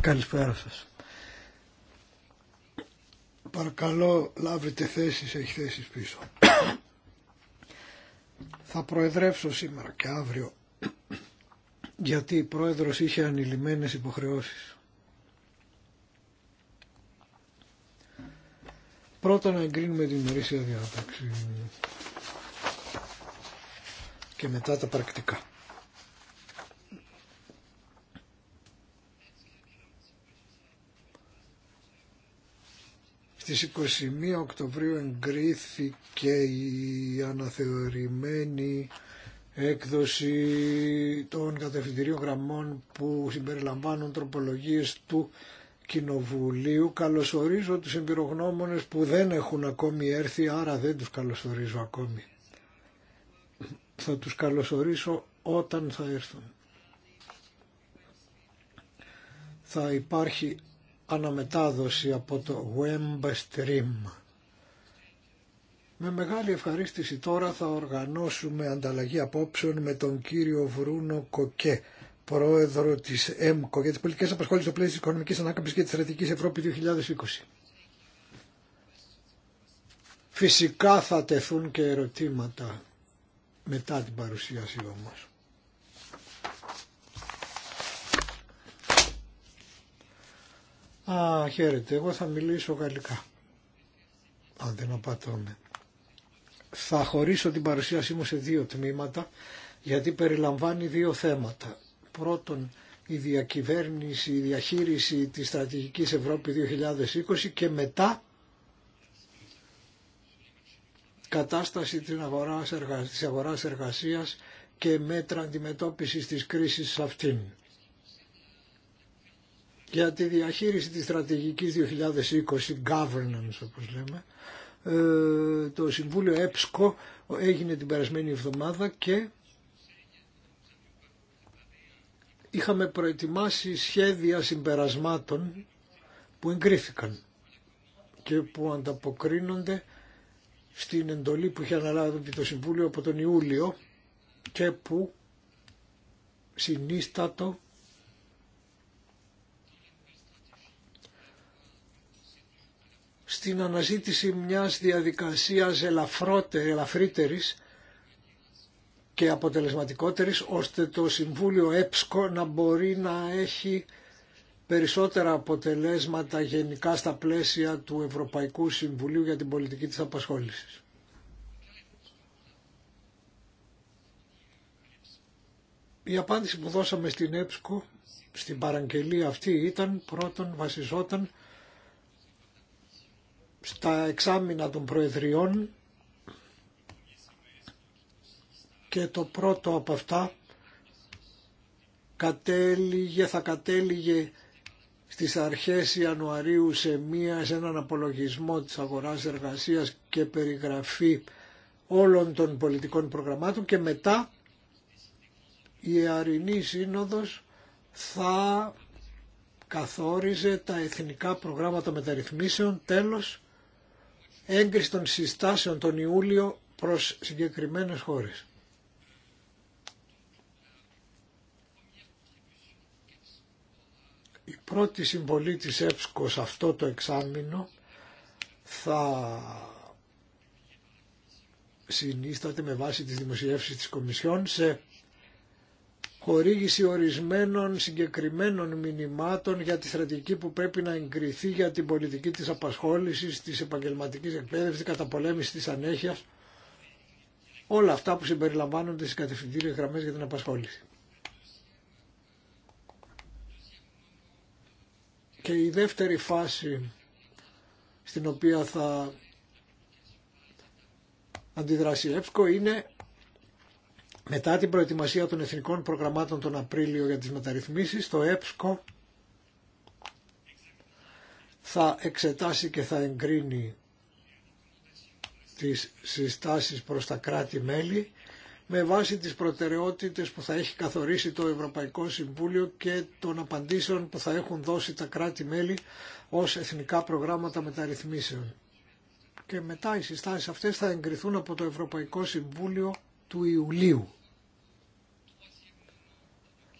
Καλησπέρα σας. Παρακαλώ, λάβετε θέσεις, έχει θέσεις πίσω. Θα προεδρεύσω σήμερα και αύριο, γιατί η πρόεδρος είχε ανηλυμένες υποχρεώσεις. Πρώτα να εγκρίνουμε την ημερήσια διάταξη και μετά τα πρακτικά. Στις 21 Οκτωβρίου εγκρίθηκε η αναθεωρημένη έκδοση των κατευθυντηρίων γραμμών που συμπεριλαμβάνουν τροπολογίες του Κοινοβουλίου. Καλωσορίζω τους εμπειρογνώμονες που δεν έχουν ακόμη έρθει, άρα δεν τους καλωσορίζω ακόμη. Θα τους καλωσορίσω όταν θα έρθουν. Θα υπάρχει αναμετάδοση από το Web Stream. Με μεγάλη ευχαρίστηση τώρα θα οργανώσουμε ανταλλαγή απόψεων με τον κύριο Βρούνο Κοκέ, πρόεδρο της ΕΜΚΟ για τις πολιτικές απασχόλησης στο πλαίσιο της οικονομικής ανάκαμψης και της θερατικής Ευρώπη 2020. Φυσικά θα τεθούν και ερωτήματα μετά την παρουσίαση όμως. Α, χαίρετε, εγώ θα μιλήσω γαλλικά, αν δεν απατώμε. Θα χωρίσω την παρουσίασή μου σε δύο τμήματα, γιατί περιλαμβάνει δύο θέματα. Πρώτον, η διακυβέρνηση, η διαχείριση της στρατηγικής Ευρώπη 2020 και μετά κατάσταση της αγοράς, εργασίας, της αγοράς εργασίας και μέτρα αντιμετώπισης της κρίσης αυτήν. Για τη διαχείριση της στρατηγικής 2020, governance όπως λέμε, ε, το Συμβούλιο ΕΠΣΚΟ έγινε την περασμένη εβδομάδα και είχαμε προετοιμάσει σχέδια συμπερασμάτων που εγκρίθηκαν και που ανταποκρίνονται στην εντολή που είχε αναλάβει το Συμβούλιο από τον Ιούλιο και που συνίστατο στην αναζήτηση μιας διαδικασίας ελαφρότερης, ελαφρύτερης και αποτελεσματικότερης ώστε το Συμβούλιο ΕΠΣΚΟ να μπορεί να έχει περισσότερα αποτελέσματα γενικά στα πλαίσια του Ευρωπαϊκού Συμβουλίου για την πολιτική της απασχόλησης. Η απάντηση που δώσαμε στην ΕΠΣΚΟ στην παραγγελία αυτή ήταν πρώτον βασιζόταν στα εξάμεινα των Προεδριών και το πρώτο από αυτά κατέληγε, θα κατέληγε στις αρχές Ιανουαρίου σε, μία, σε έναν απολογισμό της αγοράς εργασίας και περιγραφή όλων των πολιτικών προγραμμάτων και μετά η Αρινή Σύνοδος θα καθόριζε τα εθνικά προγράμματα μεταρρυθμίσεων τέλος έγκριση των συστάσεων τον Ιούλιο προς συγκεκριμένες χώρες. πρώτη συμβολή της ΕΠΣΚΟ σε αυτό το εξάμεινο θα συνίσταται με βάση τις δημοσιεύσεις της Κομισιόν σε χορήγηση ορισμένων συγκεκριμένων μηνυμάτων για τη στρατηγική που πρέπει να εγκριθεί για την πολιτική της απασχόλησης, της επαγγελματικής εκπαίδευσης, της πολέμηση της ανέχειας, όλα αυτά που συμπεριλαμβάνονται στις κατευθυντήριες γραμμές για την απασχόληση. Και η δεύτερη φάση στην οποία θα αντιδράσει η ΕΠΣΚΟ είναι μετά την προετοιμασία των εθνικών προγραμμάτων τον Απρίλιο για τις μεταρρυθμίσεις, το ΕΠΣΚΟ θα εξετάσει και θα εγκρίνει τις συστάσεις προς τα κράτη-μέλη με βάση τις προτεραιότητες που θα έχει καθορίσει το Ευρωπαϊκό Συμβούλιο και των απαντήσεων που θα έχουν δώσει τα κράτη-μέλη ως εθνικά προγράμματα μεταρρυθμίσεων. Και μετά οι συστάσεις αυτές θα εγκριθούν από το Ευρωπαϊκό Συμβούλιο του Ιουλίου.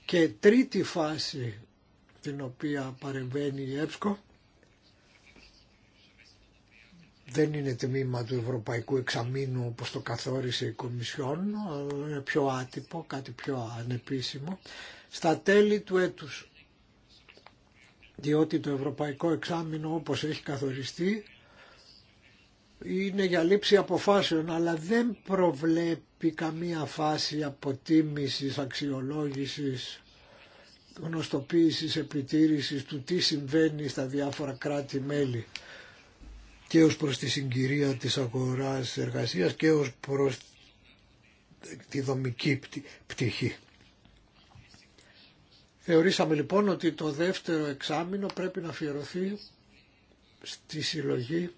Και τρίτη φάση την οποία παρεμβαίνει η ΕΠΣΚΟ δεν είναι τμήμα του Ευρωπαϊκού Εξαμήνου όπως το καθόρισε η Κομισιόν, είναι πιο άτυπο, κάτι πιο ανεπίσημο, στα τέλη του έτους. Διότι το Ευρωπαϊκό Εξάμεινο όπως έχει καθοριστεί είναι για λήψη αποφάσεων, αλλά δεν προβλέπει καμία φάση αποτίμησης, αξιολόγησης, γνωστοποίησης, επιτήρησης του τι συμβαίνει στα διάφορα κράτη-μέλη και ως προς τη συγκυρία της αγοράς εργασίας και ως προς τη δομική πτυχή. Θεωρήσαμε λοιπόν ότι το δεύτερο εξάμεινο πρέπει να αφιερωθεί στη συλλογή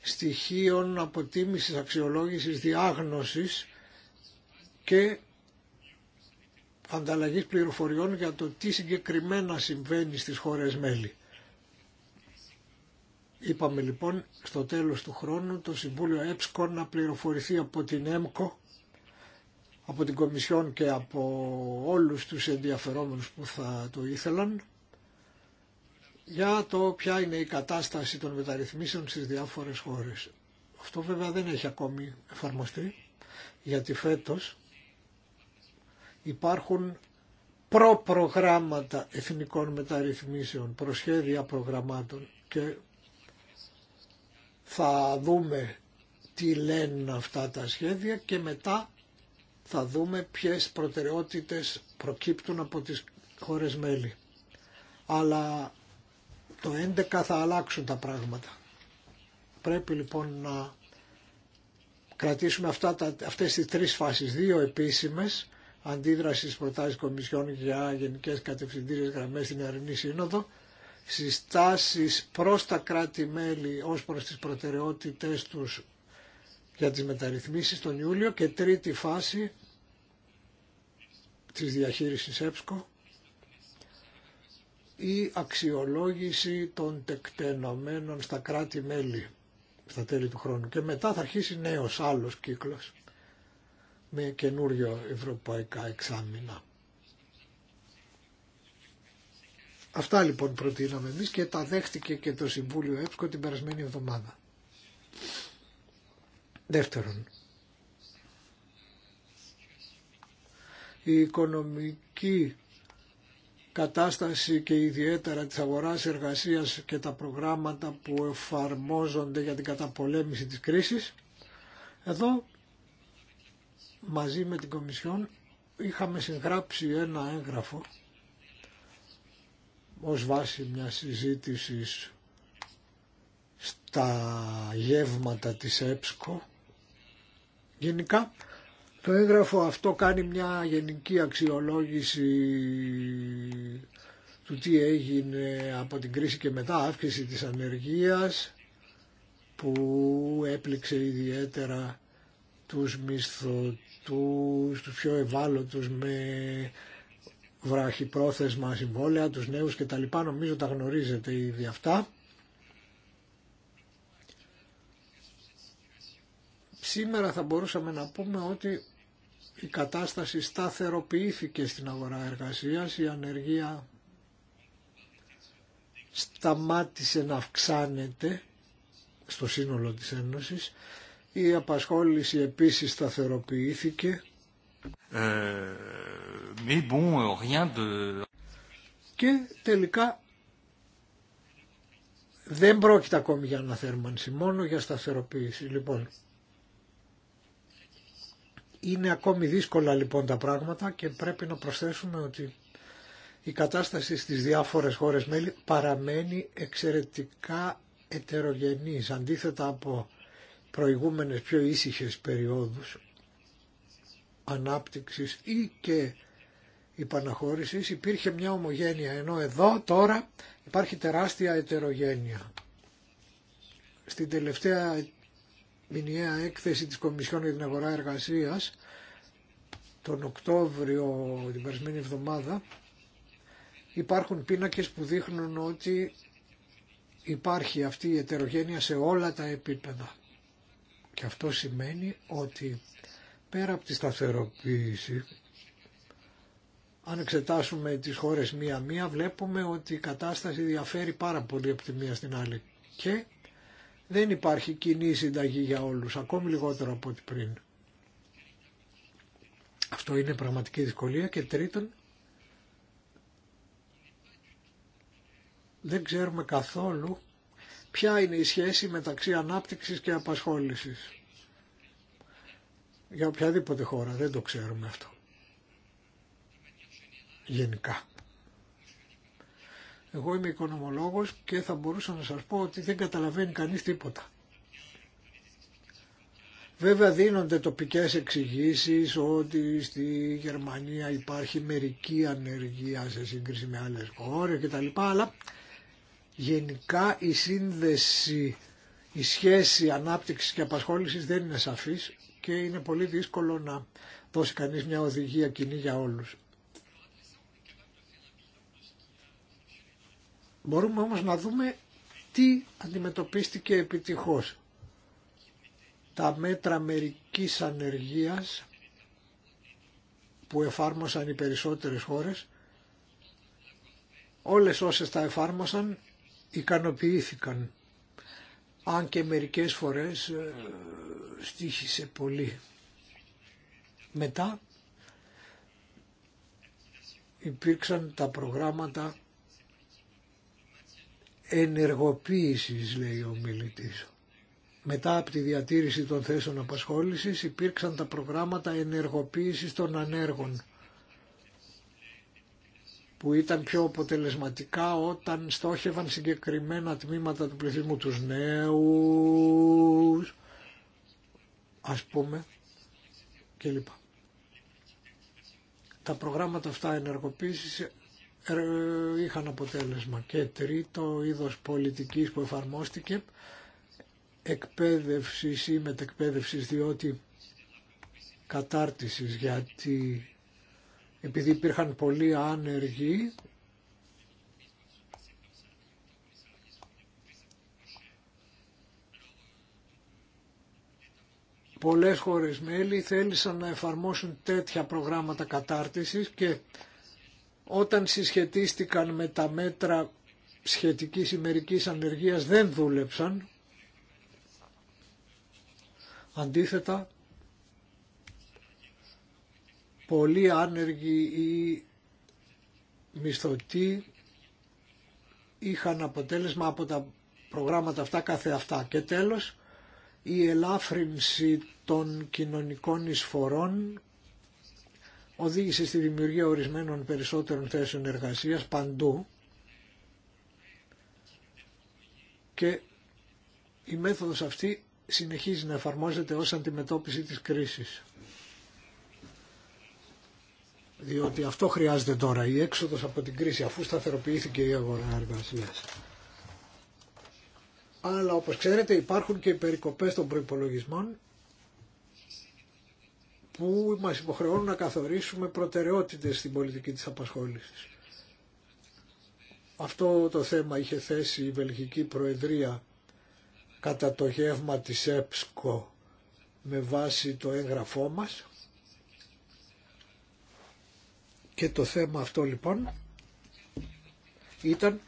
στοιχείων αποτίμησης, αξιολόγησης, διάγνωσης και ανταλλαγής πληροφοριών για το τι συγκεκριμένα συμβαίνει στις χώρες μέλη. Είπαμε λοιπόν στο τέλος του χρόνου το Συμβούλιο ΕΠΣΚΟ να πληροφορηθεί από την ΕΜΚΟ, από την Κομισιόν και από όλους τους ενδιαφερόμενους που θα το ήθελαν για το ποια είναι η κατάσταση των μεταρρυθμίσεων στις διάφορες χώρες. Αυτό βέβαια δεν έχει ακόμη εφαρμοστεί γιατί φέτος υπάρχουν προπρογράμματα εθνικών μεταρρυθμίσεων, προσχέδια προγραμμάτων και θα δούμε τι λένε αυτά τα σχέδια και μετά θα δούμε ποιες προτεραιότητες προκύπτουν από τις χώρες μέλη. Αλλά το 11 θα αλλάξουν τα πράγματα. Πρέπει λοιπόν να κρατήσουμε αυτά τα, αυτές τις τρεις φάσεις, δύο επίσημες, αντίδραση στις προτάσεις Κομισιόν για γενικές κατευθυντήριες γραμμές στην Αρνή Σύνοδο συστάσεις προς τα κράτη-μέλη ως προς τις προτεραιότητες τους για τις μεταρρυθμίσεις τον Ιούλιο και τρίτη φάση της διαχείρισης ΕΠΣΚΟ η αξιολόγηση των τεκτενομένων στα κράτη-μέλη στα τέλη του χρόνου. Και μετά θα αρχίσει νέος άλλος κύκλος με καινούριο ευρωπαϊκά εξάμεινα. Αυτά λοιπόν προτείναμε εμεί και τα δέχτηκε και το Συμβούλιο ΕΠΣΚΟ την περασμένη εβδομάδα. Δεύτερον, η οικονομική κατάσταση και ιδιαίτερα της αγοράς εργασίας και τα προγράμματα που εφαρμόζονται για την καταπολέμηση της κρίσης. Εδώ μαζί με την Κομισιόν είχαμε συγγράψει ένα έγγραφο ως βάση μια συζήτησης στα γεύματα της ΕΠΣΚΟ. Γενικά το έγγραφο αυτό κάνει μια γενική αξιολόγηση του τι έγινε από την κρίση και μετά αύξηση της ανεργίας που έπληξε ιδιαίτερα τους μισθωτούς, τους πιο ευάλωτους με πρόθεσμα συμβόλαια, τους νέους και τα λοιπά. Νομίζω τα γνωρίζετε ήδη αυτά. Σήμερα θα μπορούσαμε να πούμε ότι η κατάσταση σταθεροποιήθηκε στην αγορά εργασίας, η ανεργία σταμάτησε να αυξάνεται στο σύνολο της Ένωσης, η απασχόληση επίσης σταθεροποιήθηκε. Ε, Mais bon, euh, rien de... Και τελικά δεν πρόκειται ακόμη για αναθέρμανση, μόνο για σταθεροποίηση. Λοιπόν, είναι ακόμη δύσκολα λοιπόν τα πράγματα και πρέπει να προσθέσουμε ότι η κατάσταση στις διάφορες χώρες μέλη παραμένει εξαιρετικά ετερογενής, αντίθετα από προηγούμενες πιο ήσυχες περιόδους ανάπτυξης ή και υπαναχώρησης υπήρχε μια ομογένεια, ενώ εδώ τώρα υπάρχει τεράστια ετερογένεια. Στην τελευταία μηνιαία έκθεση της Κομισιόν για την Αγορά Εργασίας τον Οκτώβριο την περσμένη εβδομάδα υπάρχουν πίνακες που δείχνουν ότι υπάρχει αυτή η ετερογένεια σε όλα τα επίπεδα. Και αυτό σημαίνει ότι πέρα από τη σταθεροποίηση αν εξετάσουμε τις χώρες μία-μία βλέπουμε ότι η κατάσταση διαφέρει πάρα πολύ από τη μία στην άλλη και δεν υπάρχει κοινή συνταγή για όλους, ακόμη λιγότερο από ό,τι πριν. Αυτό είναι πραγματική δυσκολία και τρίτον δεν ξέρουμε καθόλου ποια είναι η σχέση μεταξύ ανάπτυξης και απασχόλησης. Για οποιαδήποτε χώρα δεν το ξέρουμε αυτό γενικά. Εγώ είμαι οικονομολόγος και θα μπορούσα να σας πω ότι δεν καταλαβαίνει κανείς τίποτα. Βέβαια δίνονται τοπικές εξηγήσει ότι στη Γερμανία υπάρχει μερική ανεργία σε σύγκριση με άλλες χώρες κτλ. Αλλά γενικά η σύνδεση, η σχέση ανάπτυξης και απασχόλησης δεν είναι σαφής και είναι πολύ δύσκολο να δώσει κανείς μια οδηγία κοινή για όλους. Μπορούμε όμως να δούμε τι αντιμετωπίστηκε επιτυχώς. Τα μέτρα μερικής ανεργίας που εφάρμοσαν οι περισσότερες χώρες, όλες όσες τα εφάρμοσαν ικανοποιήθηκαν. Αν και μερικές φορές ε, στήχησε πολύ. Μετά υπήρξαν τα προγράμματα ενεργοποίησης λέει ο μιλητής. Μετά από τη διατήρηση των θέσεων απασχόλησης υπήρξαν τα προγράμματα ενεργοποίησης των ανέργων που ήταν πιο αποτελεσματικά όταν στόχευαν συγκεκριμένα τμήματα του πληθυσμού, τους νέους, ας πούμε, κλπ. Τα προγράμματα αυτά ενεργοποίησης ε, είχαν αποτέλεσμα. Και τρίτο είδος πολιτικής που εφαρμόστηκε εκπαίδευσης ή μετεκπαίδευσης διότι κατάρτισης γιατί επειδή υπήρχαν πολλοί άνεργοι πολλές χώρες μέλη θέλησαν να εφαρμόσουν τέτοια προγράμματα κατάρτισης και όταν συσχετίστηκαν με τα μέτρα σχετικής ημερικής ανεργίας δεν δούλεψαν. Αντίθετα, πολλοί άνεργοι ή μισθωτοί είχαν αποτέλεσμα από τα προγράμματα αυτά κάθε αυτά. Και τέλος, η ελάφρυνση των κοινωνικών εισφορών οδήγησε στη δημιουργία ορισμένων περισσότερων θέσεων εργασίας παντού και η μέθοδος αυτή συνεχίζει να εφαρμόζεται ως αντιμετώπιση της κρίσης. Διότι αυτό χρειάζεται τώρα, η έξοδος από την κρίση, αφού σταθεροποιήθηκε η αγορά εργασίας. Αλλά όπως ξέρετε υπάρχουν και οι περικοπές των προϋπολογισμών που μας υποχρεώνουν να καθορίσουμε προτεραιότητες στην πολιτική της απασχόλησης. Αυτό το θέμα είχε θέσει η Βελγική Προεδρία κατά το γεύμα της ΕΠΣΚΟ με βάση το έγγραφό μας και το θέμα αυτό λοιπόν ήταν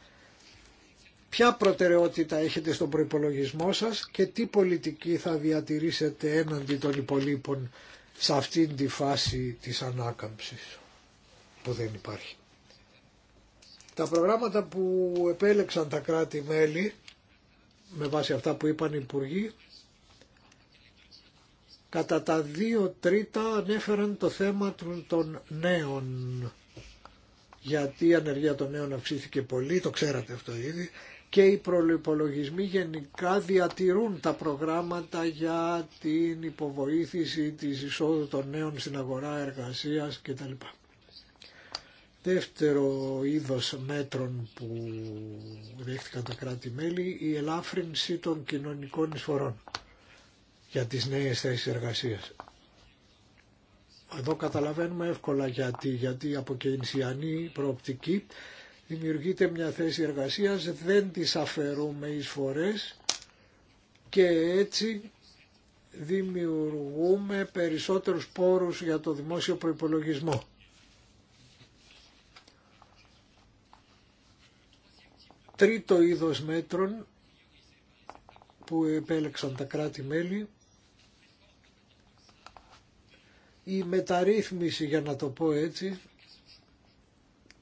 ποια προτεραιότητα έχετε στον προϋπολογισμό σας και τι πολιτική θα διατηρήσετε έναντι των υπολείπων σε αυτήν τη φάση της ανάκαμψης που δεν υπάρχει. Τα προγράμματα που επέλεξαν τα κράτη-μέλη με βάση αυτά που είπαν οι υπουργοί κατά τα δύο τρίτα ανέφεραν το θέμα των νέων γιατί η ανεργία των νέων αυξήθηκε πολύ, το ξέρατε αυτό ήδη και οι προπολογισμοί γενικά διατηρούν τα προγράμματα για την υποβοήθηση της εισόδου των νέων στην αγορά εργασίας κτλ. Δεύτερο είδος μέτρων που δέχτηκαν τα κράτη-μέλη η ελάφρυνση των κοινωνικών εισφορών για τις νέες θέσεις εργασίας. Εδώ καταλαβαίνουμε εύκολα γιατί, γιατί από προοπτική δημιουργείται μια θέση εργασίας, δεν τις αφαιρούμε εισφορές και έτσι δημιουργούμε περισσότερους πόρους για το δημόσιο προϋπολογισμό. Τρίτο είδος μέτρων που επέλεξαν τα κράτη-μέλη η μεταρρύθμιση, για να το πω έτσι,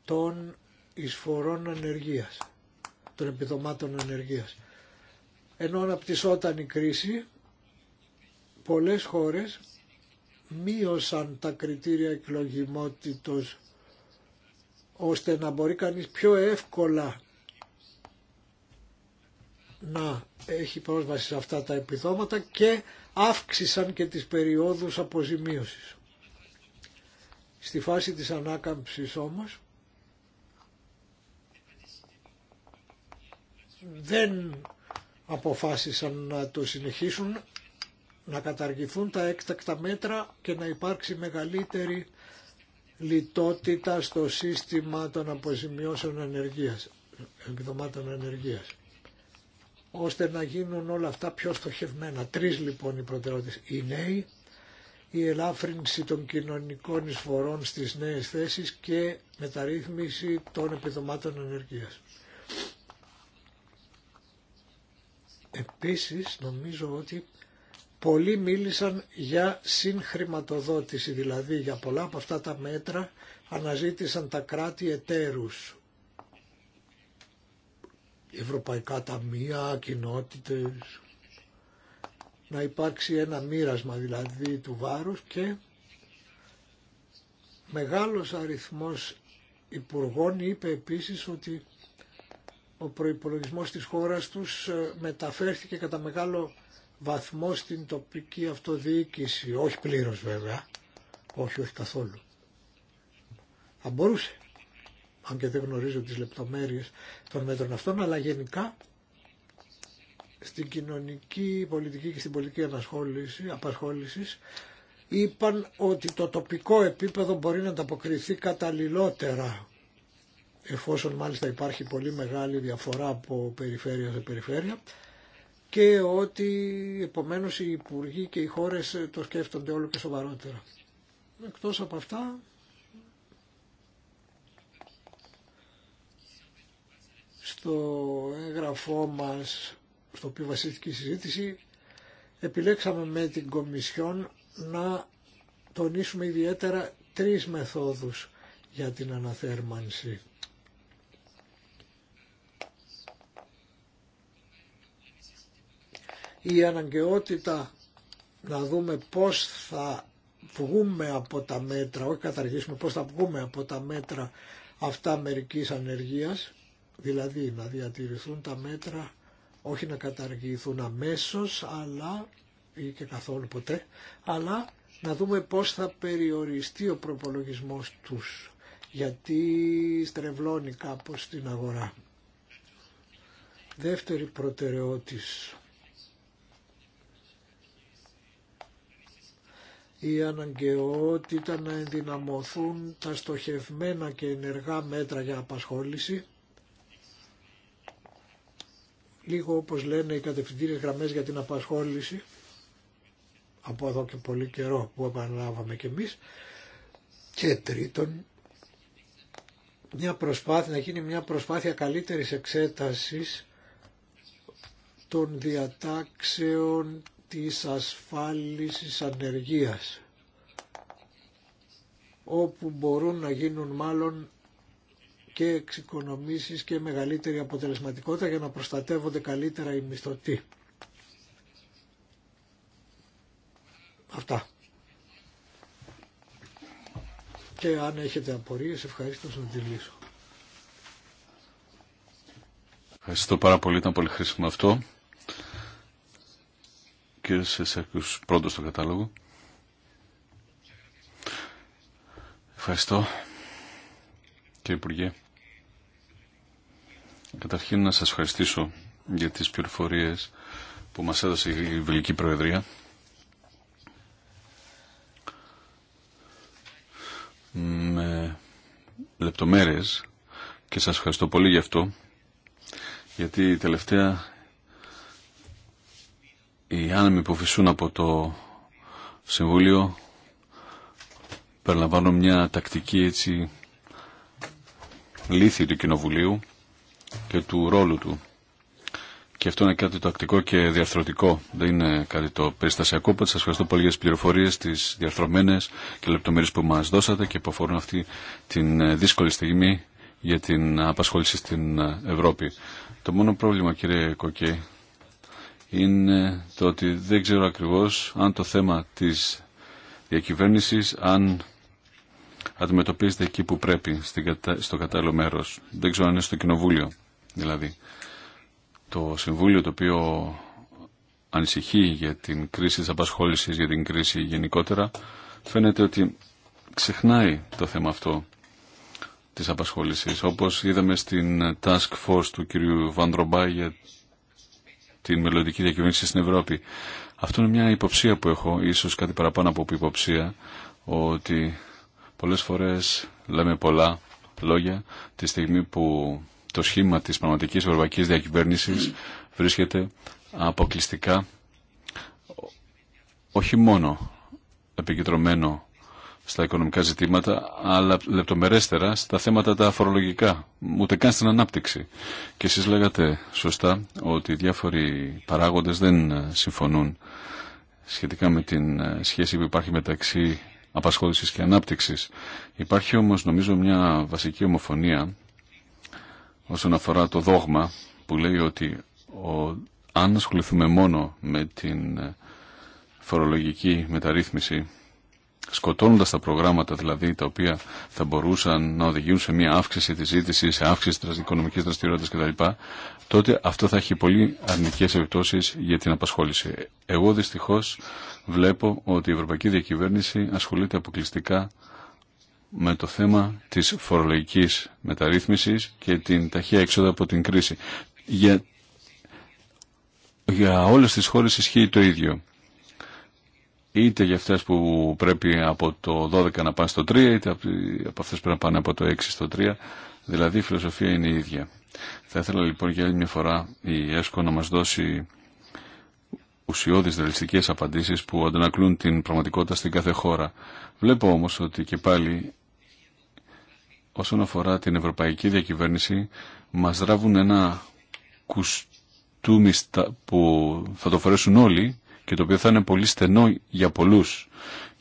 των εισφορών ανεργίας, των επιδομάτων ανεργίας. Ενώ αναπτυσσόταν η κρίση, πολλές χώρες μείωσαν τα κριτήρια εκλογιμότητος ώστε να μπορεί κανείς πιο εύκολα να έχει πρόσβαση σε αυτά τα επιδόματα και αύξησαν και τις περιόδους αποζημίωσης. Στη φάση της ανάκαμψης όμως δεν αποφάσισαν να το συνεχίσουν, να καταργηθούν τα έκτακτα μέτρα και να υπάρξει μεγαλύτερη λιτότητα στο σύστημα των αποζημιώσεων ενέργειας, επιδομάτων ενέργειας, ώστε να γίνουν όλα αυτά πιο στοχευμένα. Τρεις λοιπόν οι προτεραιότητες. Οι νέοι, η ελάφρυνση των κοινωνικών εισφορών στις νέες θέσεις και μεταρρύθμιση των επιδομάτων ενεργείας. Επίσης νομίζω ότι πολλοί μίλησαν για συγχρηματοδότηση, δηλαδή για πολλά από αυτά τα μέτρα αναζήτησαν τα κράτη εταίρους. Ευρωπαϊκά ταμεία, κοινότητες, να υπάρξει ένα μοίρασμα δηλαδή του βάρους και μεγάλος αριθμός υπουργών είπε επίσης ότι ο προϋπολογισμός της χώρας τους ε, μεταφέρθηκε κατά μεγάλο βαθμό στην τοπική αυτοδιοίκηση. Όχι πλήρως βέβαια, όχι, όχι καθόλου. Θα μπορούσε, αν και δεν γνωρίζω τις λεπτομέρειες των μέτρων αυτών, αλλά γενικά στην κοινωνική πολιτική και στην πολιτική απασχόληση απασχόλησης είπαν ότι το τοπικό επίπεδο μπορεί να ανταποκριθεί καταλληλότερα εφόσον μάλιστα υπάρχει πολύ μεγάλη διαφορά από περιφέρεια σε περιφέρεια και ότι επομένως οι υπουργοί και οι χώρες το σκέφτονται όλο και σοβαρότερα. Εκτός από αυτά, στο έγγραφό μας, στο οποίο βασίστηκε η συζήτηση, επιλέξαμε με την Κομισιόν να τονίσουμε ιδιαίτερα τρεις μεθόδους για την αναθέρμανση. η αναγκαιότητα να δούμε πώς θα βγούμε από τα μέτρα, όχι καταργήσουμε, πώς θα βγούμε από τα μέτρα αυτά μερικής ανεργίας, δηλαδή να διατηρηθούν τα μέτρα, όχι να καταργηθούν αμέσως, αλλά ή και καθόλου ποτέ, αλλά να δούμε πώς θα περιοριστεί ο προπολογισμός τους, γιατί στρεβλώνει κάπως την αγορά. Δεύτερη προτεραιότηση. η αναγκαιότητα να ενδυναμωθούν τα στοχευμένα και ενεργά μέτρα για απασχόληση, λίγο όπως λένε οι κατευθυντήριες γραμμές για την απασχόληση, από εδώ και πολύ καιρό που επαναλάβαμε και εμείς, και τρίτον, μια προσπάθεια, να γίνει μια προσπάθεια καλύτερης εξέτασης των διατάξεων της ασφάλισης ανεργίας όπου μπορούν να γίνουν μάλλον και εξοικονομήσεις και μεγαλύτερη αποτελεσματικότητα για να προστατεύονται καλύτερα οι μισθωτοί. Αυτά. Και αν έχετε απορίες, ευχαριστώ να τη λύσω. Ευχαριστώ πάρα πολύ, ήταν πολύ χρήσιμο αυτό. Κύριε Σεσέρκους, πρώτο στο κατάλογο. Ευχαριστώ, κύριε Υπουργέ. Καταρχήν να σας ευχαριστήσω για τις πληροφορίες που μας έδωσε η Βελική Προεδρία. Με λεπτομέρειες και σας ευχαριστώ πολύ γι' αυτό γιατί τελευταία οι άνεμοι που φυσούν από το Συμβούλιο περιλαμβάνουν μια τακτική έτσι λύθη του Κοινοβουλίου και του ρόλου του. Και αυτό είναι κάτι τακτικό και διαρθρωτικό. Δεν είναι κάτι το περιστασιακό. Σα ευχαριστώ πολύ για τι πληροφορίε, τι διαρθρωμένε και λεπτομέρειε που μα δώσατε και που αφορούν αυτή την ε, δύσκολη στιγμή για την απασχόληση στην ε, Ευρώπη. Το μόνο πρόβλημα, κύριε Κοκέ, είναι το ότι δεν ξέρω ακριβώς αν το θέμα της διακυβέρνησης αν αντιμετωπίζεται εκεί που πρέπει, στο κατάλληλο μέρος. Δεν ξέρω αν είναι στο κοινοβούλιο. Δηλαδή, το συμβούλιο το οποίο ανησυχεί για την κρίση της απασχόλησης, για την κρίση γενικότερα, φαίνεται ότι ξεχνάει το θέμα αυτό της απασχόλησης. Όπως είδαμε στην task force του κ. Βαντρομπά την μελλοντική διακυβέρνηση στην Ευρώπη. Αυτό είναι μια υποψία που έχω, ίσως κάτι παραπάνω από υποψία, ότι πολλές φορές λέμε πολλά λόγια τη στιγμή που το σχήμα της πραγματικής ευρωπαϊκής διακυβέρνησης βρίσκεται αποκλειστικά όχι μόνο επικεντρωμένο στα οικονομικά ζητήματα, αλλά λεπτομερέστερα στα θέματα τα φορολογικά, ούτε καν στην ανάπτυξη. Και εσείς λέγατε σωστά ότι διάφοροι παράγοντες δεν ε, συμφωνούν σχετικά με την ε, σχέση που υπάρχει μεταξύ απασχόλησης και ανάπτυξης. Υπάρχει όμως νομίζω μια βασική ομοφωνία όσον αφορά το δόγμα που λέει ότι ο, αν ασχοληθούμε μόνο με την ε, φορολογική μεταρρύθμιση σκοτώνοντας τα προγράμματα δηλαδή τα οποία θα μπορούσαν να οδηγούν σε μια αύξηση της ζήτηση, σε αύξηση της οικονομικής δραστηριότητας κτλ. τότε αυτό θα έχει πολύ αρνητικές επιπτώσεις για την απασχόληση. Εγώ δυστυχώς βλέπω ότι η Ευρωπαϊκή Διακυβέρνηση ασχολείται αποκλειστικά με το θέμα της φορολογικής μεταρρύθμισης και την ταχεία έξοδα από την κρίση. Για, για όλες τις χώρες ισχύει το ίδιο είτε για αυτές που πρέπει από το 12 να πάνε στο 3, είτε από αυτές που πρέπει να πάνε από το 6 στο 3. Δηλαδή η φιλοσοφία είναι η ίδια. Θα ήθελα λοιπόν για άλλη μια φορά η ΕΣΚΟ να μας δώσει ουσιώδεις ρεαλιστικές απαντήσεις που αντανακλούν την πραγματικότητα στην κάθε χώρα. Βλέπω όμως ότι και πάλι όσον αφορά την ευρωπαϊκή διακυβέρνηση μας δράβουν ένα κουστούμι που θα το φορέσουν όλοι και το οποίο θα είναι πολύ στενό για πολλούς.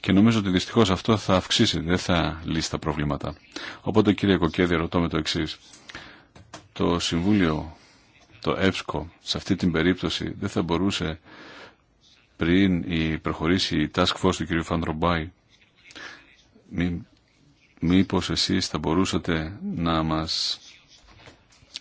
Και νομίζω ότι δυστυχώς αυτό θα αυξήσει, δεν θα λύσει τα προβλήματα. Οπότε κύριε Κοκέδη ρωτώ με το εξή. Το Συμβούλιο, το ΕΠΣΚΟ, σε αυτή την περίπτωση δεν θα μπορούσε πριν η προχωρήσει η task force του κ. Φαντρομπάη μήπως εσείς θα μπορούσατε να μας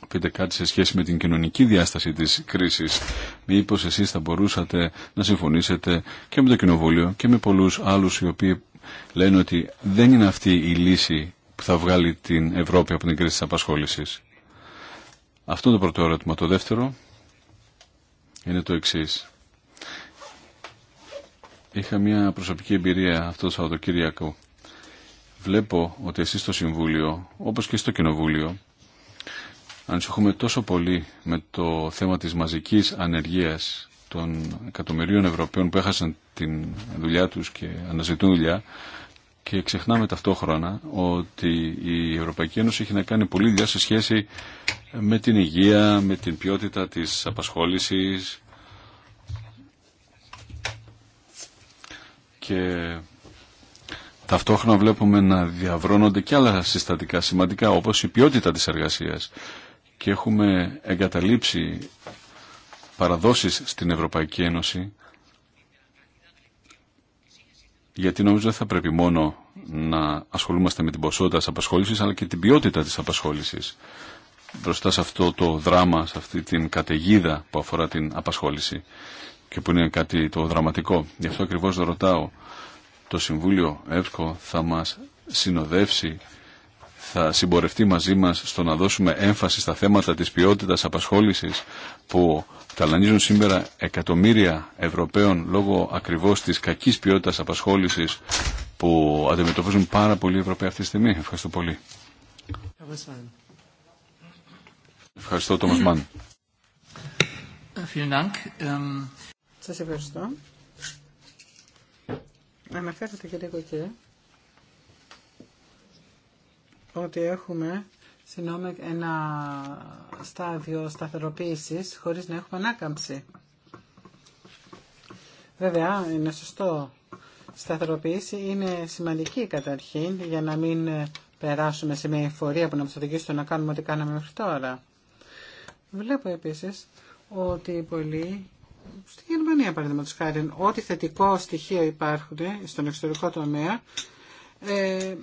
πείτε κάτι σε σχέση με την κοινωνική διάσταση της κρίσης. Μήπως εσείς θα μπορούσατε να συμφωνήσετε και με το Κοινοβούλιο και με πολλούς άλλους οι οποίοι λένε ότι δεν είναι αυτή η λύση που θα βγάλει την Ευρώπη από την κρίση της απασχόλησης. Αυτό είναι το πρώτο ερώτημα. Το δεύτερο είναι το εξή. Είχα μια προσωπική εμπειρία αυτό το Σαββατοκύριακο. Βλέπω ότι εσείς στο Συμβούλιο, όπως και στο Κοινοβούλιο, ανησυχούμε τόσο πολύ με το θέμα της μαζικής ανεργίας των εκατομμυρίων Ευρωπαίων που έχασαν την δουλειά τους και αναζητούν δουλειά και ξεχνάμε ταυτόχρονα ότι η Ευρωπαϊκή Ένωση έχει να κάνει πολύ δουλειά σε σχέση με την υγεία, με την ποιότητα της απασχόλησης και ταυτόχρονα βλέπουμε να διαβρώνονται και άλλα συστατικά σημαντικά όπως η ποιότητα της εργασίας και έχουμε εγκαταλείψει παραδόσεις στην Ευρωπαϊκή Ένωση γιατί νομίζω δεν θα πρέπει μόνο να ασχολούμαστε με την ποσότητα της απασχόλησης αλλά και την ποιότητα της απασχόλησης μπροστά σε αυτό το δράμα, σε αυτή την καταιγίδα που αφορά την απασχόληση και που είναι κάτι το δραματικό. Γι' αυτό ακριβώς ρωτάω, το Συμβούλιο ΕΠΣΚΟ θα μας συνοδεύσει θα συμπορευτεί μαζί μας στο να δώσουμε έμφαση στα θέματα της ποιότητας απασχόλησης που ταλανίζουν σήμερα εκατομμύρια Ευρωπαίων λόγω ακριβώς της κακής ποιότητας απασχόλησης που αντιμετωπίζουν πάρα πολλοί Ευρωπαίοι αυτή τη στιγμή. Ευχαριστώ πολύ. Ευχαριστώ, Τόμας Μάν. Ε, Σας ευχαριστώ. Αναφέρατε κύριε ότι έχουμε ένα στάδιο σταθεροποίησης χωρίς να έχουμε ανάκαμψη. Βέβαια, είναι σωστό. Σταθεροποίηση είναι σημαντική καταρχήν για να μην περάσουμε σε μια εφορία που να μας οδηγήσει στο να κάνουμε ό,τι κάναμε μέχρι τώρα. Βλέπω επίσης ότι πολλοί στη Γερμανία παραδείγματος χάρη ό,τι θετικό στοιχείο υπάρχουν στον εξωτερικό τομέα ε,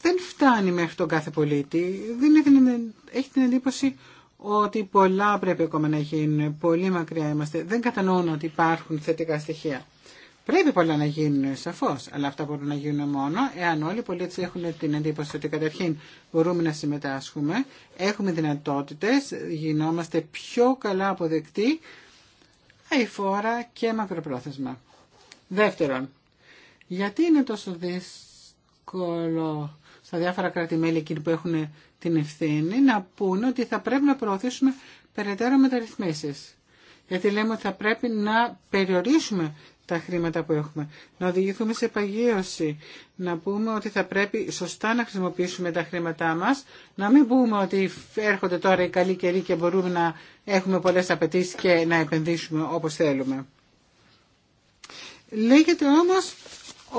δεν φτάνει μέχρι τον κάθε πολίτη. Δεν έχει την εντύπωση ότι πολλά πρέπει ακόμα να γίνουν, πολύ μακριά είμαστε. Δεν κατανοούν ότι υπάρχουν θετικά στοιχεία. Πρέπει πολλά να γίνουν, σαφώ, αλλά αυτά μπορούν να γίνουν μόνο εάν όλοι οι πολίτε έχουν την εντύπωση ότι καταρχήν μπορούμε να συμμετάσχουμε, έχουμε δυνατότητε, γινόμαστε πιο καλά αποδεκτοί, αηφόρα και μακροπρόθεσμα. Δεύτερον, γιατί είναι τόσο δύσκολο στα διάφορα κράτη-μέλη εκείνοι που έχουν την ευθύνη να πούνε ότι θα πρέπει να προωθήσουμε περαιτέρω μεταρρυθμίσει. Γιατί λέμε ότι θα πρέπει να περιορίσουμε τα χρήματα που έχουμε, να οδηγηθούμε σε παγίωση, να πούμε ότι θα πρέπει σωστά να χρησιμοποιήσουμε τα χρήματά μας, να μην πούμε ότι έρχονται τώρα οι καλοί καιροί και μπορούμε να έχουμε πολλές απαιτήσει και να επενδύσουμε όπως θέλουμε. Λέγεται όμως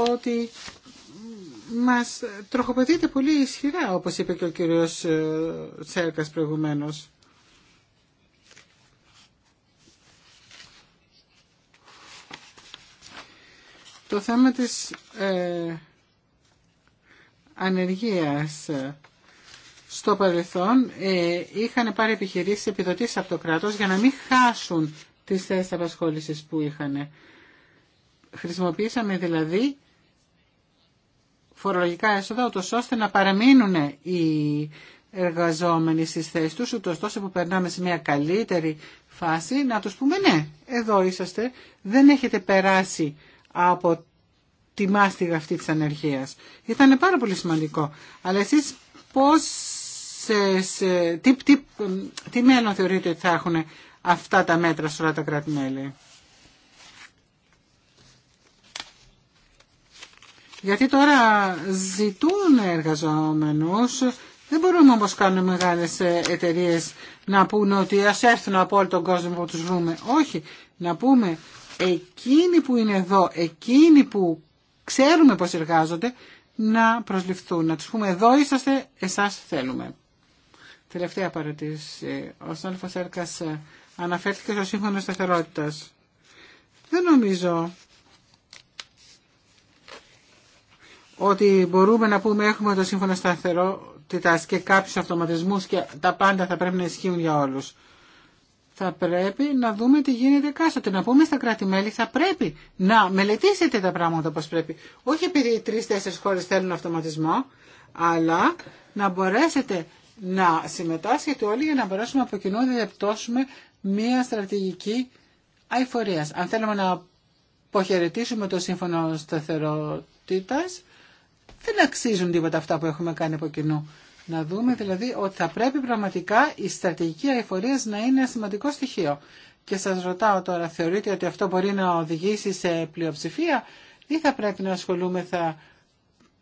ότι μας τροχοπεδείται πολύ ισχυρά, όπως είπε και ο κύριος ε, Τσέρκας προηγουμένως. Το θέμα της ε, ανεργίας ε, στο παρελθόν ε, είχαν πάρει επιχειρήσεις επιδοτήσεις από το κράτος για να μην χάσουν τις θέσεις απασχόλησης που είχαν. Χρησιμοποίησαμε δηλαδή φορολογικά έσοδα, ούτως ώστε να παραμείνουν οι εργαζόμενοι στις θέσεις τους, ούτως τόσο που περνάμε σε μια καλύτερη φάση, να τους πούμε ναι, εδώ είσαστε, δεν έχετε περάσει από τη μάστιγα αυτή της ανεργίας. Ήταν πάρα πολύ σημαντικό. Αλλά εσείς πώς, ε, τι, τι, τι μέλλον θεωρείτε ότι θα έχουν αυτά τα μέτρα σε όλα τα κράτη-μέλη. Γιατί τώρα ζητούν εργαζόμενους, δεν μπορούμε όμως κάνουν μεγάλες εταιρείε να πούνε ότι ας έρθουν από όλο τον κόσμο που τους βρούμε. Όχι, να πούμε εκείνοι που είναι εδώ, εκείνοι που ξέρουμε πώς εργάζονται, να προσληφθούν. Να τους πούμε εδώ είσαστε, εσάς θέλουμε. Τελευταία παρατήρηση. Ο Σάλφος Έρκας ε, αναφέρθηκε στο σύμφωνο σταθερότητα. Δεν νομίζω ότι μπορούμε να πούμε έχουμε το σύμφωνο σταθερότητας και κάποιους αυτοματισμούς και τα πάντα θα πρέπει να ισχύουν για όλους. Θα πρέπει να δούμε τι γίνεται κάστοτε. Να πούμε στα κράτη-μέλη θα πρέπει να μελετήσετε τα πράγματα όπως πρέπει. Όχι επειδή τρεις-τέσσερις χώρες θέλουν αυτοματισμό, αλλά να μπορέσετε να συμμετάσχετε όλοι για να μπορέσουμε από κοινού να διαπτώσουμε μια στρατηγική αηφορίας. Αν θέλουμε να αποχαιρετήσουμε το σύμφωνο σταθερότητα δεν αξίζουν τίποτα αυτά που έχουμε κάνει από κοινού. Να δούμε δηλαδή ότι θα πρέπει πραγματικά η στρατηγική αηφορία να είναι ένα σημαντικό στοιχείο. Και σα ρωτάω τώρα, θεωρείτε ότι αυτό μπορεί να οδηγήσει σε πλειοψηφία ή θα πρέπει να ασχολούμεθα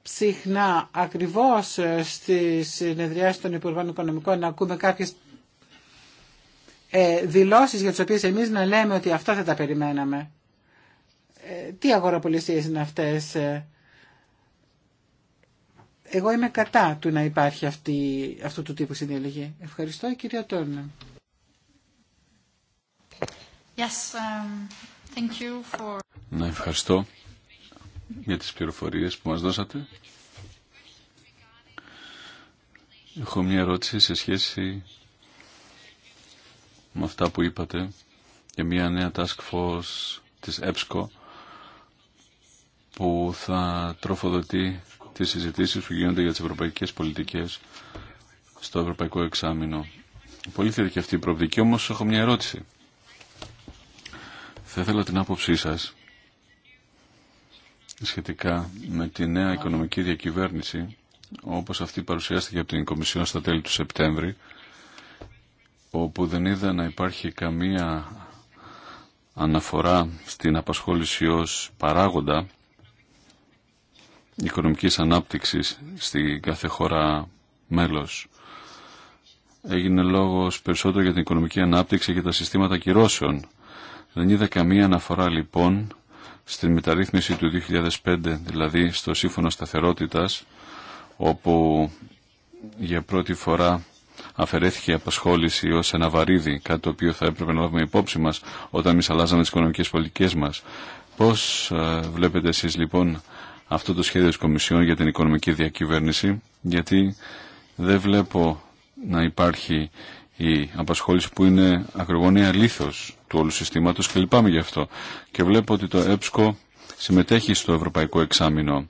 ψυχνά ακριβώ ε, στι συνεδριάσει των Υπουργών Οικονομικών να ακούμε κάποιε ε, δηλώσεις για τι οποίε εμεί να λέμε ότι αυτά θα τα περιμέναμε. Ε, τι αγοραπολισίε είναι αυτέ. Ε? εγώ είμαι κατά του να υπάρχει αυτή, αυτού του τύπου συνέλεγη. Ευχαριστώ, κυρία Τόρνα. Yes, um, thank you for... Να ευχαριστώ για τις πληροφορίες που μας δώσατε. Έχω μια ερώτηση σε σχέση με αυτά που είπατε για μια νέα task force της ΕΠΣΚΟ που θα τροφοδοτεί τις συζητήσεις που γίνονται για τις ευρωπαϊκές πολιτικές στο ευρωπαϊκό εξάμεινο. Πολύ θετική αυτή η προοπτική, όμως έχω μια ερώτηση. Θα ήθελα την άποψή σας σχετικά με τη νέα οικονομική διακυβέρνηση όπως αυτή παρουσιάστηκε από την Κομισιόν στα τέλη του Σεπτέμβρη όπου δεν είδα να υπάρχει καμία αναφορά στην απασχόληση ως παράγοντα οικονομικής ανάπτυξης στην κάθε χώρα μέλος. Έγινε λόγος περισσότερο για την οικονομική ανάπτυξη και τα συστήματα κυρώσεων. Δεν είδα καμία αναφορά λοιπόν στην μεταρρύθμιση του 2005, δηλαδή στο Σύμφωνο Σταθερότητας, όπου για πρώτη φορά αφαιρέθηκε η απασχόληση ως ένα βαρύδι, κάτι το οποίο θα έπρεπε να λάβουμε υπόψη μας όταν εμείς αλλάζαμε τις οικονομικές πολιτικές μας. Πώς ε, βλέπετε εσείς λοιπόν αυτό το σχέδιο της Κομισιόν για την οικονομική διακυβέρνηση γιατί δεν βλέπω να υπάρχει η απασχόληση που είναι ακρογωνία λίθος του όλου συστήματος και λυπάμαι γι' αυτό. Και βλέπω ότι το ΕΠΣΚΟ συμμετέχει στο Ευρωπαϊκό Εξάμεινο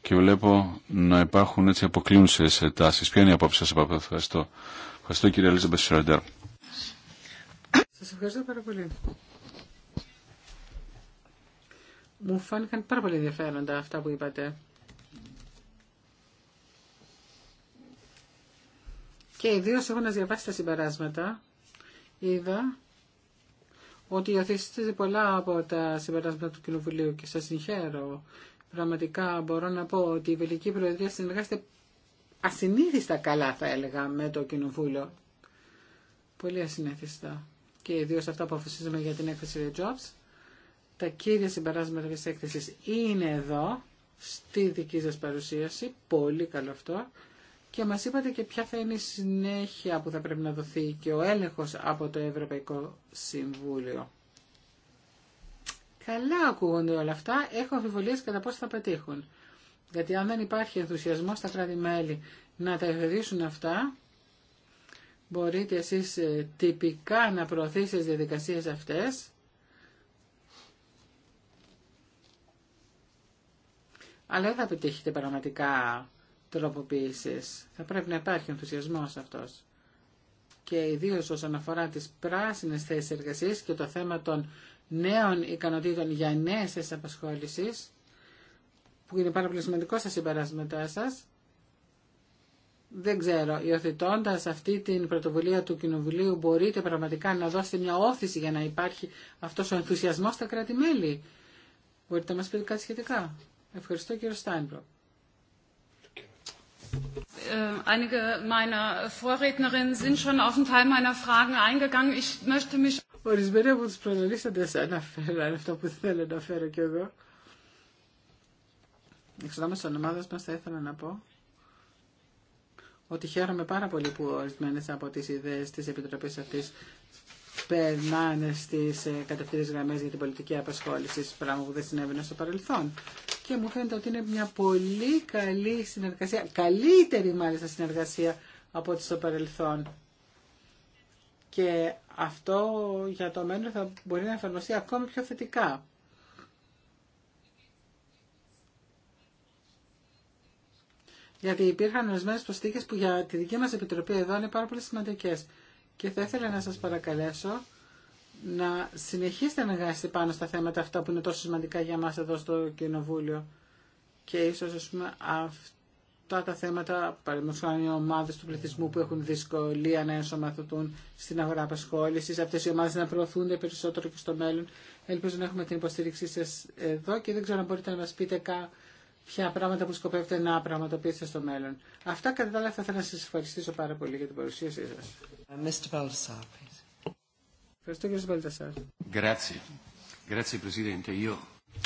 και βλέπω να υπάρχουν έτσι αποκλίνουσες τάσεις. Ποια είναι η απόψη σας από αυτό. Ευχαριστώ. Ευχαριστώ κύριε Ελίζα Μπεσσιραντέρ. Σας ευχαριστώ πάρα πολύ. Μου φάνηκαν πάρα πολύ ενδιαφέροντα αυτά που είπατε. Και ιδίω να διαβάσει τα συμπεράσματα, είδα ότι υιοθετήσετε πολλά από τα συμπεράσματα του Κοινοβουλίου και σας συγχαίρω. Πραγματικά μπορώ να πω ότι η Βελική Προεδρία συνεργάζεται ασυνήθιστα καλά, θα έλεγα, με το Κοινοβούλιο. Πολύ ασυνήθιστα. Και ιδίω αυτά που αποφασίζουμε για την έκθεση Jobs τα κύρια συμπεράσματα της έκθεσης είναι εδώ, στη δική σας παρουσίαση, πολύ καλό αυτό, και μας είπατε και ποια θα είναι η συνέχεια που θα πρέπει να δοθεί και ο έλεγχος από το Ευρωπαϊκό Συμβούλιο. Καλά ακούγονται όλα αυτά, έχω αμφιβολίες κατά πώς θα πετύχουν. Γιατί αν δεν υπάρχει ενθουσιασμό στα κράτη-μέλη να τα εφαιρήσουν αυτά, μπορείτε εσείς ε, τυπικά να προωθήσετε τις διαδικασίες αυτές, αλλά δεν θα πετύχετε πραγματικά τροποποίηση. Θα πρέπει να υπάρχει ενθουσιασμό αυτό. Και ιδίω όσον αφορά τι πράσινε θέσει εργασία και το θέμα των νέων ικανοτήτων για νέες θέσει απασχόληση, που είναι πάρα πολύ σημαντικό στα συμπεράσματά σα, δεν ξέρω, υιοθετώντα αυτή την πρωτοβουλία του Κοινοβουλίου, μπορείτε πραγματικά να δώσετε μια όθηση για να υπάρχει αυτό ο ενθουσιασμό στα κράτη-μέλη. Μπορείτε να μα πείτε κάτι σχετικά. Ευχαριστώ κύριε Στάινπρο. Ähm, Ορισμένοι από τους σε αναφέραν αυτό που θέλω να φέρω κι εγώ. Εξ στον ομάδα μας θα ήθελα να πω ότι χαίρομαι πάρα πολύ που ορισμένες από τις ιδέες της Επιτροπής αυτής περνάνε στις ε, κατευθύνες γραμμές για την πολιτική απασχόληση, πράγμα που δεν συνέβαινε στο παρελθόν και μου φαίνεται ότι είναι μια πολύ καλή συνεργασία, καλύτερη μάλιστα συνεργασία από ό,τι στο παρελθόν. Και αυτό για το μέλλον θα μπορεί να εφαρμοστεί ακόμη πιο θετικά. Γιατί υπήρχαν ορισμένε προσθήκε που για τη δική μα επιτροπή εδώ είναι πάρα πολύ σημαντικέ. Και θα ήθελα να σα παρακαλέσω να συνεχίσετε να εργάζεστε πάνω στα θέματα αυτά που είναι τόσο σημαντικά για μας εδώ στο Κοινοβούλιο και ίσως ας πούμε αυτά τα θέματα παραδείγματος οι ομάδες του πληθυσμού που έχουν δυσκολία να ενσωματωθούν στην αγορά απασχόλησης αυτές οι ομάδες να προωθούνται περισσότερο και στο μέλλον ελπίζω να έχουμε την υποστήριξή σας εδώ και δεν ξέρω αν μπορείτε να μας πείτε κά ποια πράγματα που σκοπεύετε να πραγματοποιήσετε στο μέλλον. Αυτά κατά τα άλλα θα ήθελα να σας ευχαριστήσω πάρα πολύ για την παρουσίασή σας. Ευχαριστώ κύριε Βαλτασάρ.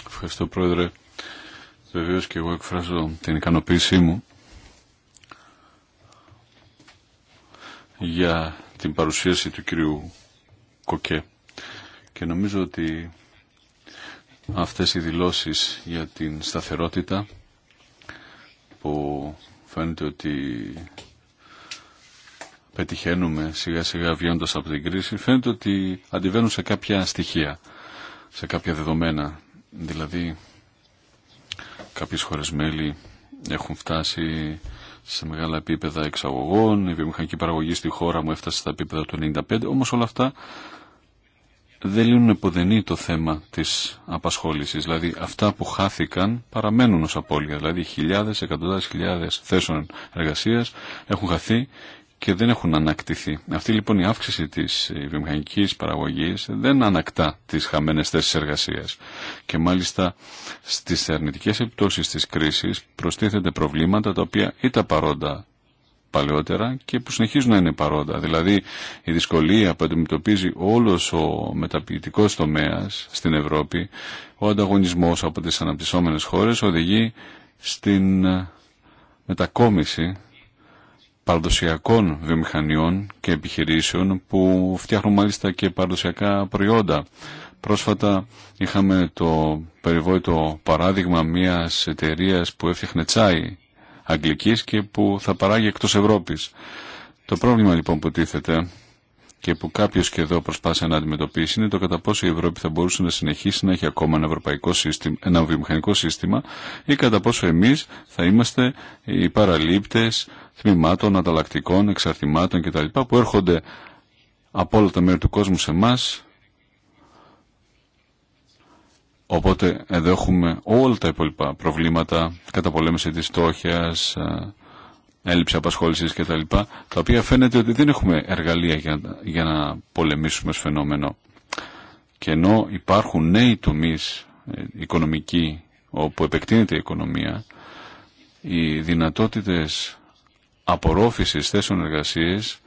Ευχαριστώ πρόεδρε. Βεβαίω και εγώ εκφράζω την ικανοποίησή μου για την παρουσίαση του κυρίου Κοκέ. Και νομίζω ότι αυτές οι δηλώσεις για την σταθερότητα που φαίνεται ότι πετυχαίνουμε σιγά σιγά βγαίνοντας από την κρίση φαίνεται ότι αντιβαίνουν σε κάποια στοιχεία, σε κάποια δεδομένα. Δηλαδή κάποιες χώρες μέλη έχουν φτάσει σε μεγάλα επίπεδα εξαγωγών, η βιομηχανική παραγωγή στη χώρα μου έφτασε στα επίπεδα του 95, όμως όλα αυτά δεν λύνουν ποδενή το θέμα της απασχόλησης. Δηλαδή αυτά που χάθηκαν παραμένουν ως απώλεια. Δηλαδή χιλιάδες, εκατοντάδες χιλιάδες θέσεων εργασίας έχουν χαθεί και δεν έχουν ανακτηθεί. Αυτή λοιπόν η αύξηση της ε, βιομηχανικής παραγωγής δεν ανακτά τις χαμένες θέσεις εργασίας. Και μάλιστα στις αρνητικές επιπτώσεις της κρίσης προστίθενται προβλήματα τα οποία ήταν παρόντα παλαιότερα και που συνεχίζουν να είναι παρόντα. Δηλαδή η δυσκολία που αντιμετωπίζει όλος ο μεταποιητικό τομέας στην Ευρώπη, ο ανταγωνισμός από τις αναπτυσσόμενες χώρες οδηγεί στην ε, μετακόμιση παραδοσιακών βιομηχανιών και επιχειρήσεων που φτιάχνουν μάλιστα και παραδοσιακά προϊόντα. Πρόσφατα είχαμε το περιβόητο παράδειγμα μιας εταιρείας που έφτιαχνε τσάι αγγλικής και που θα παράγει εκτός Ευρώπης. Το πρόβλημα λοιπόν που τίθεται και που κάποιο και εδώ προσπάθησε να αντιμετωπίσει είναι το κατά πόσο η Ευρώπη θα μπορούσε να συνεχίσει να έχει ακόμα ένα, ευρωπαϊκό σύστημα, ένα βιομηχανικό σύστημα ή κατά πόσο εμεί θα είμαστε οι παραλήπτε τμήματων, ανταλλακτικών, εξαρτημάτων κτλ. που έρχονται από όλα τα μέρη του κόσμου σε εμά. Οπότε εδώ έχουμε όλα τα υπόλοιπα προβλήματα, καταπολέμηση της στόχιας, έλλειψη απασχόλησης και τα λοιπά, τα οποία φαίνεται ότι δεν έχουμε εργαλεία για, να πολεμήσουμε ως φαινόμενο. Και ενώ υπάρχουν νέοι τομείς ε, οικονομικοί όπου επεκτείνεται η οικονομία, οι δυνατότητες απορρόφησης θέσεων εργασίας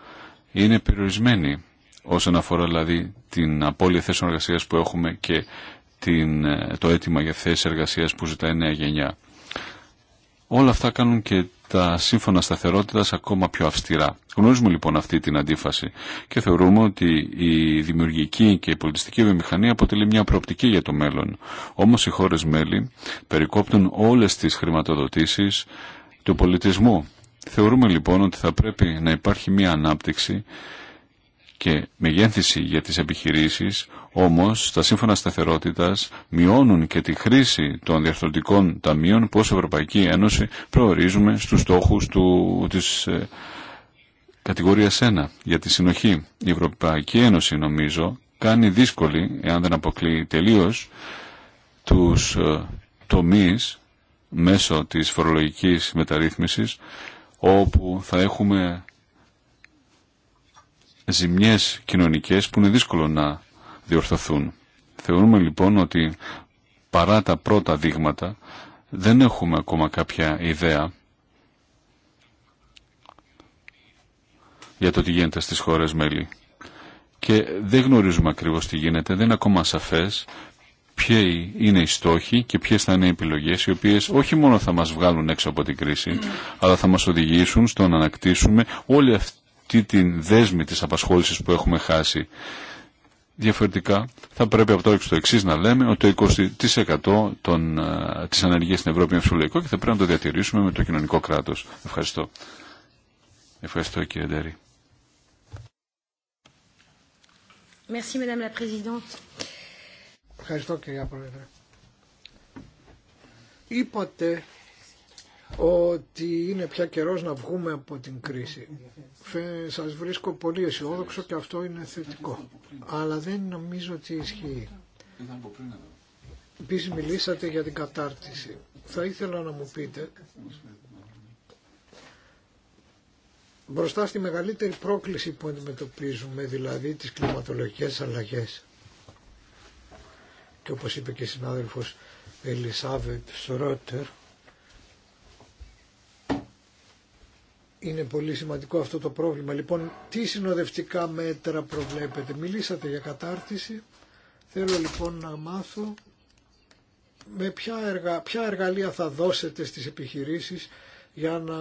είναι περιορισμένοι όσον αφορά δηλαδή την απώλεια θέσεων εργασίας που έχουμε και την, ε, το αίτημα για θέσεις εργασίας που ζητάει νέα γενιά. Όλα αυτά κάνουν και τα σύμφωνα σταθερότητα ακόμα πιο αυστηρά. Γνωρίζουμε λοιπόν αυτή την αντίφαση και θεωρούμε ότι η δημιουργική και η πολιτιστική βιομηχανία αποτελεί μια προοπτική για το μέλλον. Όμω οι χώρε μέλη περικόπτουν όλε τι χρηματοδοτήσει του πολιτισμού. Θεωρούμε λοιπόν ότι θα πρέπει να υπάρχει μια ανάπτυξη και μεγέθυνση για τις επιχειρήσεις, όμως τα σύμφωνα σταθερότητας μειώνουν και τη χρήση των διαρθρωτικών ταμείων που ως Ευρωπαϊκή Ένωση προορίζουμε στους στόχους του, της ε, κατηγορίας 1 για τη συνοχή. Η Ευρωπαϊκή Ένωση νομίζω κάνει δύσκολη, εάν δεν αποκλείει τελείως, τους ε, τομείς μέσω της φορολογικής μεταρρύθμισης όπου θα έχουμε ζημιές κοινωνικές που είναι δύσκολο να διορθωθούν. Θεωρούμε λοιπόν ότι παρά τα πρώτα δείγματα δεν έχουμε ακόμα κάποια ιδέα για το τι γίνεται στις χώρες μέλη. Και δεν γνωρίζουμε ακριβώς τι γίνεται, δεν είναι ακόμα σαφές ποιοι είναι οι στόχοι και ποιες θα είναι οι επιλογές οι οποίες όχι μόνο θα μας βγάλουν έξω από την κρίση αλλά θα μας οδηγήσουν στο να ανακτήσουμε όλη αυτή αυτή την δέσμη της απασχόλησης που έχουμε χάσει. Διαφορετικά θα πρέπει από το και στο εξή να λέμε ότι το 20% των, ε, της ανεργίας στην Ευρώπη είναι αυσιολογικό και θα πρέπει να το διατηρήσουμε με το κοινωνικό κράτος. Ευχαριστώ. Ευχαριστώ κύριε Ντέρη. Ευχαριστώ κύριε Πρόεδρε. Είπατε ότι είναι πια καιρός να βγούμε από την κρίση. σας βρίσκω πολύ αισιόδοξο και αυτό είναι θετικό. Αλλά δεν νομίζω ότι ισχύει. Επίσης μιλήσατε για την κατάρτιση. Θα ήθελα να μου πείτε μπροστά στη μεγαλύτερη πρόκληση που αντιμετωπίζουμε, δηλαδή τις κλιματολογικές αλλαγές. Και όπως είπε και η συνάδελφος Ελισάβετ Σρότερ, Είναι πολύ σημαντικό αυτό το πρόβλημα. Λοιπόν, τι συνοδευτικά μέτρα προβλέπετε. Μιλήσατε για κατάρτιση. Θέλω λοιπόν να μάθω με ποια, εργα... ποια εργαλεία θα δώσετε στις επιχειρήσεις για να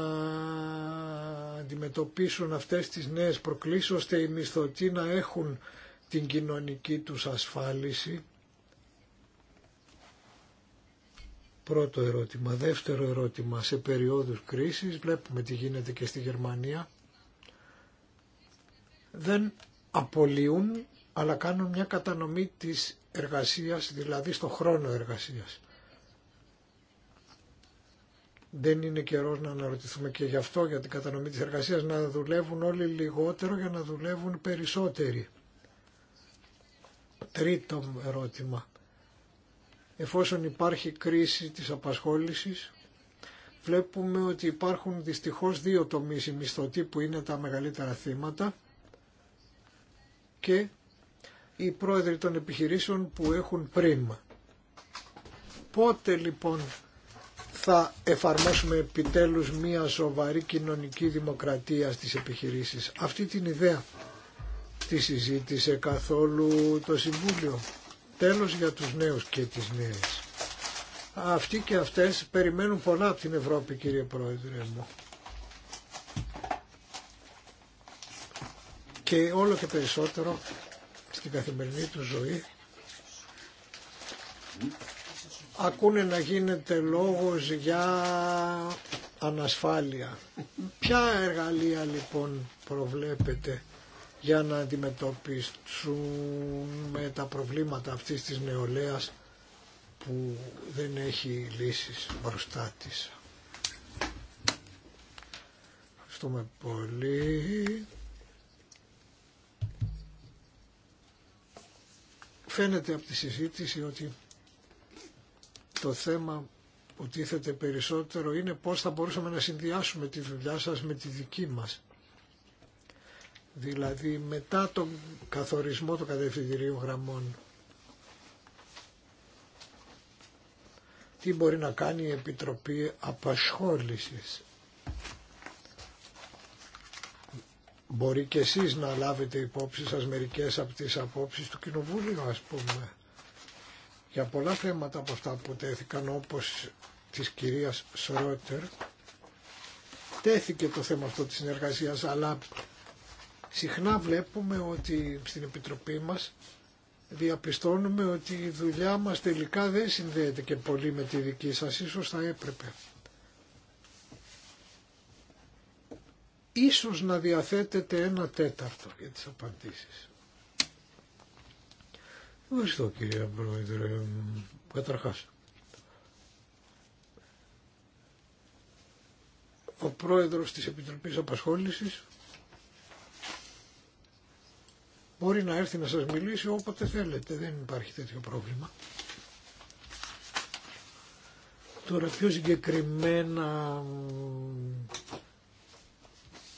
αντιμετωπίσουν αυτές τις νέες προκλήσεις ώστε οι μισθωτοί να έχουν την κοινωνική τους ασφάλιση Πρώτο ερώτημα. Δεύτερο ερώτημα. Σε περίοδους κρίσης, βλέπουμε τι γίνεται και στη Γερμανία, δεν απολύουν αλλά κάνουν μια κατανομή της εργασίας, δηλαδή στο χρόνο εργασίας. Δεν είναι καιρό να αναρωτηθούμε και γι' αυτό, για την κατανομή της εργασίας, να δουλεύουν όλοι λιγότερο για να δουλεύουν περισσότεροι. Τρίτο ερώτημα εφόσον υπάρχει κρίση της απασχόλησης, βλέπουμε ότι υπάρχουν δυστυχώς δύο τομείς οι μισθωτοί που είναι τα μεγαλύτερα θύματα και οι πρόεδροι των επιχειρήσεων που έχουν πριν. Πότε λοιπόν θα εφαρμόσουμε επιτέλους μία σοβαρή κοινωνική δημοκρατία στις επιχειρήσεις. Αυτή την ιδέα τη συζήτησε καθόλου το Συμβούλιο. Τέλος για τους νέους και τις νέες. Αυτοί και αυτές περιμένουν πολλά από την Ευρώπη κύριε Πρόεδρε μου. Και όλο και περισσότερο στην καθημερινή του ζωή ακούνε να γίνεται λόγος για ανασφάλεια. Ποια εργαλεία λοιπόν προβλέπετε για να αντιμετωπίσουμε τα προβλήματα αυτής της νεολαίας που δεν έχει λύσεις μπροστά της. Ευχαριστούμε πολύ. Φαίνεται από τη συζήτηση ότι το θέμα που τίθεται περισσότερο είναι πώς θα μπορούσαμε να συνδυάσουμε τη δουλειά σας με τη δική μας δηλαδή μετά τον καθορισμό των κατευθυντηρίων γραμμών. Τι μπορεί να κάνει η Επιτροπή Απασχόλησης. Μπορεί και εσείς να λάβετε υπόψη σας μερικές από τις απόψεις του Κοινοβούλιο ας πούμε. Για πολλά θέματα από αυτά που τέθηκαν όπως της κυρίας Σρότερ τέθηκε το θέμα αυτό της συνεργασίας αλλά συχνά βλέπουμε ότι στην Επιτροπή μας διαπιστώνουμε ότι η δουλειά μας τελικά δεν συνδέεται και πολύ με τη δική σας, ίσως θα έπρεπε. Ίσως να διαθέτετε ένα τέταρτο για τις απαντήσεις. Ευχαριστώ κύριε Πρόεδρε. Καταρχάς, ο πρόεδρος της Επιτροπής Απασχόλησης Μπορεί να έρθει να σας μιλήσει όποτε θέλετε, δεν υπάρχει τέτοιο πρόβλημα. Τώρα πιο συγκεκριμένα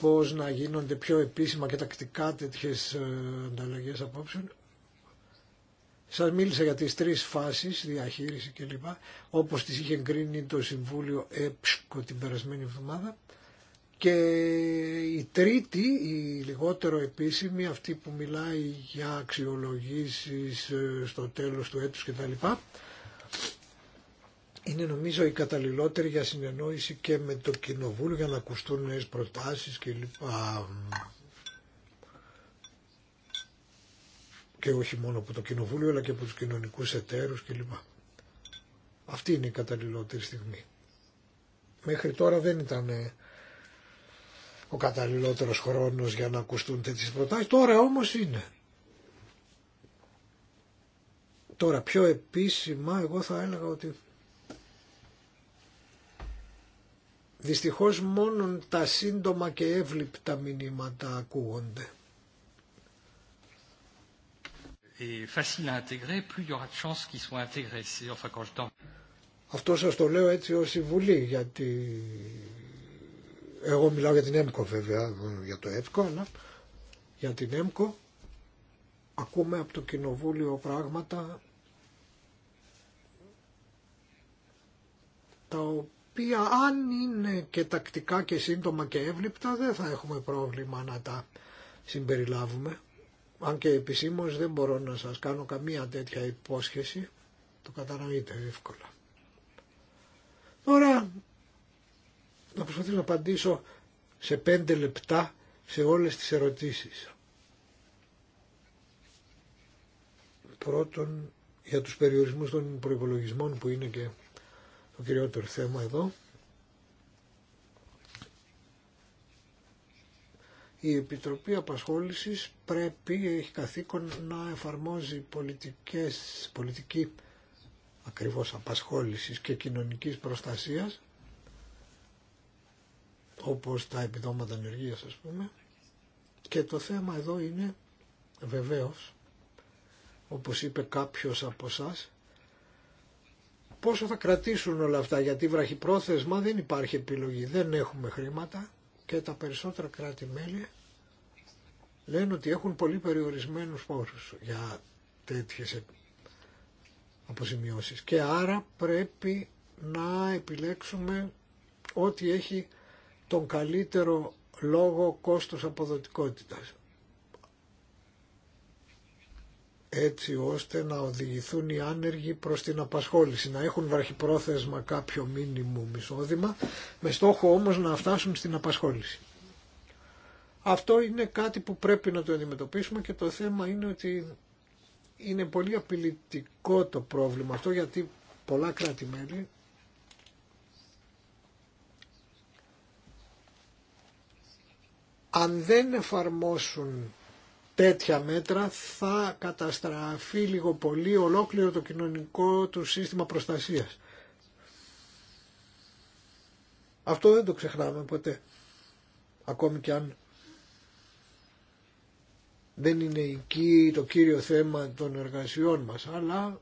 πώς να γίνονται πιο επίσημα και τακτικά τέτοιες ε, ανταλλαγές απόψεων. Σας μίλησα για τις τρεις φάσεις, διαχείριση κλπ, όπως τις είχε εγκρίνει το Συμβούλιο ΕΠΣΚΟ την περασμένη εβδομάδα. Και η τρίτη, η λιγότερο επίσημη, αυτή που μιλάει για αξιολογήσεις ε, στο τέλος του έτους κτλ. Είναι νομίζω η καταλληλότερη για συνεννόηση και με το κοινοβούλιο για να ακουστούν νέες προτάσεις κλπ. Και όχι μόνο από το κοινοβούλιο αλλά και από τους κοινωνικούς εταίρους κλπ. Αυτή είναι η καταλληλότερη στιγμή. Μέχρι τώρα δεν ήταν ο καταλληλότερος χρόνος για να ακουστούν τέτοιες προτάσεις. Τώρα όμως είναι. Τώρα πιο επίσημα εγώ θα έλεγα ότι δυστυχώς μόνο τα σύντομα και εύληπτα μηνύματα ακούγονται. Αυτό σας το λέω έτσι ως συμβουλή γιατί εγώ μιλάω για την ΕΜΚΟ βέβαια, για το ετκο αλλά ναι. για την ΕΜΚΟ ακούμε από το Κοινοβούλιο πράγματα τα οποία αν είναι και τακτικά και σύντομα και εύληπτα δεν θα έχουμε πρόβλημα να τα συμπεριλάβουμε. Αν και επισήμως δεν μπορώ να σας κάνω καμία τέτοια υπόσχεση, το κατανοείτε εύκολα. Τώρα να προσπαθήσω να απαντήσω σε πέντε λεπτά σε όλες τις ερωτήσεις. Πρώτον, για τους περιορισμούς των προϋπολογισμών που είναι και το κυριότερο θέμα εδώ. Η Επιτροπή Απασχόλησης πρέπει, έχει καθήκον να εφαρμόζει πολιτικές, πολιτική ακριβώς απασχόλησης και κοινωνικής προστασίας όπως τα επιδόματα ανεργίας ας πούμε και το θέμα εδώ είναι βεβαίως όπως είπε κάποιος από εσά, πόσο θα κρατήσουν όλα αυτά γιατί βραχυπρόθεσμα δεν υπάρχει επιλογή δεν έχουμε χρήματα και τα περισσότερα κράτη-μέλη λένε ότι έχουν πολύ περιορισμένους πόρους για τέτοιες αποζημιώσεις και άρα πρέπει να επιλέξουμε ό,τι έχει τον καλύτερο λόγο κόστος αποδοτικότητας. Έτσι ώστε να οδηγηθούν οι άνεργοι προς την απασχόληση, να έχουν βραχυπρόθεσμα κάποιο μήνυμο μισόδημα, με στόχο όμως να φτάσουν στην απασχόληση. Αυτό είναι κάτι που πρέπει να το αντιμετωπίσουμε και το θέμα είναι ότι είναι πολύ απειλητικό το πρόβλημα αυτό γιατί πολλά κράτη-μέλη αν δεν εφαρμόσουν τέτοια μέτρα θα καταστραφεί λίγο πολύ ολόκληρο το κοινωνικό του σύστημα προστασίας. Αυτό δεν το ξεχνάμε ποτέ. Ακόμη και αν δεν είναι εκεί το κύριο θέμα των εργασιών μας, αλλά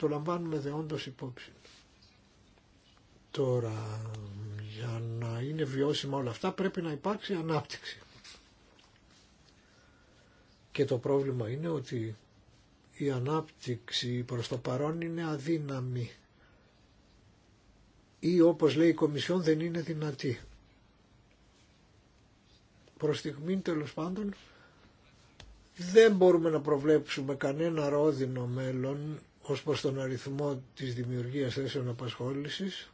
το λαμβάνουμε δεόντως υπόψη. Τώρα, για να είναι βιώσιμα όλα αυτά πρέπει να υπάρξει ανάπτυξη. Και το πρόβλημα είναι ότι η ανάπτυξη προς το παρόν είναι αδύναμη ή όπως λέει η Κομισιόν δεν είναι δυνατή. Προς στιγμή τέλος πάντων δεν μπορούμε να προβλέψουμε κανένα ρόδινο μέλλον ως προς τον αριθμό της δημιουργίας θέσεων απασχόλησης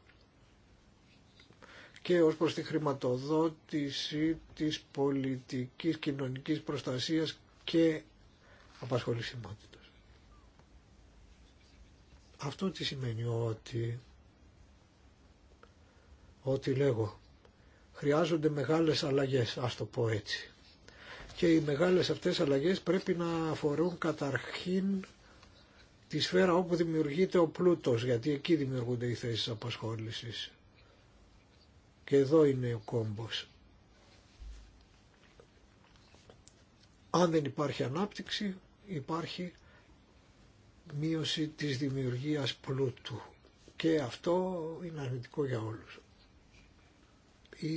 και ως προς τη χρηματοδότηση της πολιτικής κοινωνικής προστασίας και απασχολησιμότητας. Αυτό τι σημαίνει ότι, ότι λέγω, χρειάζονται μεγάλες αλλαγές, ας το πω έτσι. Και οι μεγάλες αυτές αλλαγές πρέπει να αφορούν καταρχήν τη σφαίρα όπου δημιουργείται ο πλούτος, γιατί εκεί δημιουργούνται οι θέσεις απασχόλησης. Και εδώ είναι ο κόμπος. Αν δεν υπάρχει ανάπτυξη υπάρχει μείωση της δημιουργίας πλούτου και αυτό είναι αρνητικό για όλους. Οι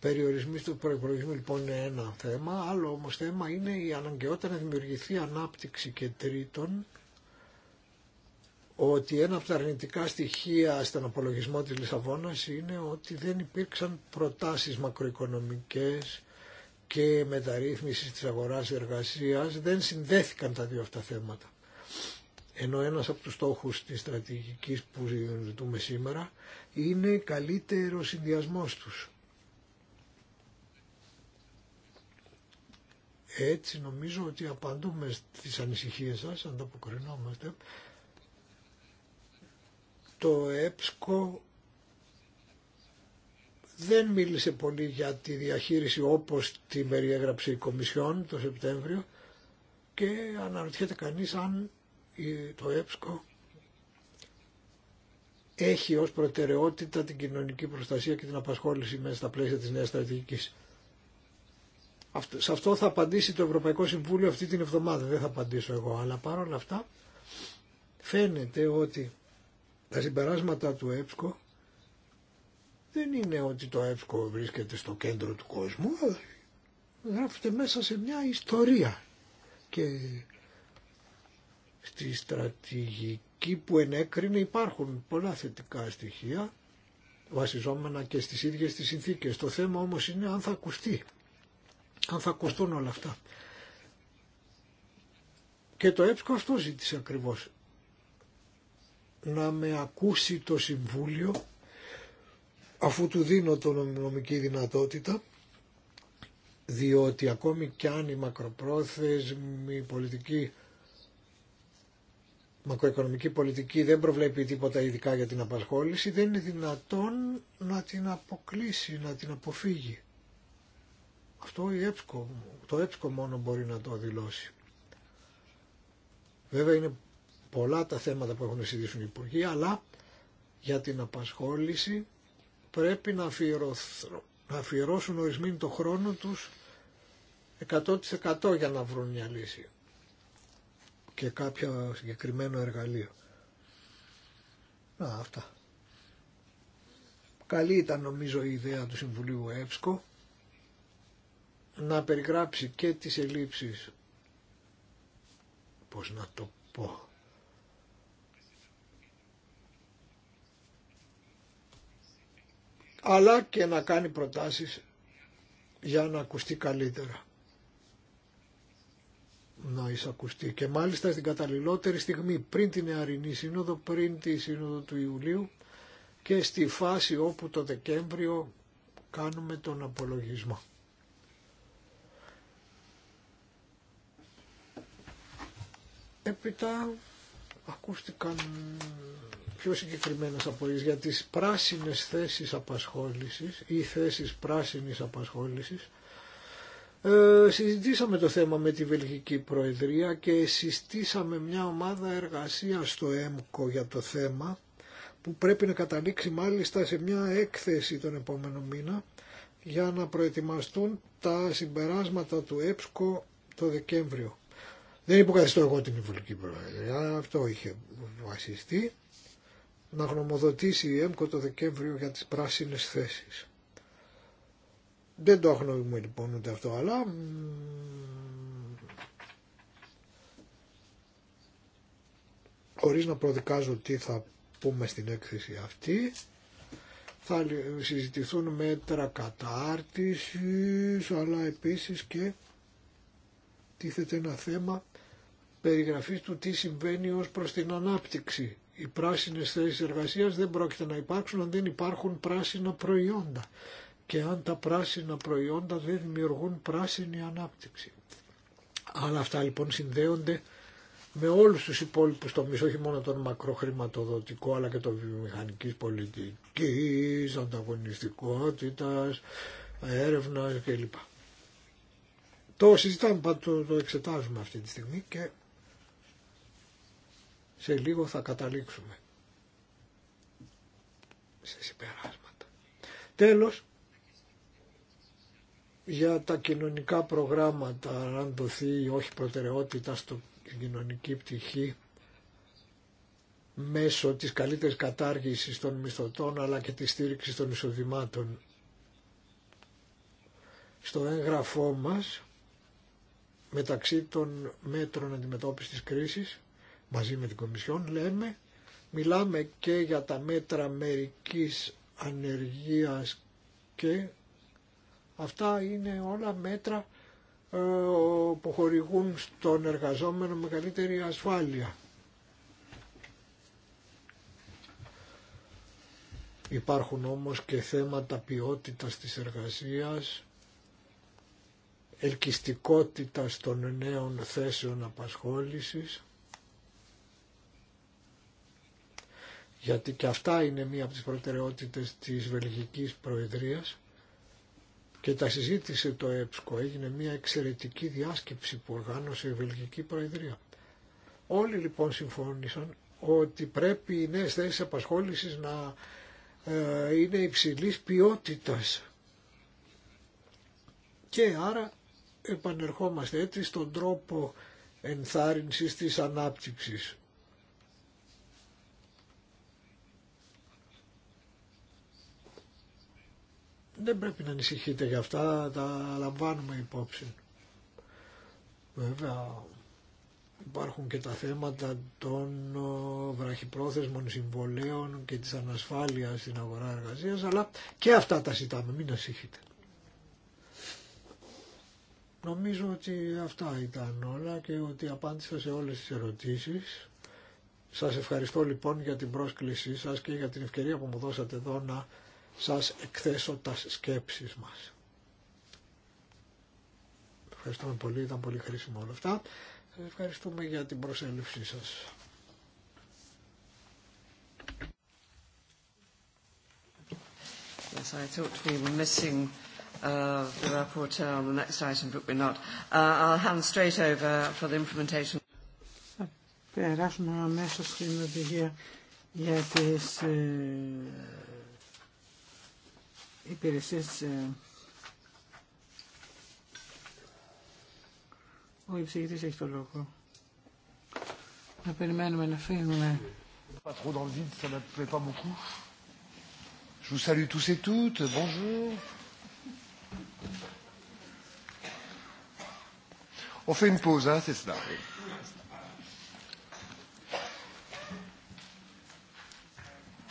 περιορισμοί του προϋπολογισμού λοιπόν είναι ένα θέμα, άλλο όμως θέμα είναι η αναγκαιότητα να δημιουργηθεί ανάπτυξη και τρίτον ότι ένα από τα αρνητικά στοιχεία στον απολογισμό της Λισαβόνας είναι ότι δεν υπήρξαν προτάσεις μακροοικονομικές και μεταρρύθμιση της αγοράς εργασίας δεν συνδέθηκαν τα δύο αυτά θέματα. Ενώ ένας από τους στόχους της στρατηγικής που ζητούμε σήμερα είναι καλύτερο συνδυασμός τους. Έτσι νομίζω ότι απαντούμε στις ανησυχίες σας, ανταποκρινόμαστε. Το ΕΠΣΚΟ δεν μίλησε πολύ για τη διαχείριση όπως τη περιέγραψε η Κομισιόν το Σεπτέμβριο και αναρωτιέται κανείς αν το ΕΠΣΚΟ έχει ως προτεραιότητα την κοινωνική προστασία και την απασχόληση μέσα στα πλαίσια της νέας στρατηγικής. Σε αυτό θα απαντήσει το Ευρωπαϊκό Συμβούλιο αυτή την εβδομάδα, δεν θα απαντήσω εγώ, αλλά παρόλα αυτά φαίνεται ότι τα συμπεράσματα του ΕΠΣΚΟ δεν είναι ότι το εύκο βρίσκεται στο κέντρο του κόσμου, γράφεται μέσα σε μια ιστορία και στη στρατηγική που ενέκρινε υπάρχουν πολλά θετικά στοιχεία βασιζόμενα και στις ίδιες τις συνθήκες. Το θέμα όμως είναι αν θα ακουστεί, αν θα ακουστούν όλα αυτά. Και το ΕΠΣΚΟ αυτό ζήτησε ακριβώς. Να με ακούσει το Συμβούλιο αφού του δίνω τον νομική δυνατότητα διότι ακόμη κι αν η μακροπρόθεσμη πολιτική μακροοικονομική πολιτική δεν προβλέπει τίποτα ειδικά για την απασχόληση, δεν είναι δυνατόν να την αποκλείσει, να την αποφύγει. Αυτό το έψκο μόνο μπορεί να το δηλώσει. Βέβαια είναι πολλά τα θέματα που έχουν συζητήσει οι υπουργοί, αλλά για την απασχόληση πρέπει να αφιερώσουν ορισμένοι το χρόνο τους 100% για να βρουν μια λύση και κάποιο συγκεκριμένο εργαλείο. Να, αυτά. Καλή ήταν νομίζω η ιδέα του Συμβουλίου ΕΠΣΚΟ να περιγράψει και τις ελλείψεις, πώς να το πω, αλλά και να κάνει προτάσεις για να ακουστεί καλύτερα. Να εισακουστεί και μάλιστα στην καταλληλότερη στιγμή πριν την Εαρινή Σύνοδο, πριν τη Σύνοδο του Ιουλίου και στη φάση όπου το Δεκέμβριο κάνουμε τον απολογισμό. Έπειτα ακούστηκαν πιο συγκεκριμένες απορίες για τις πράσινες θέσεις απασχόλησης ή θέσεις πράσινης απασχόλησης. Ε, συζητήσαμε το θέμα με τη Βελγική Προεδρία και συστήσαμε μια ομάδα εργασία στο ΕΜΚΟ για το θέμα που πρέπει να καταλήξει μάλιστα σε μια έκθεση τον επόμενο μήνα για να προετοιμαστούν τα συμπεράσματα του ΕΠΣΚΟ το Δεκέμβριο. Δεν υποκαθιστώ εγώ την Βελγική Προεδρία, αυτό είχε βασιστεί να γνωμοδοτήσει η ΕΜΚΟ το Δεκέμβριο για τις πράσινες θέσεις. Δεν το αγνοούμε λοιπόν ούτε αυτό, αλλά χωρίς να προδικάζω τι θα πούμε στην έκθεση αυτή, θα συζητηθούν μέτρα κατάρτισης, αλλά επίσης και τίθεται ένα θέμα περιγραφής του τι συμβαίνει ως προς την ανάπτυξη οι πράσινες θέσεις εργασίας δεν πρόκειται να υπάρξουν αν δεν υπάρχουν πράσινα προϊόντα και αν τα πράσινα προϊόντα δεν δημιουργούν πράσινη ανάπτυξη. Αλλά αυτά λοιπόν συνδέονται με όλους τους υπόλοιπους τομείς, όχι μόνο τον μακροχρηματοδοτικό αλλά και τον βιομηχανικής πολιτικής, ανταγωνιστικότητας, έρευνα κλπ. Το συζητάμε, το, το εξετάζουμε αυτή τη στιγμή και σε λίγο θα καταλήξουμε σε συμπεράσματα. Τέλος, για τα κοινωνικά προγράμματα, αν δοθεί όχι προτεραιότητα στο κοινωνική πτυχή μέσω της καλύτερης κατάργησης των μισθωτών αλλά και της στήριξης των εισοδημάτων. Στο έγγραφό μας, μεταξύ των μέτρων αντιμετώπισης της κρίσης, μαζί με την Κομισιόν λέμε, μιλάμε και για τα μέτρα μερικής ανεργίας και αυτά είναι όλα μέτρα ε, που χορηγούν στον εργαζόμενο μεγαλύτερη ασφάλεια. Υπάρχουν όμως και θέματα ποιότητας της εργασίας, ελκυστικότητας των νέων θέσεων απασχόλησης γιατί και αυτά είναι μία από τις προτεραιότητες της Βελγικής Προεδρίας και τα συζήτησε το ΕΠΣΚΟ. Έγινε μία εξαιρετική διάσκεψη που οργάνωσε η Βελγική Προεδρία. Όλοι λοιπόν συμφώνησαν ότι πρέπει οι νέες θέσεις απασχόλησης να ε, είναι υψηλής ποιότητας. Και άρα επανερχόμαστε έτσι στον τρόπο ενθάρρυνσης της ανάπτυξης δεν πρέπει να ανησυχείτε για αυτά, τα λαμβάνουμε υπόψη. Βέβαια υπάρχουν και τα θέματα των βραχυπρόθεσμων συμβολέων και της ανασφάλειας στην αγορά εργασίας, αλλά και αυτά τα ζητάμε, μην ανησυχείτε. Νομίζω ότι αυτά ήταν όλα και ότι απάντησα σε όλες τις ερωτήσεις. Σας ευχαριστώ λοιπόν για την πρόσκλησή σας και για την ευκαιρία που μου δώσατε εδώ να σας εκθέσω τα σκέψεις μας. Ευχαριστούμε πολύ, ήταν πολύ χρήσιμο όλα αυτά. Σας ευχαριστούμε για την προσέλευσή σας. Yes, I thought we were missing uh, the rapporteur on the next item, but we're not. Uh, I'll hand straight over for the implementation. Θα περάσουμε αμέσως στην οδηγία για τις ε, υπηρεσίες ο εισηγητής έχει το λόγο. Να περιμένουμε να φύγουμε. Pas trop dans le vide, ça ne plaît pas beaucoup. Je vous salue tous et toutes. Bonjour. On fait une pause, hein, c'est cela.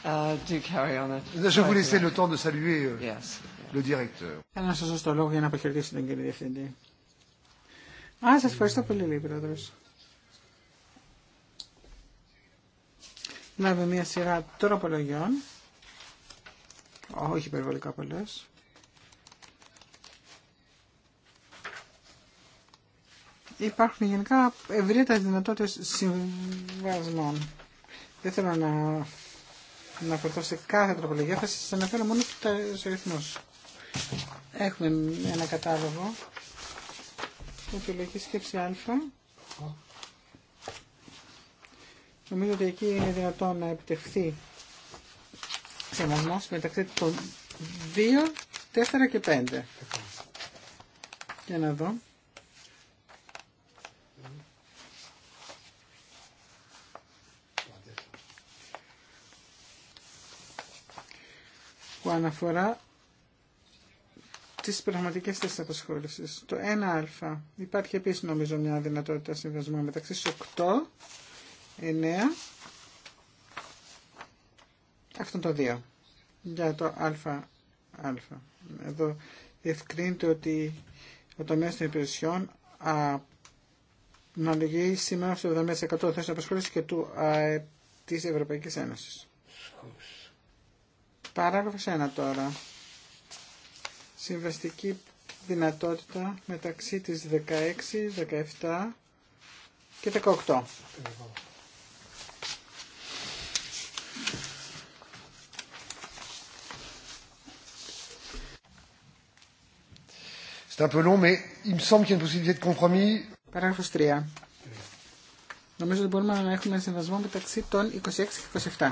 Θα uh, vous le temps de saluer euh, Θέλω να σας δώσω το λόγο για να αποχαιρετήσω τον κύριο Διευθυντή. Α, σας ευχαριστώ πολύ, λέει πρόεδρος. Λάβε μια σειρά τροπολογιών. Όχι υπερβολικά πολλέ. Υπάρχουν γενικά ευρύτερε δυνατότητε συμβασμών. Δεν θέλω να να αναφερθώ σε κάθε τροπολογία, θα σας αναφέρω μόνο τους αριθμούς. Έχουμε ένα κατάλογο, επιλογή σκέψη α. Νομίζω ότι εκεί είναι δυνατόν να επιτευχθεί σεβασμός μεταξύ των 2, 4 και 5. Για να δω. αναφορά τις πραγματικές θέσεις απασχόλησης. Το 1α. Υπάρχει επίσης νομίζω μια δυνατότητα συμβασμού μεταξύ 8, 9, αυτό το 2. Για το α, α. Εδώ διευκρίνεται ότι ο τομέας των υπηρεσιών α, να λυγεί σήμερα στο 70% θέσεις απασχόλησης και του α, της Ευρωπαϊκής Ένωσης. Παράγραφος 1 τώρα. Συμβαστική δυνατότητα μεταξύ της 16, 17 και 18. C'est un peu long, mais il me semble qu'il y a une possibilité 3. Νομίζω ότι μπορούμε να έχουμε συμβασμό μεταξύ των 26 και 27.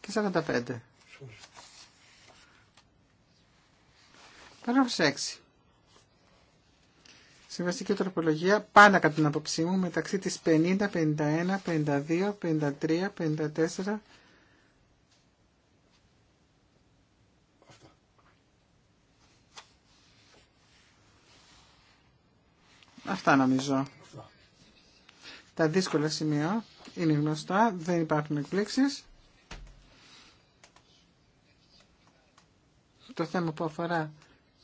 και 45. Παράγραφος 6. Συμβαστική τροπολογία πάνω κατά την απόψή μου μεταξύ της 50, 51, 52, 53, 54, Αυτά νομίζω. Τα δύσκολα σημεία είναι γνωστά, δεν υπάρχουν εκπλήξεις. το θέμα που αφορά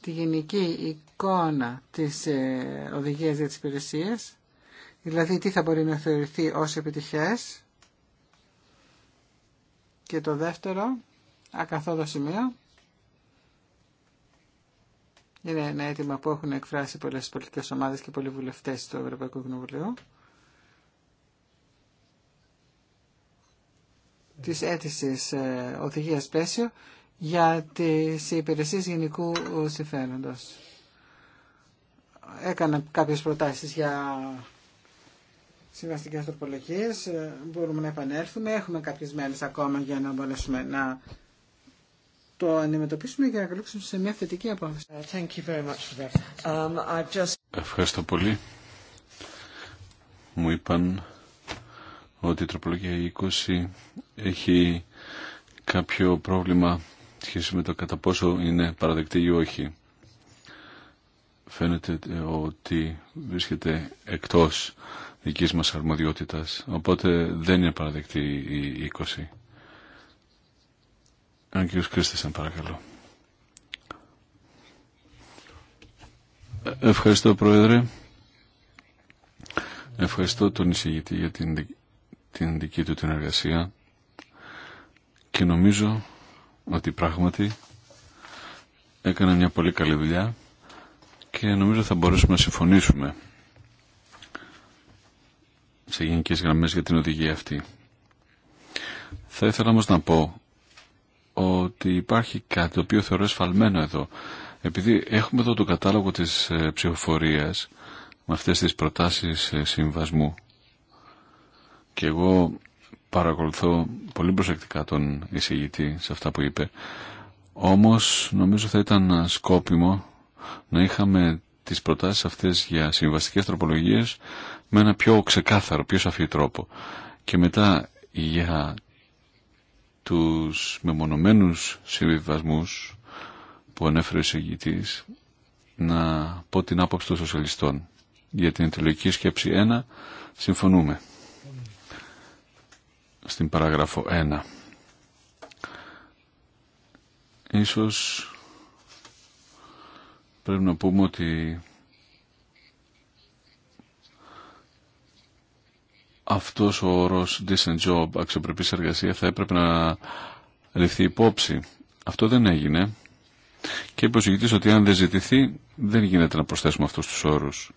τη γενική εικόνα της ε, οδηγίας για τις υπηρεσίες, δηλαδή τι θα μπορεί να θεωρηθεί ως επιτυχές. Και το δεύτερο, ακαθόδο σημείο, είναι ένα αίτημα που έχουν εκφράσει πολλές πολιτικές ομάδες και πολλοί βουλευτές του Ευρωπαϊκού Κοινοβουλίου. της αίτησης ε, οδηγίας πλαίσιο για τις υπηρεσίες γενικού συμφέροντος. Έκανα κάποιες προτάσεις για συμβαστικές τροπολογίες. Μπορούμε να επανέλθουμε. Έχουμε κάποιες μέρες ακόμα για να μπορέσουμε να το αντιμετωπίσουμε και να καλύψουμε σε μια θετική απόφαση. Uh, um, Ευχαριστώ πολύ. Μου είπαν ότι η τροπολογία 20 έχει κάποιο πρόβλημα σχέση με το κατά πόσο είναι παραδεκτή ή όχι. Φαίνεται ότι βρίσκεται εκτός δικής μας αρμοδιότητας, οπότε δεν είναι παραδεκτή η 20. Αν κύριος Κρίστησαν παρακαλώ. Ευχαριστώ Πρόεδρε. Ευχαριστώ τον εισηγητή για την, την δική του την εργασία και νομίζω ότι πράγματι έκανα μια πολύ καλή δουλειά και νομίζω θα μπορέσουμε να συμφωνήσουμε σε γενικές γραμμές για την οδηγία αυτή. Θα ήθελα όμως να πω ότι υπάρχει κάτι το οποίο θεωρώ εσφαλμένο εδώ. Επειδή έχουμε εδώ το κατάλογο της ε, ψηφοφορίας με αυτές τις προτάσεις ε, συμβασμού και εγώ παρακολουθώ πολύ προσεκτικά τον εισηγητή σε αυτά που είπε. Όμως νομίζω θα ήταν σκόπιμο να είχαμε τις προτάσεις αυτές για συμβαστικές τροπολογίες με ένα πιο ξεκάθαρο, πιο σαφή τρόπο. Και μετά για τους μεμονωμένους συμβιβασμούς που ανέφερε ο εισηγητής να πω την άποψη των σοσιαλιστών. Για την εντελογική σκέψη 1 συμφωνούμε στην παράγραφο 1. Ίσως πρέπει να πούμε ότι αυτός ο όρος decent job, αξιοπρεπής εργασία, θα έπρεπε να ληφθεί υπόψη. Αυτό δεν έγινε. Και είπε ότι αν δεν ζητηθεί, δεν γίνεται να προσθέσουμε αυτούς τους όρους.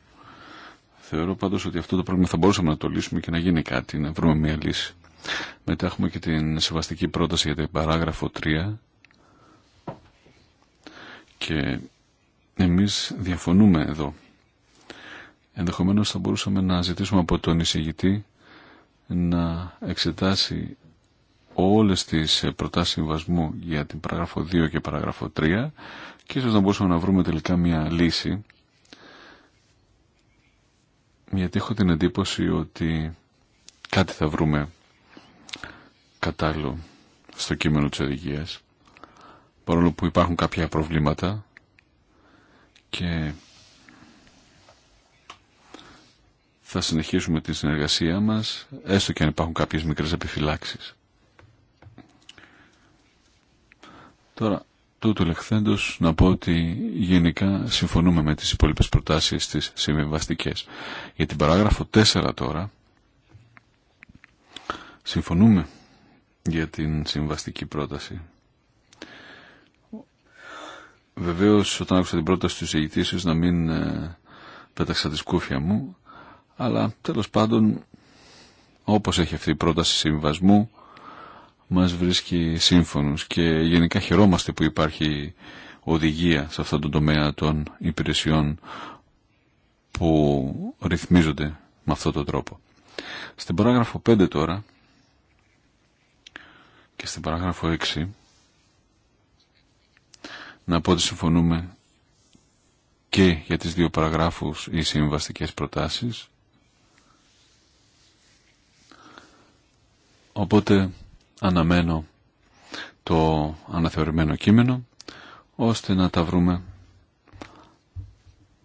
Θεωρώ πάντως ότι αυτό το πρόβλημα θα μπορούσαμε να το λύσουμε και να γίνει κάτι, να βρούμε μια λύση. Μετά έχουμε και την συμβαστική πρόταση για την παράγραφο 3 και εμείς διαφωνούμε εδώ. Ενδεχομένως θα μπορούσαμε να ζητήσουμε από τον εισηγητή να εξετάσει όλες τις προτάσεις συμβασμού για την παράγραφο 2 και παράγραφο 3 και ίσως να μπορούσαμε να βρούμε τελικά μια λύση γιατί έχω την εντύπωση ότι κάτι θα βρούμε κατάλληλο στο κείμενο της οδηγίας παρόλο που υπάρχουν κάποια προβλήματα και θα συνεχίσουμε τη συνεργασία μας έστω και αν υπάρχουν κάποιες μικρές επιφυλάξεις. Τώρα, τούτο λεχθέντος να πω ότι γενικά συμφωνούμε με τις υπόλοιπες προτάσεις της συμβιβαστικέ. Για την παράγραφο 4 τώρα συμφωνούμε για την συμβαστική πρόταση. Βεβαίω, όταν άκουσα την πρόταση του εισηγητή να μην ε, πέταξα τη σκούφια μου αλλά τέλος πάντων όπως έχει αυτή η πρόταση συμβασμού μας βρίσκει σύμφωνος και γενικά χαιρόμαστε που υπάρχει οδηγία σε αυτόν τον τομέα των υπηρεσιών που ρυθμίζονται με αυτόν τον τρόπο. Στην παράγραφο 5 τώρα και στην παράγραφο 6 να πω ότι συμφωνούμε και για τις δύο παραγράφους οι συμβαστικές προτάσεις οπότε αναμένω το αναθεωρημένο κείμενο ώστε να τα βρούμε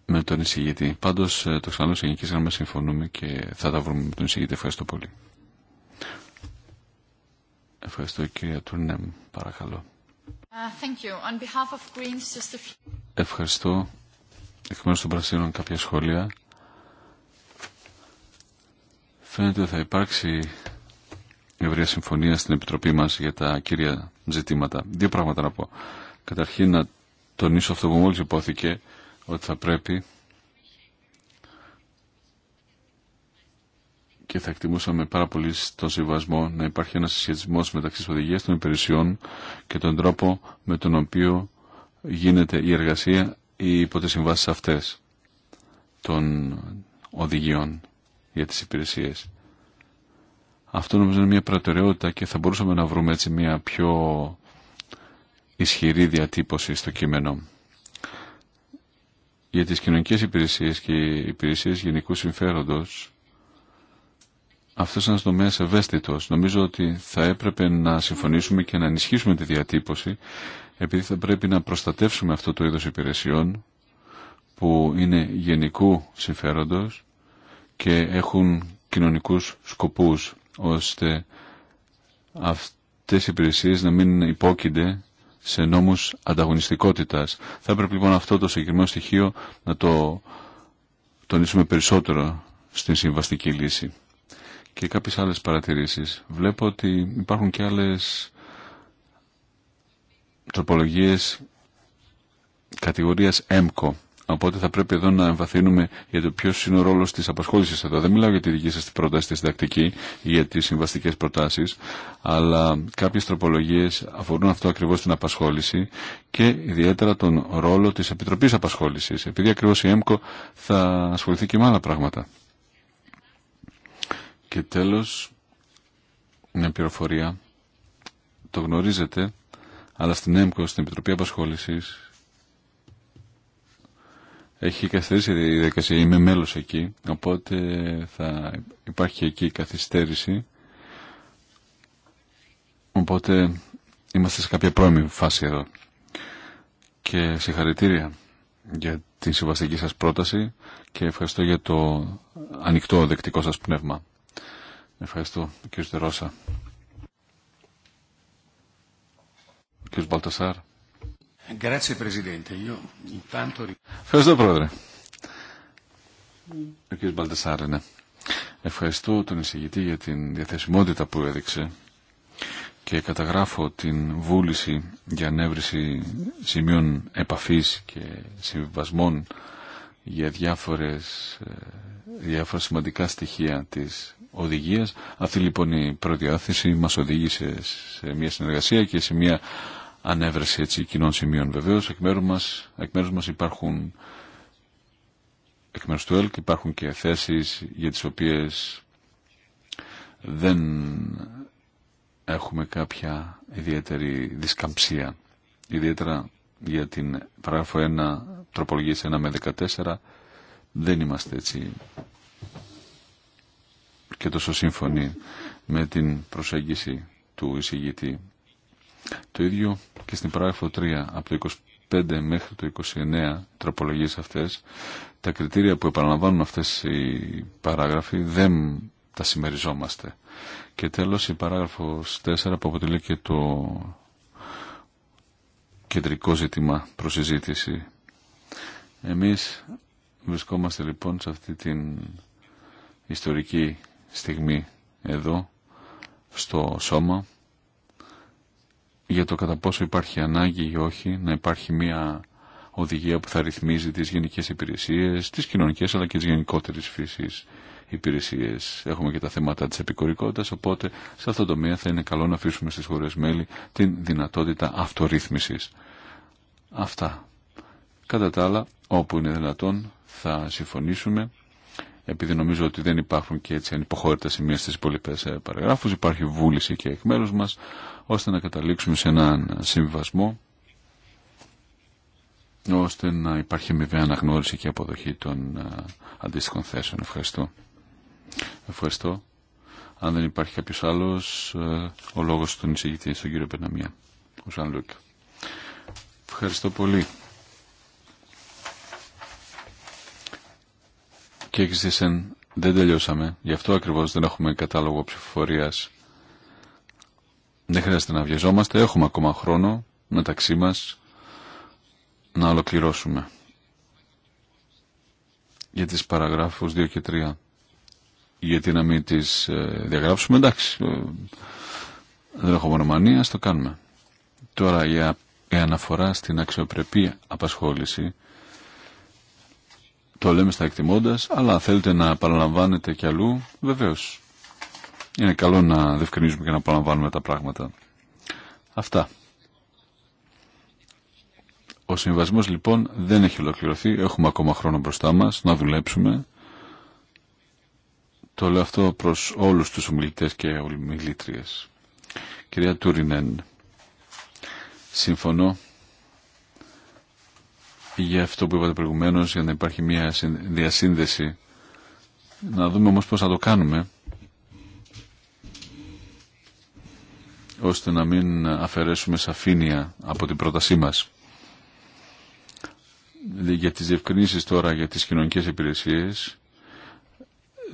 με τον εισηγητή. Πάντως ε, το ξανά σε γενικές γραμμές συμφωνούμε και θα τα βρούμε με τον εισηγητή. Ευχαριστώ πολύ. Ευχαριστώ κυρία Τούρνεμ, παρακαλώ. Uh, Ευχαριστώ. Εκ μέρους των Πρασίνων κάποια σχόλια. Φαίνεται ότι θα υπάρξει ευρεία συμφωνία στην Επιτροπή μας για τα κύρια ζητήματα. Δύο πράγματα να πω. Καταρχήν να τονίσω αυτό που μόλις υπόθηκε, ότι θα πρέπει και θα εκτιμούσαμε πάρα πολύ στο συμβασμό να υπάρχει ένα συσχετισμό μεταξύ οδηγία των υπηρεσιών και τον τρόπο με τον οποίο γίνεται η εργασία ή συμβάσει αυτές των οδηγιών για τις υπηρεσίες. Αυτό νομίζω είναι μια προτεραιότητα και θα μπορούσαμε να βρούμε έτσι μια πιο ισχυρή διατύπωση στο κείμενο. Για τις κοινωνικές υπηρεσίες και υπηρεσίες γενικού συμφέροντος αυτό είναι ένα τομέα ευαίσθητο. Νομίζω ότι θα έπρεπε να συμφωνήσουμε και να ενισχύσουμε τη διατύπωση, επειδή θα πρέπει να προστατεύσουμε αυτό το είδο υπηρεσιών που είναι γενικού συμφέροντο και έχουν κοινωνικούς σκοπούς ώστε αυτές οι υπηρεσίες να μην υπόκεινται σε νόμους ανταγωνιστικότητας. Θα έπρεπε λοιπόν αυτό το συγκεκριμένο στοιχείο να το τονίσουμε περισσότερο στην συμβαστική λύση και κάποιες άλλες παρατηρήσεις. Βλέπω ότι υπάρχουν και άλλες τροπολογίες κατηγορίας ΕΜΚΟ. Οπότε θα πρέπει εδώ να εμβαθύνουμε για το ποιο είναι ο ρόλο τη απασχόληση εδώ. Δεν μιλάω για τη δική σα πρόταση τη συντακτική ή για τι συμβαστικέ προτάσει, αλλά κάποιε τροπολογίε αφορούν αυτό ακριβώ την απασχόληση και ιδιαίτερα τον ρόλο τη Επιτροπή Απασχόληση. Επειδή ακριβώ η ΕΜΚΟ θα ασχοληθεί και με άλλα πράγματα. Και τέλος, μια πληροφορία. Το γνωρίζετε, αλλά στην ΕΜΚΟ, στην Επιτροπή Απασχόλησης, έχει καθυστερήσει η διαδικασία, είμαι μέλος εκεί, οπότε θα υπάρχει εκεί καθυστέρηση. Οπότε είμαστε σε κάποια πρώιμη φάση εδώ. Και συγχαρητήρια για την συμβαστική σας πρόταση και ευχαριστώ για το ανοιχτό δεκτικό σας πνεύμα. Ευχαριστώ, κύριε Στερόσα. Κ. Μπαλτασάρ. Ευχαριστώ, Πρόεδρε. Ο Μπαλτασάρ, ναι. Ευχαριστώ τον εισηγητή για την διαθεσιμότητα που έδειξε και καταγράφω την βούληση για ανέβριση σημείων επαφής και συμβιβασμών για διάφορες, ε, διάφορα σημαντικά στοιχεία της αυτή λοιπόν η πρώτη άθεση μας οδήγησε σε μια συνεργασία και σε μια ανέβρεση έτσι, κοινών σημείων. βεβαίω, εκ μέρου μα υπάρχουν εκ μέρου του ΕΛΚ υπάρχουν και θέσει για τις οποίες δεν έχουμε κάποια ιδιαίτερη δισκαμψία. Ιδιαίτερα για την παράγραφο 1, τροπολογίες 1 με 14, δεν είμαστε έτσι και τόσο σύμφωνοι με την προσέγγιση του εισηγητή. Το ίδιο και στην παράγραφο 3 από το 25 μέχρι το 29 τροπολογίες αυτές τα κριτήρια που επαναλαμβάνουν αυτές οι παράγραφοι δεν τα συμμεριζόμαστε. Και τέλος η παράγραφος 4 που αποτελεί και το κεντρικό ζήτημα προσυζήτηση. Εμείς βρισκόμαστε λοιπόν σε αυτή την ιστορική στιγμή εδώ στο σώμα για το κατά πόσο υπάρχει ανάγκη ή όχι να υπάρχει μια οδηγία που θα ρυθμίζει τις γενικές υπηρεσίες, τις κοινωνικές αλλά και τις γενικότερες φύσεις υπηρεσίες. Έχουμε και τα θέματα της επικορικότητας, οπότε σε αυτό το τομέα θα είναι καλό να αφήσουμε στις χώρες μέλη την δυνατότητα αυτορύθμισης. Αυτά. Κατά τα άλλα, όπου είναι δυνατόν θα συμφωνήσουμε επειδή νομίζω ότι δεν υπάρχουν και έτσι ανυποχώρητα σημεία στις υπόλοιπε παραγράφους, υπάρχει βούληση και εκ μέρους μας, ώστε να καταλήξουμε σε έναν συμβασμό, ώστε να υπάρχει βέβαια αναγνώριση και αποδοχή των ε, αντίστοιχων θέσεων. Ευχαριστώ. Ευχαριστώ. Αν δεν υπάρχει κάποιο άλλο, ε, ο λόγος του εισηγητή στον κύριο Περναμία, ο Σαν Ευχαριστώ πολύ. και εξησεν δεν τελειώσαμε. Γι' αυτό ακριβώς δεν έχουμε κατάλογο ψηφοφορίας. Δεν χρειάζεται να βιαζόμαστε. Έχουμε ακόμα χρόνο μεταξύ μας να ολοκληρώσουμε. Για τις παραγράφους 2 και 3. Γιατί να μην τις ε, διαγράψουμε. Εντάξει, ε, δεν έχω μονομανία, ας το κάνουμε. Τώρα για η αναφορά στην αξιοπρεπή απασχόληση το λέμε στα εκτιμώντας, αλλά θέλετε να παραλαμβάνετε κι αλλού, βεβαίως. Είναι καλό να διευκρινίζουμε και να παραλαμβάνουμε τα πράγματα. Αυτά. Ο συμβασμός λοιπόν δεν έχει ολοκληρωθεί. Έχουμε ακόμα χρόνο μπροστά μας να δουλέψουμε. Το λέω αυτό προς όλους τους ομιλητές και ομιλήτριες. Κυρία Τούρινεν, συμφωνώ για αυτό που είπατε προηγουμένω, για να υπάρχει μια διασύνδεση. Να δούμε όμως πώς θα το κάνουμε, ώστε να μην αφαιρέσουμε σαφήνεια από την πρότασή μας. Για τις διευκρινήσεις τώρα για τις κοινωνικές υπηρεσίες,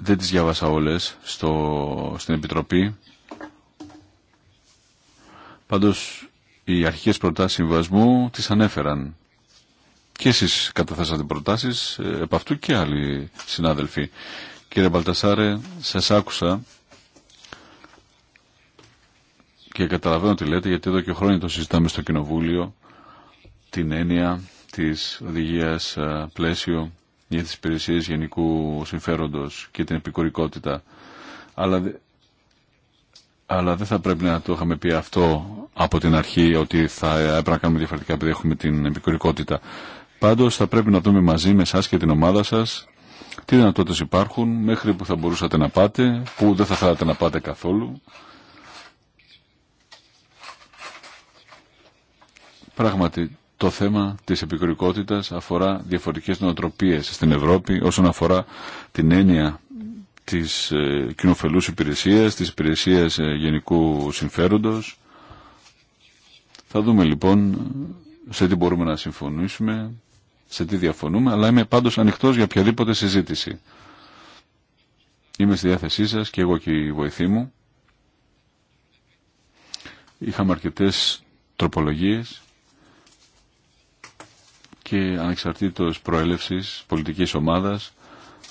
δεν τις διάβασα όλες στο, στην Επιτροπή. Πάντως οι αρχικές προτάσεις συμβασμού τις ανέφεραν και εσείς καταθέσατε προτάσεις ε, επ' αυτού και άλλοι συνάδελφοι. Κύριε Μπαλτασάρε, σας άκουσα και καταλαβαίνω τι λέτε γιατί εδώ και χρόνια το συζητάμε στο Κοινοβούλιο την έννοια της οδηγίας ε, πλαίσιο για τις υπηρεσίες γενικού συμφέροντος και την επικουρικότητα. Αλλά, αλλά δεν θα πρέπει να το είχαμε πει αυτό από την αρχή ότι θα έπρεπε να κάνουμε διαφορετικά επειδή έχουμε την επικουρικότητα. Πάντω θα πρέπει να δούμε μαζί με εσά και την ομάδα σας τι δυνατότητε υπάρχουν, μέχρι που θα μπορούσατε να πάτε, που δεν θα θέλατε να πάτε καθόλου. Πράγματι, το θέμα της επικουρικότητας αφορά διαφορετικές νοοτροπίες στην Ευρώπη όσον αφορά την έννοια της ε, κοινοφελούς υπηρεσίας, της υπηρεσίας ε, γενικού συμφέροντος. Θα δούμε λοιπόν σε τι μπορούμε να συμφωνήσουμε σε τι διαφωνούμε, αλλά είμαι πάντως ανοιχτός για οποιαδήποτε συζήτηση. Είμαι στη διάθεσή σας και εγώ και η βοηθή μου. Είχαμε αρκετές τροπολογίες και ανεξαρτήτως προέλευσης πολιτικής ομάδας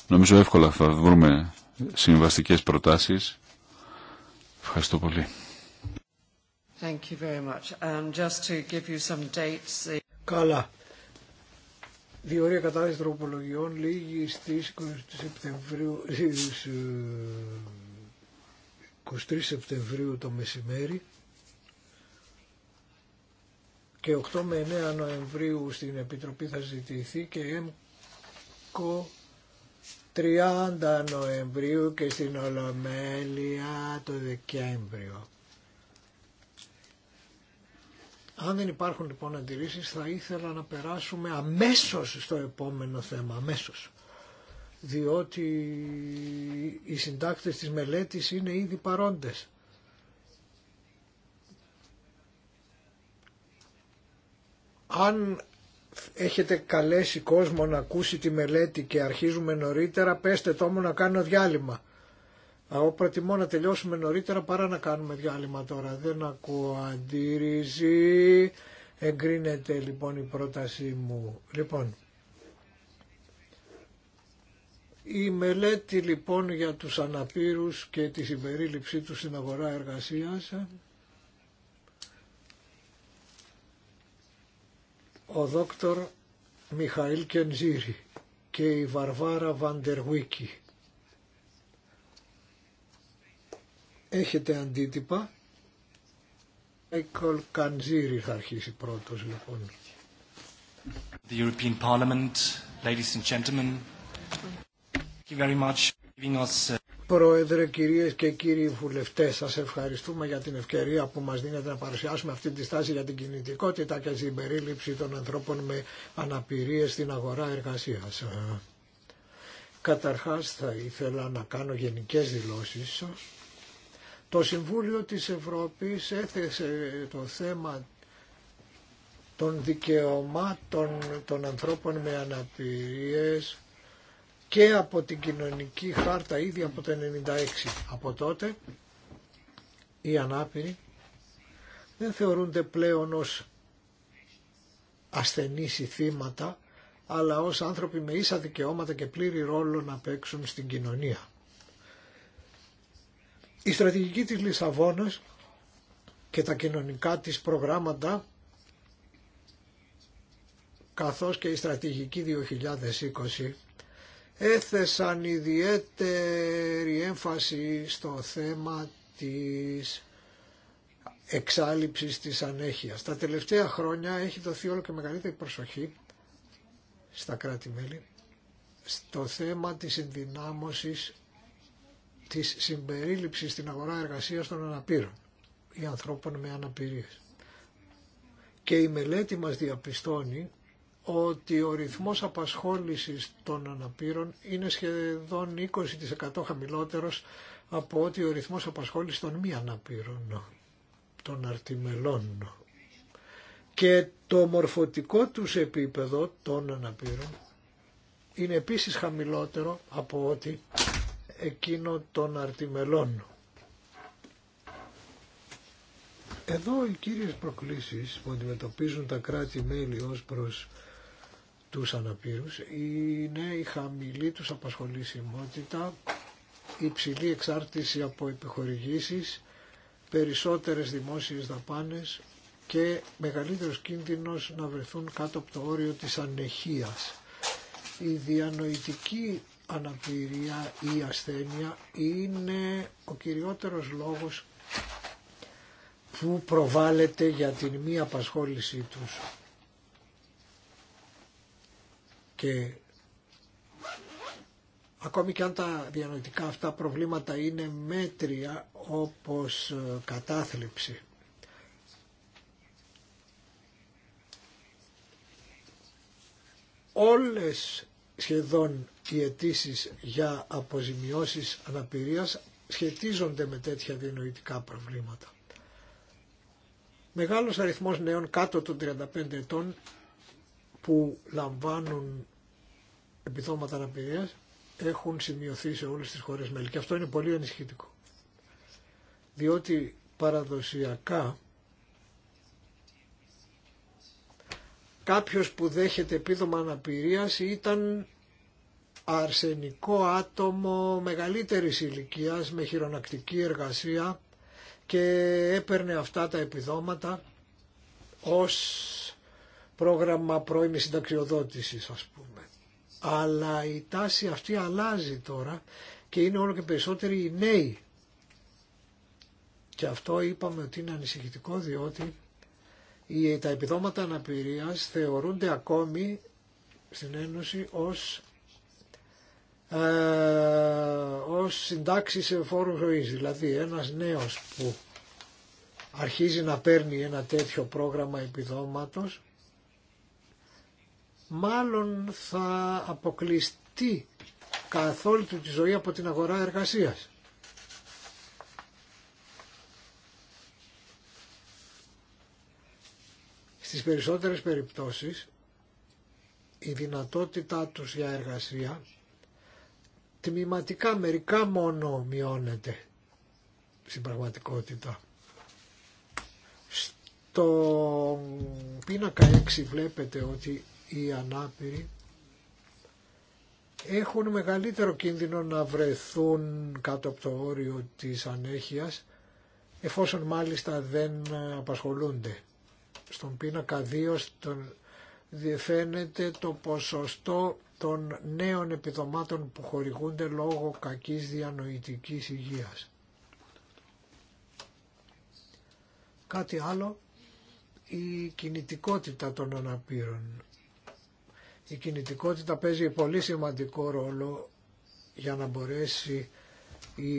νομίζω εύκολα θα βρούμε συμβαστικές προτάσεις. Ευχαριστώ πολύ. Thank you very much. And just to give you some dates... Καλά. Διορία κατάθεση τροπολογιών λίγη στις Σεπτεμβρίου, στις 23 ε, Σεπτεμβρίου το μεσημέρι και 8 με 9 Νοεμβρίου στην Επιτροπή θα ζητηθεί και ΕΜΚΟ 30 Νοεμβρίου και στην Ολομέλεια το Δεκέμβριο. Αν δεν υπάρχουν λοιπόν αντιρρήσεις θα ήθελα να περάσουμε αμέσως στο επόμενο θέμα, Αμέσω. Διότι οι συντάκτες της μελέτης είναι ήδη παρόντες. Αν έχετε καλέσει κόσμο να ακούσει τη μελέτη και αρχίζουμε νωρίτερα, πέστε το μου να κάνω διάλειμμα. Εγώ προτιμώ να τελειώσουμε νωρίτερα παρά να κάνουμε διάλειμμα τώρα. Δεν ακούω αντίρρηση. Εγκρίνεται λοιπόν η πρότασή μου. Λοιπόν, η μελέτη λοιπόν για τους αναπήρους και τη συμπερίληψή τους στην αγορά εργασίας ο δόκτωρ Μιχαήλ Κενζήρη και η Βαρβάρα Βαντερουίκη Έχετε αντίτυπα. Έκολ ε, Καντζήρη θα αρχίσει πρώτος λοιπόν. The European Parliament, ladies and gentlemen, thank you very much for giving us uh, Πρόεδρε, κυρίες και κύριοι βουλευτές, σας ευχαριστούμε για την ευκαιρία που μας δίνετε να παρουσιάσουμε αυτή τη στάση για την κινητικότητα και την περίληψη των ανθρώπων με αναπηρίες στην αγορά εργασίας. Καταρχάς θα ήθελα να κάνω γενικές δηλώσεις το Συμβούλιο της Ευρώπης έθεσε το θέμα των δικαιωμάτων των ανθρώπων με αναπηρίες και από την κοινωνική χάρτα ήδη από το 1996. Από τότε οι ανάπηροι δεν θεωρούνται πλέον ως ασθενείς ή θύματα, αλλά ως άνθρωποι με ίσα δικαιώματα και πλήρη ρόλο να παίξουν στην κοινωνία. Η στρατηγική της Λισαβόνας και τα κοινωνικά της προγράμματα καθώς και η στρατηγική 2020 έθεσαν ιδιαίτερη έμφαση στο θέμα της εξάλληψης της ανέχειας. Τα τελευταία χρόνια έχει δοθεί όλο και μεγαλύτερη προσοχή στα κράτη-μέλη στο θέμα της ενδυνάμωσης της συμπερίληψης στην αγορά εργασίας των αναπήρων ή ανθρώπων με αναπηρίες. Και η μελέτη μας διαπιστώνει ότι ο ρυθμός απασχόλησης των αναπήρων είναι σχεδόν 20% χαμηλότερος από ότι ο ρυθμός απασχόλησης των μη αναπήρων, των αρτιμελών. Και το μορφωτικό τους επίπεδο των αναπήρων είναι επίσης χαμηλότερο από ότι εκείνο των αρτιμελών. Εδώ οι κύριες προκλήσεις που αντιμετωπίζουν τα κράτη-μέλη ως προς τους αναπήρους είναι η χαμηλή τους απασχολησιμότητα, η υψηλή εξάρτηση από επιχορηγήσεις, περισσότερες δημόσιες δαπάνες και μεγαλύτερος κίνδυνος να βρεθούν κάτω από το όριο της ανεχίας. Η διανοητική αναπηρία ή ασθένεια είναι ο κυριότερος λόγος που προβάλλεται για την μη απασχόλησή τους. Και ακόμη και αν τα διανοητικά αυτά προβλήματα είναι μέτρια όπως ε, κατάθλιψη. Όλες σχεδόν οι αιτήσει για αποζημιώσεις αναπηρίας σχετίζονται με τέτοια διανοητικά προβλήματα. Μεγάλος αριθμός νέων κάτω των 35 ετών που λαμβάνουν επιδόματα αναπηρίας έχουν σημειωθεί σε όλες τις χώρες μέλη. Και αυτό είναι πολύ ενισχυτικό. Διότι παραδοσιακά κάποιος που δέχεται επίδομα αναπηρίας ήταν αρσενικό άτομο μεγαλύτερης ηλικίας με χειρονακτική εργασία και έπαιρνε αυτά τα επιδόματα ως πρόγραμμα πρώιμης συνταξιοδότησης ας πούμε. Αλλά η τάση αυτή αλλάζει τώρα και είναι όλο και περισσότεροι οι νέοι. Και αυτό είπαμε ότι είναι ανησυχητικό διότι τα επιδόματα αναπηρίας θεωρούνται ακόμη στην Ένωση ως ε, ως συντάξει σε φόρο Δηλαδή ένας νέος που αρχίζει να παίρνει ένα τέτοιο πρόγραμμα επιδόματος μάλλον θα αποκλειστεί καθόλου του τη ζωή από την αγορά εργασίας. Στις περισσότερες περιπτώσεις η δυνατότητά τους για εργασία τμηματικά, μερικά μόνο μειώνεται στην πραγματικότητα. Στο πίνακα 6 βλέπετε ότι οι ανάπηροι έχουν μεγαλύτερο κίνδυνο να βρεθούν κάτω από το όριο της ανέχειας εφόσον μάλιστα δεν απασχολούνται. Στον πίνακα 2 στον διεφαίνεται το ποσοστό των νέων επιδομάτων που χορηγούνται λόγω κακής διανοητικής υγείας. Κάτι άλλο, η κινητικότητα των αναπήρων. Η κινητικότητα παίζει πολύ σημαντικό ρόλο για να μπορέσει η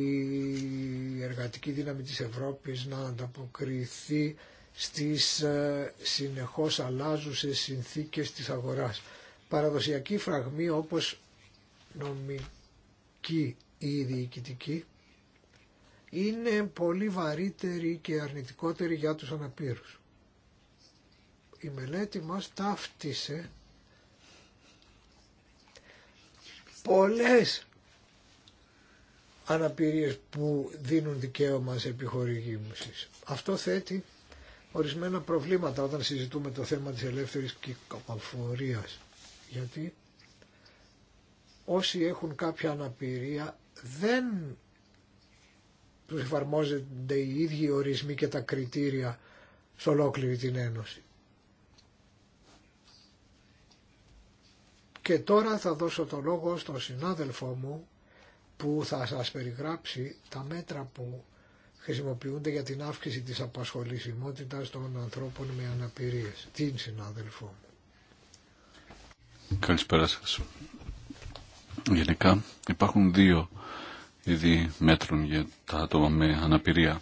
εργατική δύναμη της Ευρώπης να ανταποκριθεί στις ε, συνεχώς αλλάζουσες συνθήκες της αγοράς. Παραδοσιακή φραγμή όπως νομική ή διοικητική είναι πολύ βαρύτερη και αρνητικότερη για τους αναπήρους. Η μελέτη μας ταύτισε πολλές αναπηρίες που δίνουν δικαίωμα σε επιχορηγήμουσης. Αυτό θέτει ορισμένα προβλήματα όταν συζητούμε το θέμα της ελεύθερης κυκλοφορίας. Γιατί όσοι έχουν κάποια αναπηρία δεν τους εφαρμόζονται οι ίδιοι ορισμοί και τα κριτήρια σε ολόκληρη την Ένωση. Και τώρα θα δώσω το λόγο στον συνάδελφό μου που θα σας περιγράψει τα μέτρα που χρησιμοποιούνται για την αύξηση της απασχολησιμότητας των ανθρώπων με αναπηρίες. Τι είναι συνάδελφό μου. Καλησπέρα σας. Γενικά υπάρχουν δύο είδη μέτρων για τα άτομα με αναπηρία.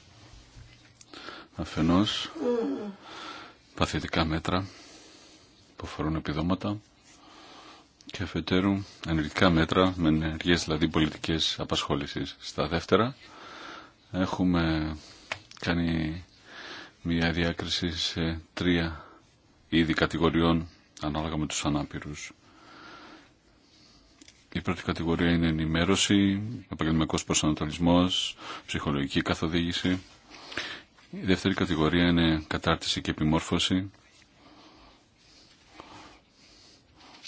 Αφενός παθητικά μέτρα που αφορούν επιδόματα και αφετέρου ενεργικά μέτρα με ενεργές δηλαδή πολιτικές απασχόλησης. Στα δεύτερα έχουμε κάνει μια διάκριση σε τρία είδη κατηγοριών ανάλογα με τους ανάπηρους. Η πρώτη κατηγορία είναι ενημέρωση, επαγγελματικός προσανατολισμός, ψυχολογική καθοδήγηση. Η δεύτερη κατηγορία είναι κατάρτιση και επιμόρφωση,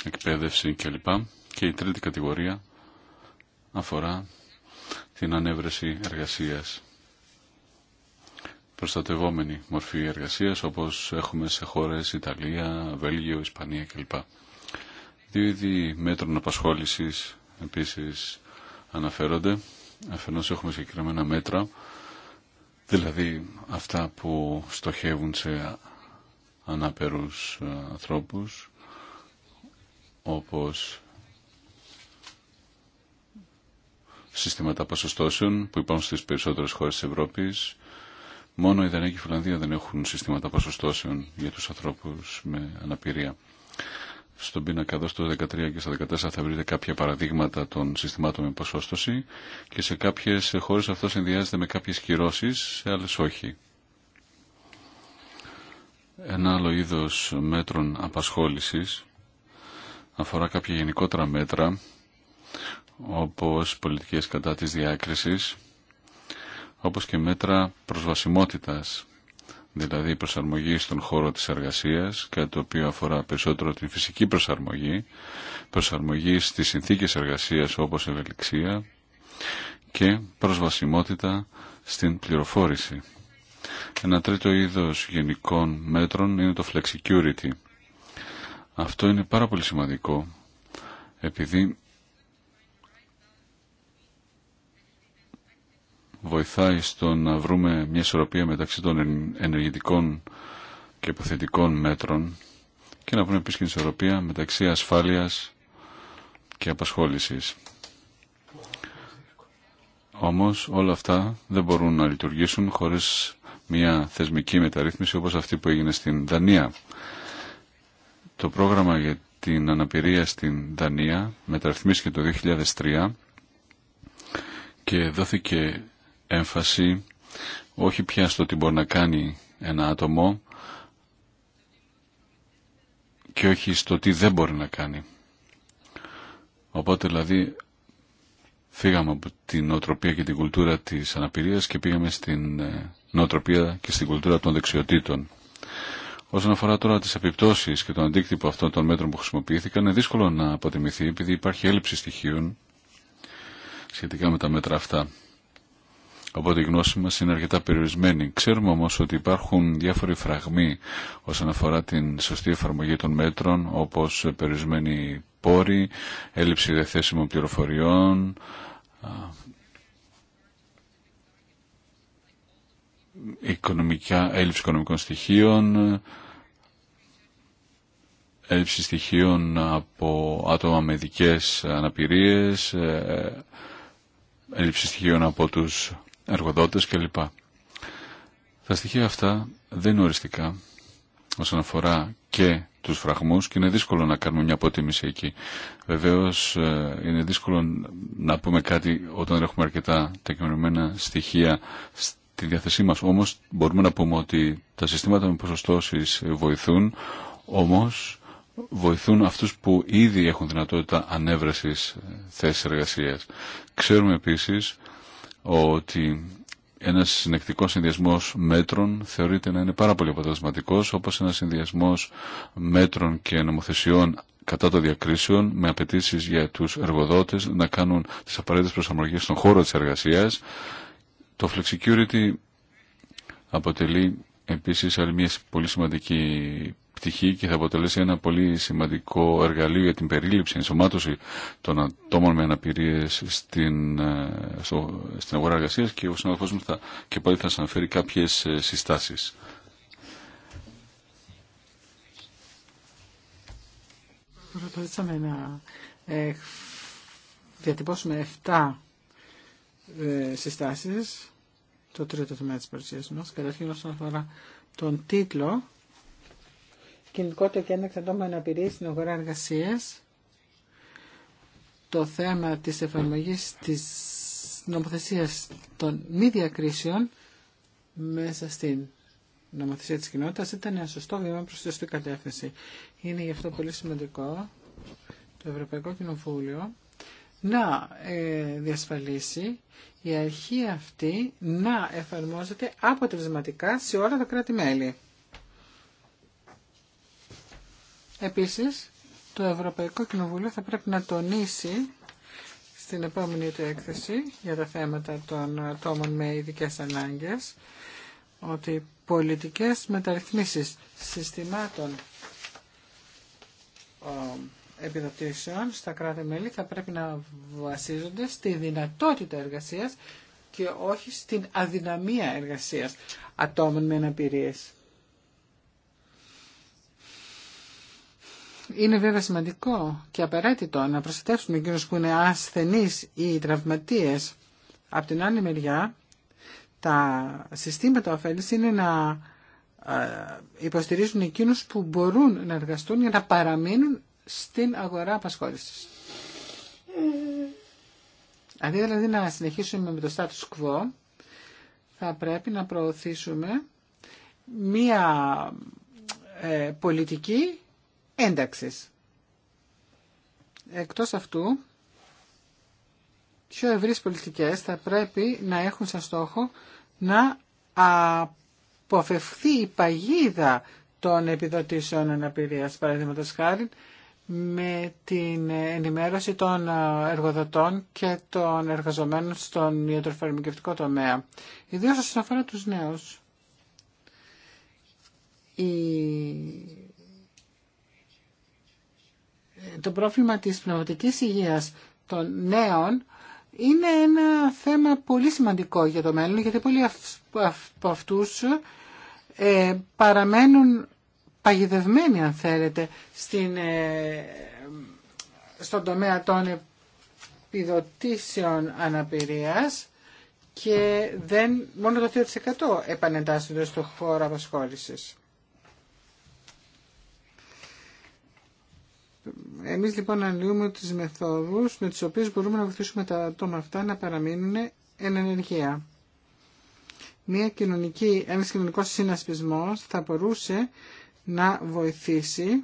εκπαίδευση κλπ. Και η τρίτη κατηγορία αφορά την ανέβρεση εργασίας. Προστατευόμενη μορφή εργασίας όπως έχουμε σε χώρες Ιταλία, Βέλγιο, Ισπανία κλπ. Δύο είδη μέτρων απασχόλησης επίσης αναφέρονται. Αφενός έχουμε συγκεκριμένα μέτρα, δηλαδή αυτά που στοχεύουν σε ανάπερους ε, ανθρώπους, όπως συστήματα ποσοστώσεων που υπάρχουν στις περισσότερες χώρες της Ευρώπης. Μόνο η Δανία και η Φιλανδία δεν έχουν συστήματα ποσοστώσεων για τους ανθρώπους με αναπηρία. Στον πίνακα εδώ στο 13 και στο 14 θα βρείτε κάποια παραδείγματα των συστημάτων με ποσόστοση και σε κάποιες χώρες αυτό συνδυάζεται με κάποιες κυρώσεις, σε άλλες όχι. Ένα άλλο είδος μέτρων απασχόλησης αφορά κάποια γενικότερα μέτρα όπως πολιτικές κατά της διάκρισης, όπως και μέτρα προσβασιμότητας, δηλαδή προσαρμογή στον χώρο της εργασίας, κάτι το οποίο αφορά περισσότερο την φυσική προσαρμογή, προσαρμογή στις συνθήκες εργασίας όπως ευελιξία και προσβασιμότητα στην πληροφόρηση. Ένα τρίτο είδος γενικών μέτρων είναι το flexicurity. Αυτό είναι πάρα πολύ σημαντικό επειδή βοηθάει στο να βρούμε μια ισορροπία μεταξύ των ενεργητικών και υποθετικών μέτρων και να βρούμε επίσης ισορροπία μεταξύ ασφάλειας και απασχόλησης. Όμως όλα αυτά δεν μπορούν να λειτουργήσουν χωρίς μια θεσμική μεταρρύθμιση όπως αυτή που έγινε στην Δανία. Το πρόγραμμα για την αναπηρία στην Δανία μεταρρυθμίστηκε το 2003 και δόθηκε έμφαση όχι πια στο τι μπορεί να κάνει ένα άτομο και όχι στο τι δεν μπορεί να κάνει. Οπότε δηλαδή φύγαμε από την νοοτροπία και την κουλτούρα της αναπηρίας και πήγαμε στην ε, νοοτροπία και στην κουλτούρα των δεξιοτήτων. Όσον αφορά τώρα τις επιπτώσεις και τον αντίκτυπο αυτών των μέτρων που χρησιμοποιήθηκαν, είναι δύσκολο να αποτιμηθεί επειδή υπάρχει έλλειψη στοιχείων σχετικά με τα μέτρα αυτά. Οπότε η γνώση μας είναι αρκετά περιορισμένη. Ξέρουμε όμως ότι υπάρχουν διάφοροι φραγμοί όσον αφορά την σωστή εφαρμογή των μέτρων όπως περιορισμένοι πόροι, έλλειψη διαθέσιμων πληροφοριών, έλλειψη οικονομικών στοιχείων, έλλειψη στοιχείων από άτομα με ειδικέ αναπηρίες, ε, ε, έλλειψη στοιχείων από τους εργοδότες κλπ. Τα στοιχεία αυτά δεν είναι οριστικά όσον αφορά και τους φραγμούς και είναι δύσκολο να κάνουμε μια αποτίμηση εκεί. Βεβαίως ε, είναι δύσκολο να πούμε κάτι όταν έχουμε αρκετά τεκμηριωμένα στοιχεία στη διάθεσή μας. Όμως μπορούμε να πούμε ότι τα συστήματα με ποσοστώσεις βοηθούν, όμως βοηθούν αυτούς που ήδη έχουν δυνατότητα ανέβρεσης θέσης εργασίας. Ξέρουμε επίσης ότι ένα συνεκτικός συνδυασμό μέτρων θεωρείται να είναι πάρα πολύ αποτελεσματικό, όπως ένας συνδυασμό μέτρων και νομοθεσιών κατά των διακρίσεων με απαιτήσει για τους εργοδότες να κάνουν τις απαραίτητες προσαρμογές στον χώρο της εργασίας. Το flexicurity αποτελεί επίση άλλη μια πολύ σημαντική πτυχή και θα αποτελέσει ένα πολύ σημαντικό εργαλείο για την περίληψη, ενσωμάτωση των ατόμων με αναπηρίε στην, ε, στην αγορά εργασία. και ο συνάδελφό μου θα, και πάλι θα σα αναφέρει κάποιε συστάσει. Προσπαθήσαμε να ε, διατυπώσουμε 7 ε, συστάσεις το τρίτο θέμα της παρουσίας μας, καταρχήν όσον αφορά τον τίτλο κινητικότητα και ένα ατόμων αναπηρία στην αγορά εργασία. Το θέμα της εφαρμογή τη νομοθεσία των μη διακρίσεων μέσα στην νομοθεσία τη κοινοτητα ήταν ένα σωστό βήμα προς τη σωστή κατεύθυνση. Είναι γι' αυτό πολύ σημαντικό το Ευρωπαϊκό Κοινοβούλιο να ε, διασφαλίσει η αρχή αυτή να εφαρμόζεται αποτελεσματικά σε όλα τα κράτη-μέλη. Επίσης, το Ευρωπαϊκό Κοινοβούλιο θα πρέπει να τονίσει στην επόμενη του έκθεση για τα θέματα των ατόμων με ειδικές ανάγκες ότι πολιτικές μεταρρυθμίσεις συστημάτων επιδοτήσεων στα κράτη-μέλη θα πρέπει να βασίζονται στη δυνατότητα εργασίας και όχι στην αδυναμία εργασίας ατόμων με αναπηρίες. Είναι βέβαια σημαντικό και απαραίτητο να προστατεύσουμε εκείνους που είναι ασθενείς ή τραυματίες. Από την άλλη μεριά, τα συστήματα ωφέλης είναι να ε, υποστηρίζουν εκείνους που μπορούν να εργαστούν για να παραμείνουν στην αγορά απασχόλησης. Ε, αντί δηλαδή να συνεχίσουμε με το status quo, θα πρέπει να προωθήσουμε μία ε, πολιτική ένταξης. Εκτός αυτού, πιο ευρύς πολιτικές θα πρέπει να έχουν σαν στόχο να αποφευθεί η παγίδα των επιδοτήσεων αναπηρίας, παραδείγματο χάρη, με την ενημέρωση των εργοδοτών και των εργαζομένων στον ιατροφαρμακευτικό τομέα, ιδίως όσον αφορά τους νέους το πρόβλημα της πνευματικής υγείας των νέων είναι ένα θέμα πολύ σημαντικό για το μέλλον, γιατί πολλοί από αυτούς ε, παραμένουν παγιδευμένοι, αν θέλετε, ε, στον τομέα των επιδοτήσεων αναπηρίας και δεν, μόνο το 3% επανεντάσσονται στο χώρο απασχόλησης. Εμείς λοιπόν αναλύουμε τις μεθόδους με τις οποίες μπορούμε να βοηθήσουμε τα άτομα αυτά να παραμείνουν εν ενεργεία. Μια κοινωνική, ένας κοινωνικός συνασπισμός θα μπορούσε να βοηθήσει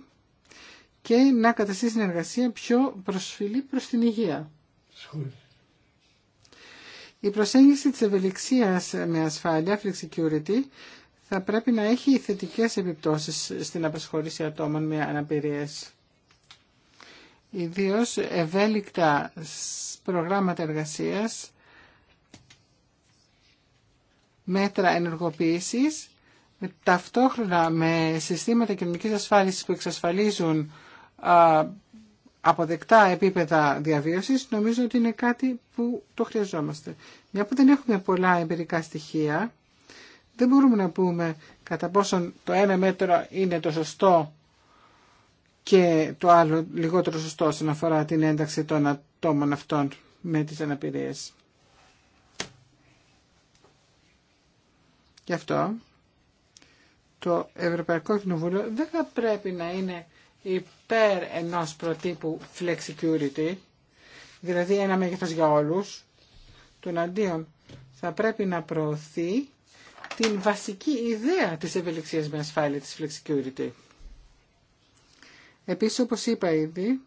και να καταστήσει την εργασία πιο προσφυλή προς την υγεία. Η προσέγγιση της ευελιξίας με ασφάλεια, security, θα πρέπει να έχει θετικές επιπτώσεις στην απασχόληση ατόμων με αναπηρίες ιδίως ευέλικτα προγράμματα εργασίας, μέτρα ενεργοποίησης, ταυτόχρονα με συστήματα κοινωνικής ασφάλισης που εξασφαλίζουν αποδεκτά επίπεδα διαβίωσης, νομίζω ότι είναι κάτι που το χρειαζόμαστε. Μια που δεν έχουμε πολλά εμπειρικά στοιχεία, δεν μπορούμε να πούμε κατά πόσον το ένα μέτρο είναι το σωστό και το άλλο λιγότερο σωστό όσον αφορά την ένταξη των ατόμων αυτών με τις αναπηρίες. Γι' αυτό το Ευρωπαϊκό Κοινοβούλιο δεν θα πρέπει να είναι υπέρ ενός προτύπου flexicurity, δηλαδή ένα μέγεθος για όλους, Τον αντίον θα πρέπει να προωθεί την βασική ιδέα της ευελιξίας με ασφάλεια της flexicurity. Επίσης, όπως είπα ήδη,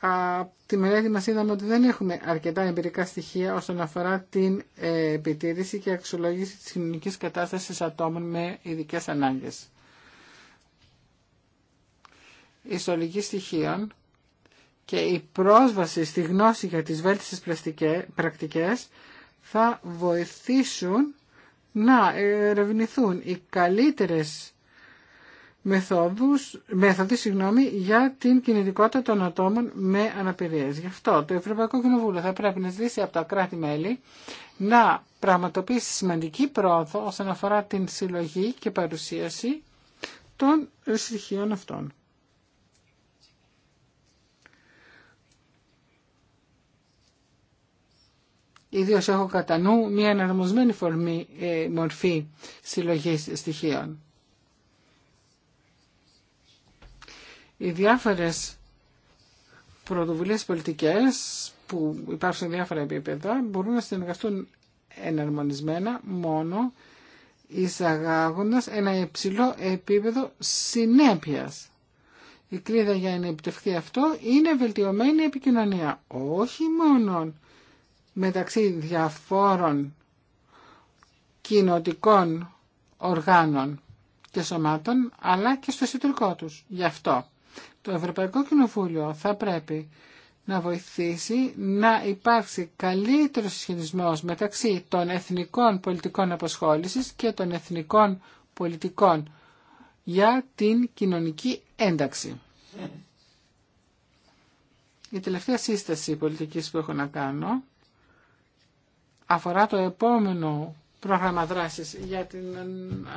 από τη μελέτη μας είδαμε ότι δεν έχουμε αρκετά εμπειρικά στοιχεία όσον αφορά την ε, επιτήρηση και αξιολόγηση της κοινωνικής κατάστασης ατόμων με ειδικέ ανάγκες. Η στολική στοιχείων και η πρόσβαση στη γνώση για τις βέλτιστες πρακτικές θα βοηθήσουν να ερευνηθούν οι καλύτερες μεθόδους, συγγνώμη, για την κινητικότητα των ατόμων με αναπηρίες. Γι' αυτό το Ευρωπαϊκό Κοινοβούλιο θα πρέπει να ζητήσει από τα κράτη-μέλη να πραγματοποιήσει σημαντική πρόοδο όσον αφορά την συλλογή και παρουσίαση των στοιχείων αυτών. Ιδίω έχω κατά νου μια εναρμοσμένη ε, μορφή συλλογής στοιχείων. οι διάφορες πρωτοβουλίες πολιτικές που υπάρχουν σε διάφορα επίπεδα μπορούν να συνεργαστούν εναρμονισμένα μόνο εισαγάγοντας ένα υψηλό επίπεδο συνέπειας. Η κλίδα για να επιτευχθεί αυτό είναι βελτιωμένη επικοινωνία. Όχι μόνο μεταξύ διαφόρων κοινοτικών οργάνων και σωμάτων, αλλά και στο εσωτερικό τους. Γι' αυτό το Ευρωπαϊκό Κοινοβούλιο θα πρέπει να βοηθήσει να υπάρξει καλύτερος συσχετισμός μεταξύ των εθνικών πολιτικών απασχόλησης και των εθνικών πολιτικών για την κοινωνική ένταξη. Η τελευταία σύσταση πολιτικής που έχω να κάνω αφορά το επόμενο πρόγραμμα δράσης για την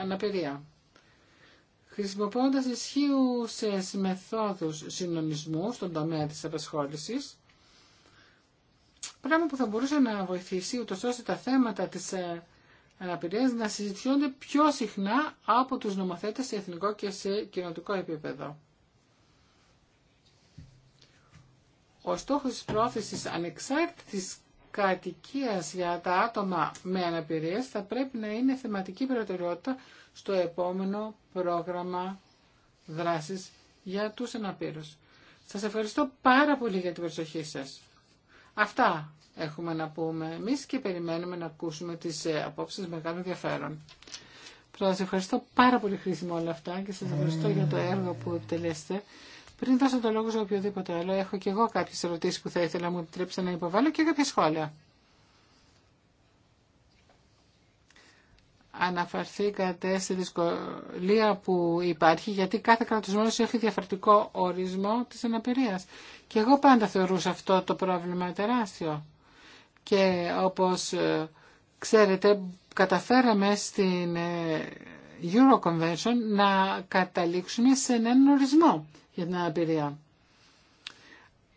αναπηρία χρησιμοποιώντας ισχύουσες μεθόδους συντονισμού στον τομέα της απασχόλησης, πράγμα που θα μπορούσε να βοηθήσει ούτως ώστε τα θέματα της ε, αναπηρίας να συζητιούνται πιο συχνά από τους νομοθέτες σε εθνικό και σε κοινωτικό επίπεδο. Ο στόχος της πρόθεσης ανεξάρτητης κατοικίας για τα άτομα με αναπηρία θα πρέπει να είναι θεματική προτεραιότητα στο επόμενο πρόγραμμα δράσης για τους αναπήρους. Σας ευχαριστώ πάρα πολύ για την προσοχή σας. Αυτά έχουμε να πούμε εμείς και περιμένουμε να ακούσουμε τις ε, απόψεις μεγάλων ενδιαφέρον. Πρώτα σας ευχαριστώ πάρα πολύ χρήσιμο όλα αυτά και σας ευχαριστώ για το έργο που επιτελέσετε. Πριν δώσω το λόγο σε οποιοδήποτε άλλο, έχω και εγώ κάποιες ερωτήσεις που θα ήθελα να μου επιτρέψετε να υποβάλω και κάποια σχόλια. αναφερθήκατε στη δυσκολία που υπάρχει γιατί κάθε κράτος μόνος έχει διαφορετικό ορισμό της αναπηρίας. Και εγώ πάντα θεωρούσα αυτό το πρόβλημα τεράστιο. Και όπως ε, ξέρετε καταφέραμε στην ε, Euro Convention να καταλήξουμε σε έναν ορισμό για την αναπηρία.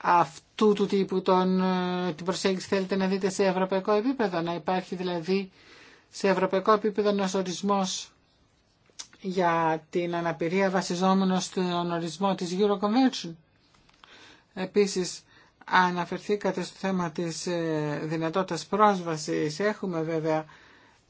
Αυτού του τύπου τον, ε, την προσέγγιση θέλετε να δείτε σε ευρωπαϊκό επίπεδο, να υπάρχει δηλαδή σε ευρωπαϊκό επίπεδο ένα ορισμό για την αναπηρία βασιζόμενο στον ορισμό της Convention. Επίσης, αναφερθήκατε στο θέμα της ε, δυνατότητας πρόσβασης. Έχουμε βέβαια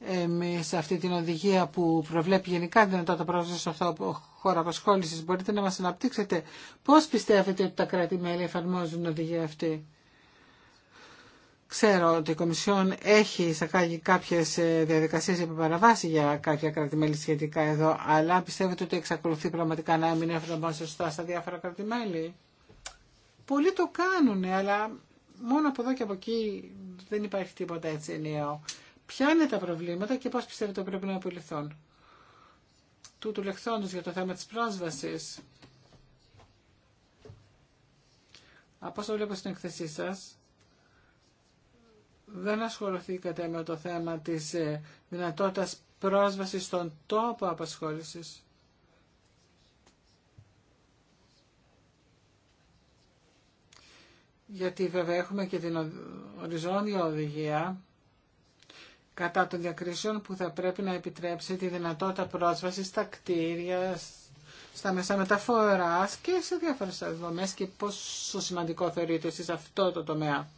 εμεί αυτή την οδηγία που προβλέπει γενικά δυνατότητα πρόσβασης σε αυτό χώρα απασχόληση. Μπορείτε να μας αναπτύξετε πώς πιστεύετε ότι τα κράτη-μέλη εφαρμόζουν την οδηγία αυτή. Ξέρω ότι η Κομισιόν έχει εισακάγει κάποιε διαδικασίε επί παραβάση για κάποια κρατημέλη σχετικά εδώ, αλλά πιστεύετε ότι εξακολουθεί πραγματικά να μην έφταναν σωστά στα διάφορα κρατημέλη. Πολλοί το κάνουν, αλλά μόνο από εδώ και από εκεί δεν υπάρχει τίποτα έτσι ενιαίο. Ποια είναι τα προβλήματα και πώ πιστεύετε ότι πρέπει να επιληθούν. Τούτου λεχθόντος για το θέμα τη πρόσβαση. Από όσο βλέπω στην εκθεσή σας, δεν ασχοληθήκατε με το θέμα της ε, δυνατότητας πρόσβασης στον τόπο απασχόλησης. Γιατί βέβαια έχουμε και την οριζόντια οδηγία κατά των διακρίσεων που θα πρέπει να επιτρέψει τη δυνατότητα πρόσβασης στα κτίρια, στα μέσα μεταφοράς και σε διάφορες δομές και πόσο σημαντικό θεωρείτε εσείς αυτό το τομέα.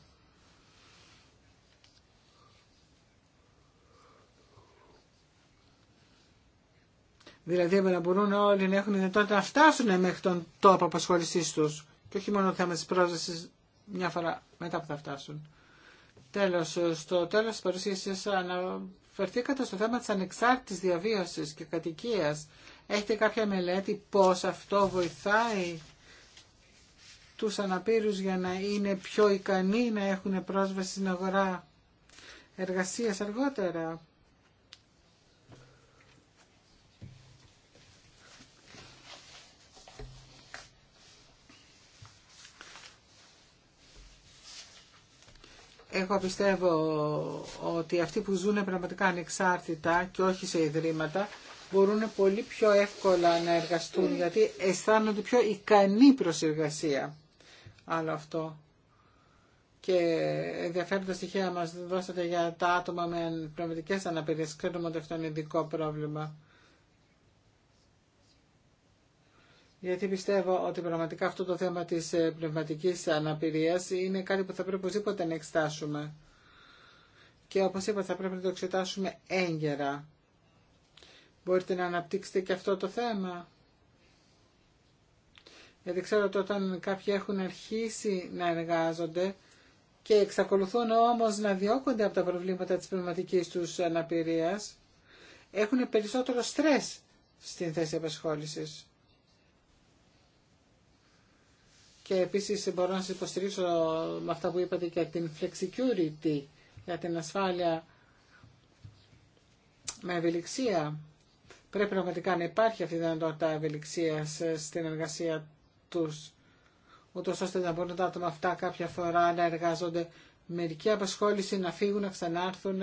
Δηλαδή να μπορούν όλοι να έχουν δυνατότητα να φτάσουν μέχρι τον τόπο απασχόλησή του. Και όχι μόνο το θέμα τη πρόσβαση μια φορά μετά που θα φτάσουν. Τέλο, στο τέλο τη παρουσίαση σα αναφερθήκατε στο θέμα τη ανεξάρτητη διαβίωση και κατοικία. Έχετε κάποια μελέτη πώ αυτό βοηθάει του αναπήρους για να είναι πιο ικανοί να έχουν πρόσβαση στην αγορά εργασίας αργότερα. Εγώ πιστεύω ότι αυτοί που ζουν πραγματικά ανεξάρτητα και όχι σε ιδρύματα μπορούν πολύ πιο εύκολα να εργαστούν γιατί αισθάνονται πιο ικανή προς εργασία. Άλλο αυτό. Και ενδιαφέροντα στοιχεία μας δώσατε για τα άτομα με πνευματικές αναπηρίες. Ξέρουμε ότι αυτό είναι ειδικό πρόβλημα. γιατί πιστεύω ότι πραγματικά αυτό το θέμα της ε, πνευματικής αναπηρίας είναι κάτι που θα πρέπει οπωσδήποτε να εξετάσουμε. Και όπως είπα θα πρέπει να το εξετάσουμε έγκαιρα. Μπορείτε να αναπτύξετε και αυτό το θέμα. Γιατί ξέρω ότι όταν κάποιοι έχουν αρχίσει να εργάζονται και εξακολουθούν όμως να διώκονται από τα προβλήματα της πνευματικής τους αναπηρίας, έχουν περισσότερο στρες στην θέση απασχόλησης. Και επίση μπορώ να σα υποστηρίξω με αυτά που είπατε για την flexicurity, για την ασφάλεια με ευελιξία. Πρέπει πραγματικά να υπάρχει αυτή η δυνατότητα ευελιξία στην εργασία του, ούτω ώστε να μπορούν τα άτομα αυτά κάποια φορά να εργάζονται μερική απασχόληση, να φύγουν, να ξανάρθουν.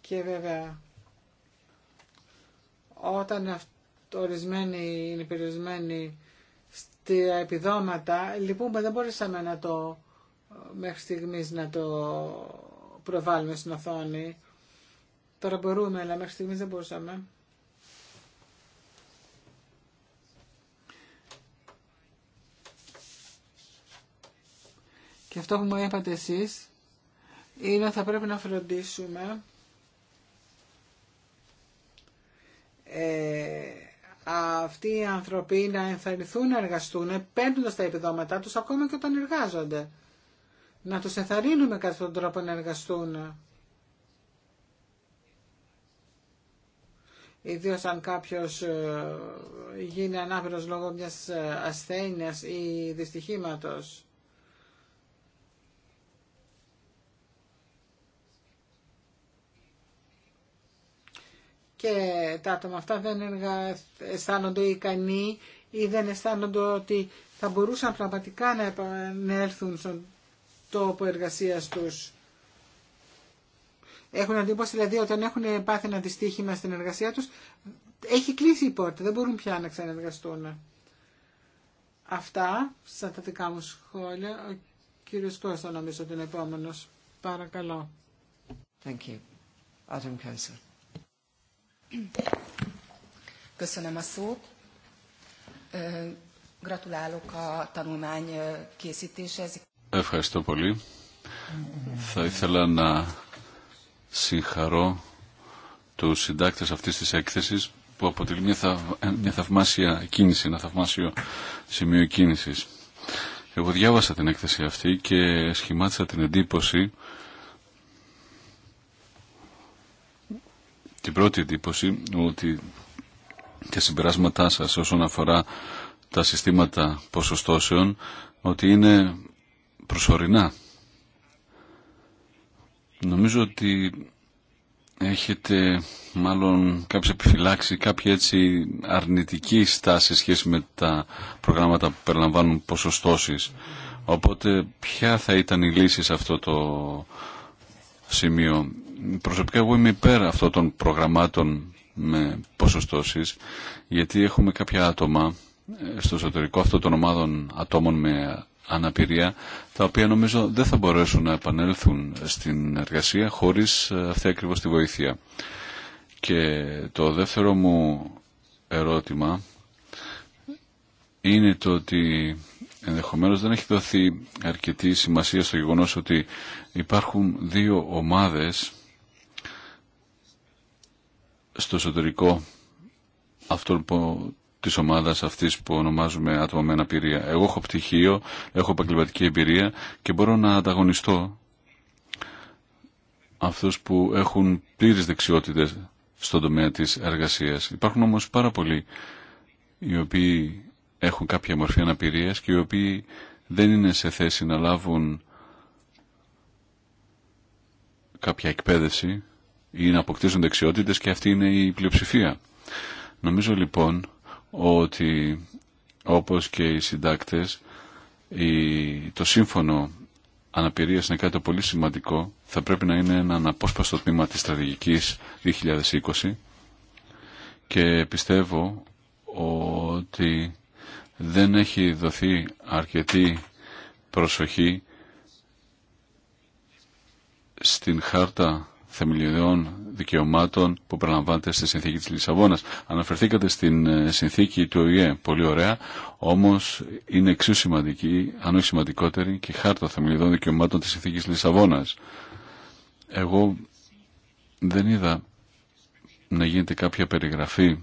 Και βέβαια, όταν αυτό ορισμένοι είναι περιορισμένοι στα επιδόματα. λοιπόν δεν μπορούσαμε να το μέχρι στιγμής να το προβάλλουμε στην οθόνη. Τώρα μπορούμε, αλλά μέχρι στιγμής δεν μπορούσαμε. Και αυτό που μου είπατε εσείς είναι ότι θα πρέπει να φροντίσουμε ε, αυτοί οι άνθρωποι να ενθαρρυνθούν να εργαστούν παίρνοντα τα επιδόματά τους ακόμα και όταν εργάζονται. Να τους ενθαρρύνουμε κατά τον τρόπο να εργαστούν. Ιδίω αν κάποιος ε, γίνει ανάπηρος λόγω μια ε, ασθένεια ή δυστυχήματος. και τα άτομα αυτά δεν αισθάνονται ικανοί ή δεν αισθάνονται ότι θα μπορούσαν πραγματικά να επανέλθουν στον τόπο εργασίας τους. Έχουν αντίποση, δηλαδή όταν έχουν πάθει ένα δυστύχημα στην εργασία τους, έχει κλείσει η πόρτα, δεν αισθανονται οτι θα μπορουσαν πραγματικα να ερθουν στον τοπο εργασιας τους εχουν εντυπωση δηλαδη οταν εχουν παθει ενα δυστυχημα στην εργασια τους εχει κλεισει η πορτα δεν μπορουν πια να ξαναεργαστούν. Αυτά, στα τα δικά μου σχόλια, ο κύριος Κώστα νομίζω ότι είναι επόμενος. Παρακαλώ. Thank you. Adam Köszönöm a Ευχαριστώ πολύ. Θα ήθελα να συγχαρώ τους συντάκτες αυτής της έκθεσης που αποτελεί μια, μια θαυμάσια κίνηση, ένα θαυμάσιο σημείο κίνησης. Εγώ διάβασα την έκθεση αυτή και σχημάτισα την εντύπωση την πρώτη εντύπωση ότι τα συμπεράσματά σας όσον αφορά τα συστήματα ποσοστώσεων ότι είναι προσωρινά. Νομίζω ότι έχετε μάλλον κάποιες επιφυλάξει, κάποια έτσι αρνητική στάση σχέση με τα προγράμματα που περιλαμβάνουν ποσοστώσεις. Οπότε ποια θα ήταν η λύση σε αυτό το σημείο προσωπικά εγώ είμαι υπέρ αυτών των προγραμμάτων με ποσοστώσεις γιατί έχουμε κάποια άτομα ε, στο εσωτερικό αυτών των ομάδων ατόμων με αναπηρία τα οποία νομίζω δεν θα μπορέσουν να επανέλθουν στην εργασία χωρίς ε, αυτή ακριβώς τη βοήθεια. Και το δεύτερο μου ερώτημα είναι το ότι ενδεχομένως δεν έχει δοθεί αρκετή σημασία στο γεγονός ότι υπάρχουν δύο ομάδες στο εσωτερικό αυτό που της ομάδας αυτής που ονομάζουμε άτομα με αναπηρία. Εγώ έχω πτυχίο, έχω επαγγελματική εμπειρία και μπορώ να ανταγωνιστώ αυτούς που έχουν πλήρες δεξιότητες στον τομέα της εργασίας. Υπάρχουν όμως πάρα πολλοί οι οποίοι έχουν κάποια μορφή αναπηρίας και οι οποίοι δεν είναι σε θέση να λάβουν κάποια εκπαίδευση ή να αποκτήσουν δεξιότητες και αυτή είναι η πλειοψηφία. Νομίζω λοιπόν ότι όπως και οι συντάκτες το σύμφωνο αναπηρίας είναι κάτι πολύ σημαντικό θα πρέπει να είναι ένα αναπόσπαστο τμήμα της στρατηγικής 2020 και πιστεύω ότι δεν έχει δοθεί αρκετή προσοχή στην χάρτα θεμελιωδών δικαιωμάτων που περιλαμβάνεται στη συνθήκη της Λισαβόνας. Αναφερθήκατε στην ε, συνθήκη του ΟΗΕ, πολύ ωραία, όμως είναι εξίσου σημαντική, αν όχι σημαντικότερη, και χάρτα θεμελιωδών δικαιωμάτων της συνθήκης Λισαβόνας. Εγώ δεν είδα να γίνεται κάποια περιγραφή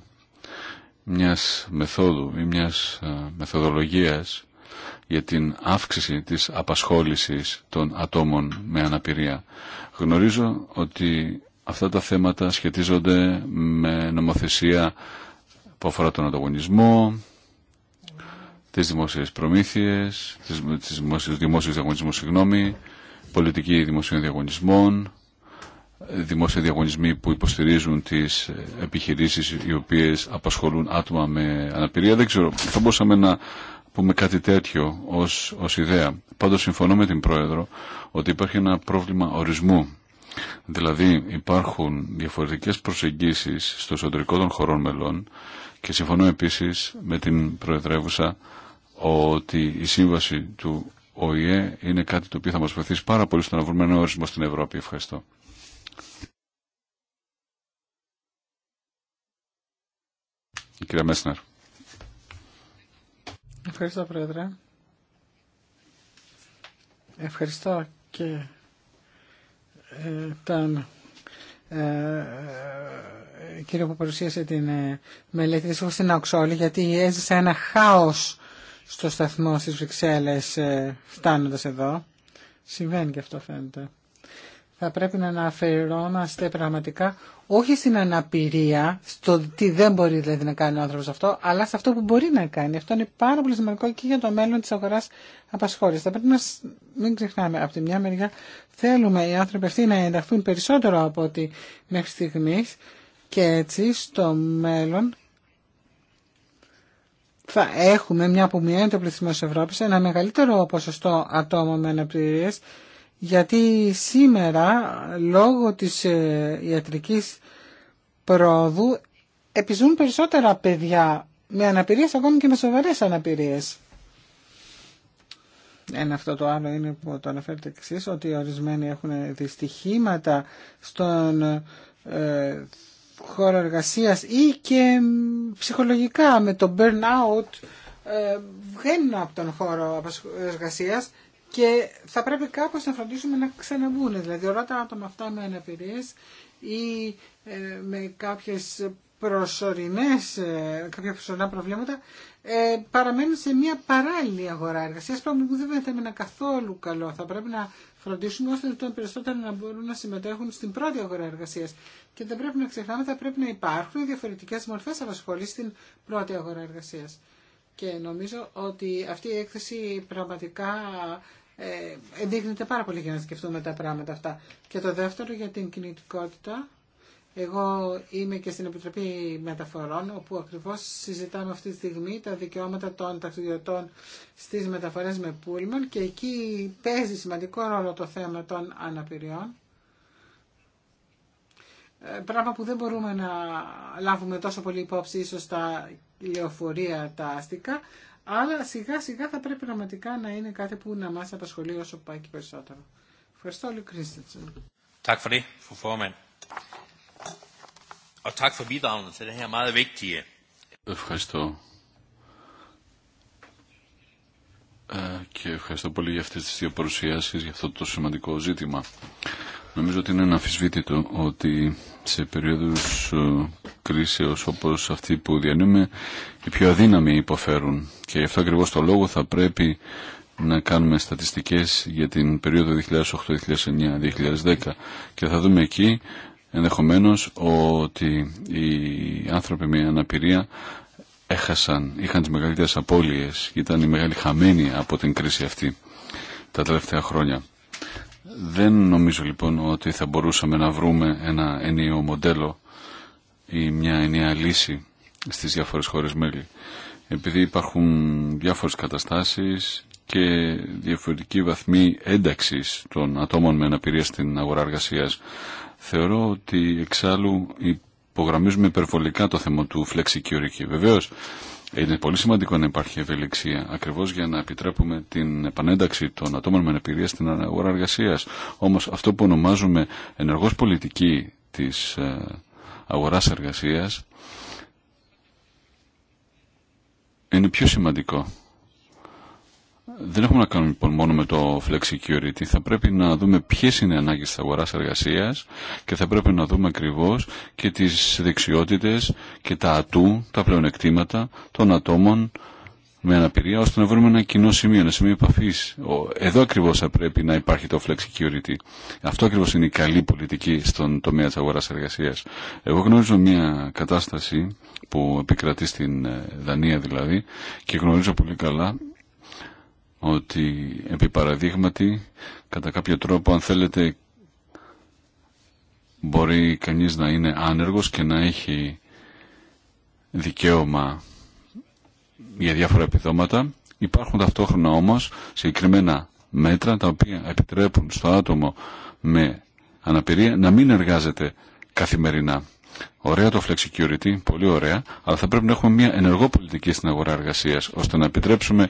μιας μεθόδου ή μιας ε, μεθοδολογίας για την αύξηση της απασχόλησης των ατόμων με αναπηρία. Γνωρίζω ότι αυτά τα θέματα σχετίζονται με νομοθεσία που αφορά τον ανταγωνισμό, τις δημόσιες προμήθειες, τις, τις δημόσιες, διαγωνισμούς, συγγνώμη, πολιτική δημοσίων διαγωνισμών, δημόσια διαγωνισμοί που υποστηρίζουν τις επιχειρήσεις οι οποίες απασχολούν άτομα με αναπηρία. Δεν ξέρω, θα μπορούσαμε να πούμε κάτι τέτοιο ως, ως ιδέα. Πάντως συμφωνώ με την Πρόεδρο ότι υπάρχει ένα πρόβλημα ορισμού. Δηλαδή υπάρχουν διαφορετικές προσεγγίσεις στο εσωτερικό των χωρών μελών και συμφωνώ επίσης με την Προεδρεύουσα ότι η σύμβαση του ΟΗΕ είναι κάτι το οποίο θα μας βοηθήσει πάρα πολύ στο να βρούμε ορισμό στην Ευρώπη. Ευχαριστώ. κυρία Μέσναρ. Ευχαριστώ, Πρόεδρε. Ευχαριστώ και ε, τον ε, ε, κύριο που παρουσίασε την ε, μελέτη. της στην στην γιατί έζησε ένα χάος στο σταθμό στις Βρυξέλλες ε, φτάνοντας εδώ. Συμβαίνει και αυτό φαίνεται θα πρέπει να αναφερόμαστε πραγματικά όχι στην αναπηρία, στο τι δεν μπορεί δηλαδή να κάνει ο άνθρωπο αυτό, αλλά σε αυτό που μπορεί να κάνει. Αυτό είναι πάρα πολύ σημαντικό και για το μέλλον τη αγορά απασχόληση. Θα πρέπει να μην ξεχνάμε, από τη μια μεριά θέλουμε οι άνθρωποι αυτοί να ενταχθούν περισσότερο από ό,τι μέχρι στιγμή και έτσι στο μέλλον θα έχουμε, μια που ο πληθυσμό τη Ευρώπη, ένα μεγαλύτερο ποσοστό ατόμων με αναπηρίες γιατί σήμερα λόγω της ε, ιατρικής πρόοδου επιζούν περισσότερα παιδιά με αναπηρίες ακόμη και με σοβαρές αναπηρίες. Ένα αυτό το άλλο είναι που το αναφέρετε εξής, ότι ορισμένοι έχουν δυστυχήματα στον ε, χώρο εργασίας ή και ψυχολογικά με το burnout ε, βγαίνουν από τον χώρο εργασίας και θα πρέπει κάπως να φροντίσουμε να ξαναμπούν. Δηλαδή όλα τα άτομα αυτά με αναπηρίες ή ε, με κάποιες προσωρινές, ε, κάποια προσωρινά προβλήματα ε, παραμένουν σε μια παράλληλη αγορά εργασίας, πράγμα που δεν θα είναι καθόλου καλό. Θα πρέπει να φροντίσουμε ώστε το περισσότερο να μπορούν να συμμετέχουν στην πρώτη αγορά εργασίας. Και δεν πρέπει να ξεχνάμε, ότι θα πρέπει να υπάρχουν διαφορετικές μορφές απασχολής στην πρώτη αγορά εργασίας. Και νομίζω ότι αυτή η έκθεση πραγματικά ε, ενδείχνεται πάρα πολύ για να σκεφτούμε τα πράγματα αυτά. Και το δεύτερο για την κινητικότητα. Εγώ είμαι και στην Επιτροπή Μεταφορών, όπου ακριβώς συζητάμε αυτή τη στιγμή τα δικαιώματα των ταξιδιωτών στις μεταφορές με πούλμαν και εκεί παίζει σημαντικό ρόλο το θέμα των αναπηριών. Ε, πράγμα που δεν μπορούμε να λάβουμε τόσο πολύ υπόψη ίσως τα λεωφορεία τα αστικά, αλλά σιγά σιγά θα πρέπει πραγματικά να είναι κάτι που να μας απασχολεί όσο πάει και περισσότερο. Ευχαριστώ όλοι Tak Ευχαριστώ. και ευχαριστώ πολύ για αυτές τις δύο παρουσιάσεις, για αυτό το σημαντικό ζήτημα. Νομίζω ότι είναι αναφυσβήτητο ότι σε περίοδους ε, κρίσεως όπως αυτή που διανύουμε οι πιο αδύναμοι υποφέρουν και γι' αυτό ακριβώ το λόγο θα πρέπει να κάνουμε στατιστικές για την περίοδο 2008-2009-2010 και θα δούμε εκεί ενδεχομένως ότι οι άνθρωποι με αναπηρία έχασαν, είχαν τις μεγαλύτερες απώλειες ήταν οι μεγάλοι χαμένοι από την κρίση αυτή τα τελευταία χρόνια. Δεν νομίζω λοιπόν ότι θα μπορούσαμε να βρούμε ένα ενιαίο μοντέλο ή μια ενιαία λύση στις διάφορες χώρες μέλη. Επειδή υπάρχουν διάφορες καταστάσεις και διαφορετική βαθμή ένταξης των ατόμων με αναπηρία στην αγορά εργασίας, θεωρώ ότι εξάλλου υπογραμμίζουμε υπερβολικά το θέμα του flexicurity. Βεβαίως, είναι πολύ σημαντικό να υπάρχει ευελιξία, ακριβώ για να επιτρέπουμε την επανένταξη των ατόμων με αναπηρία στην αγορά εργασία. Όμω αυτό που ονομάζουμε ενεργό πολιτική τη ε, αγορά εργασία είναι πιο σημαντικό δεν έχουμε να κάνουμε λοιπόν μόνο με το flexicurity. Θα πρέπει να δούμε ποιε είναι οι ανάγκε τη αγορά εργασία και θα πρέπει να δούμε ακριβώ και τι δεξιότητε και τα ατού, τα πλεονεκτήματα των ατόμων με αναπηρία, ώστε να βρούμε ένα κοινό σημείο, ένα σημείο επαφή. Εδώ ακριβώ θα πρέπει να υπάρχει το flexicurity. Αυτό ακριβώ είναι η καλή πολιτική στον τομέα τη αγορά εργασία. Εγώ γνωρίζω μια κατάσταση που επικρατεί στην ε, Δανία δηλαδή και γνωρίζω πολύ καλά ότι επί παραδείγματι κατά κάποιο τρόπο αν θέλετε μπορεί κανείς να είναι άνεργος και να έχει δικαίωμα για διάφορα επιδόματα. Υπάρχουν ταυτόχρονα όμως συγκεκριμένα μέτρα τα οποία επιτρέπουν στο άτομο με αναπηρία να μην εργάζεται καθημερινά. Ωραία το flexicurity, πολύ ωραία, αλλά θα πρέπει να έχουμε μια ενεργό στην αγορά εργασίας, ώστε να επιτρέψουμε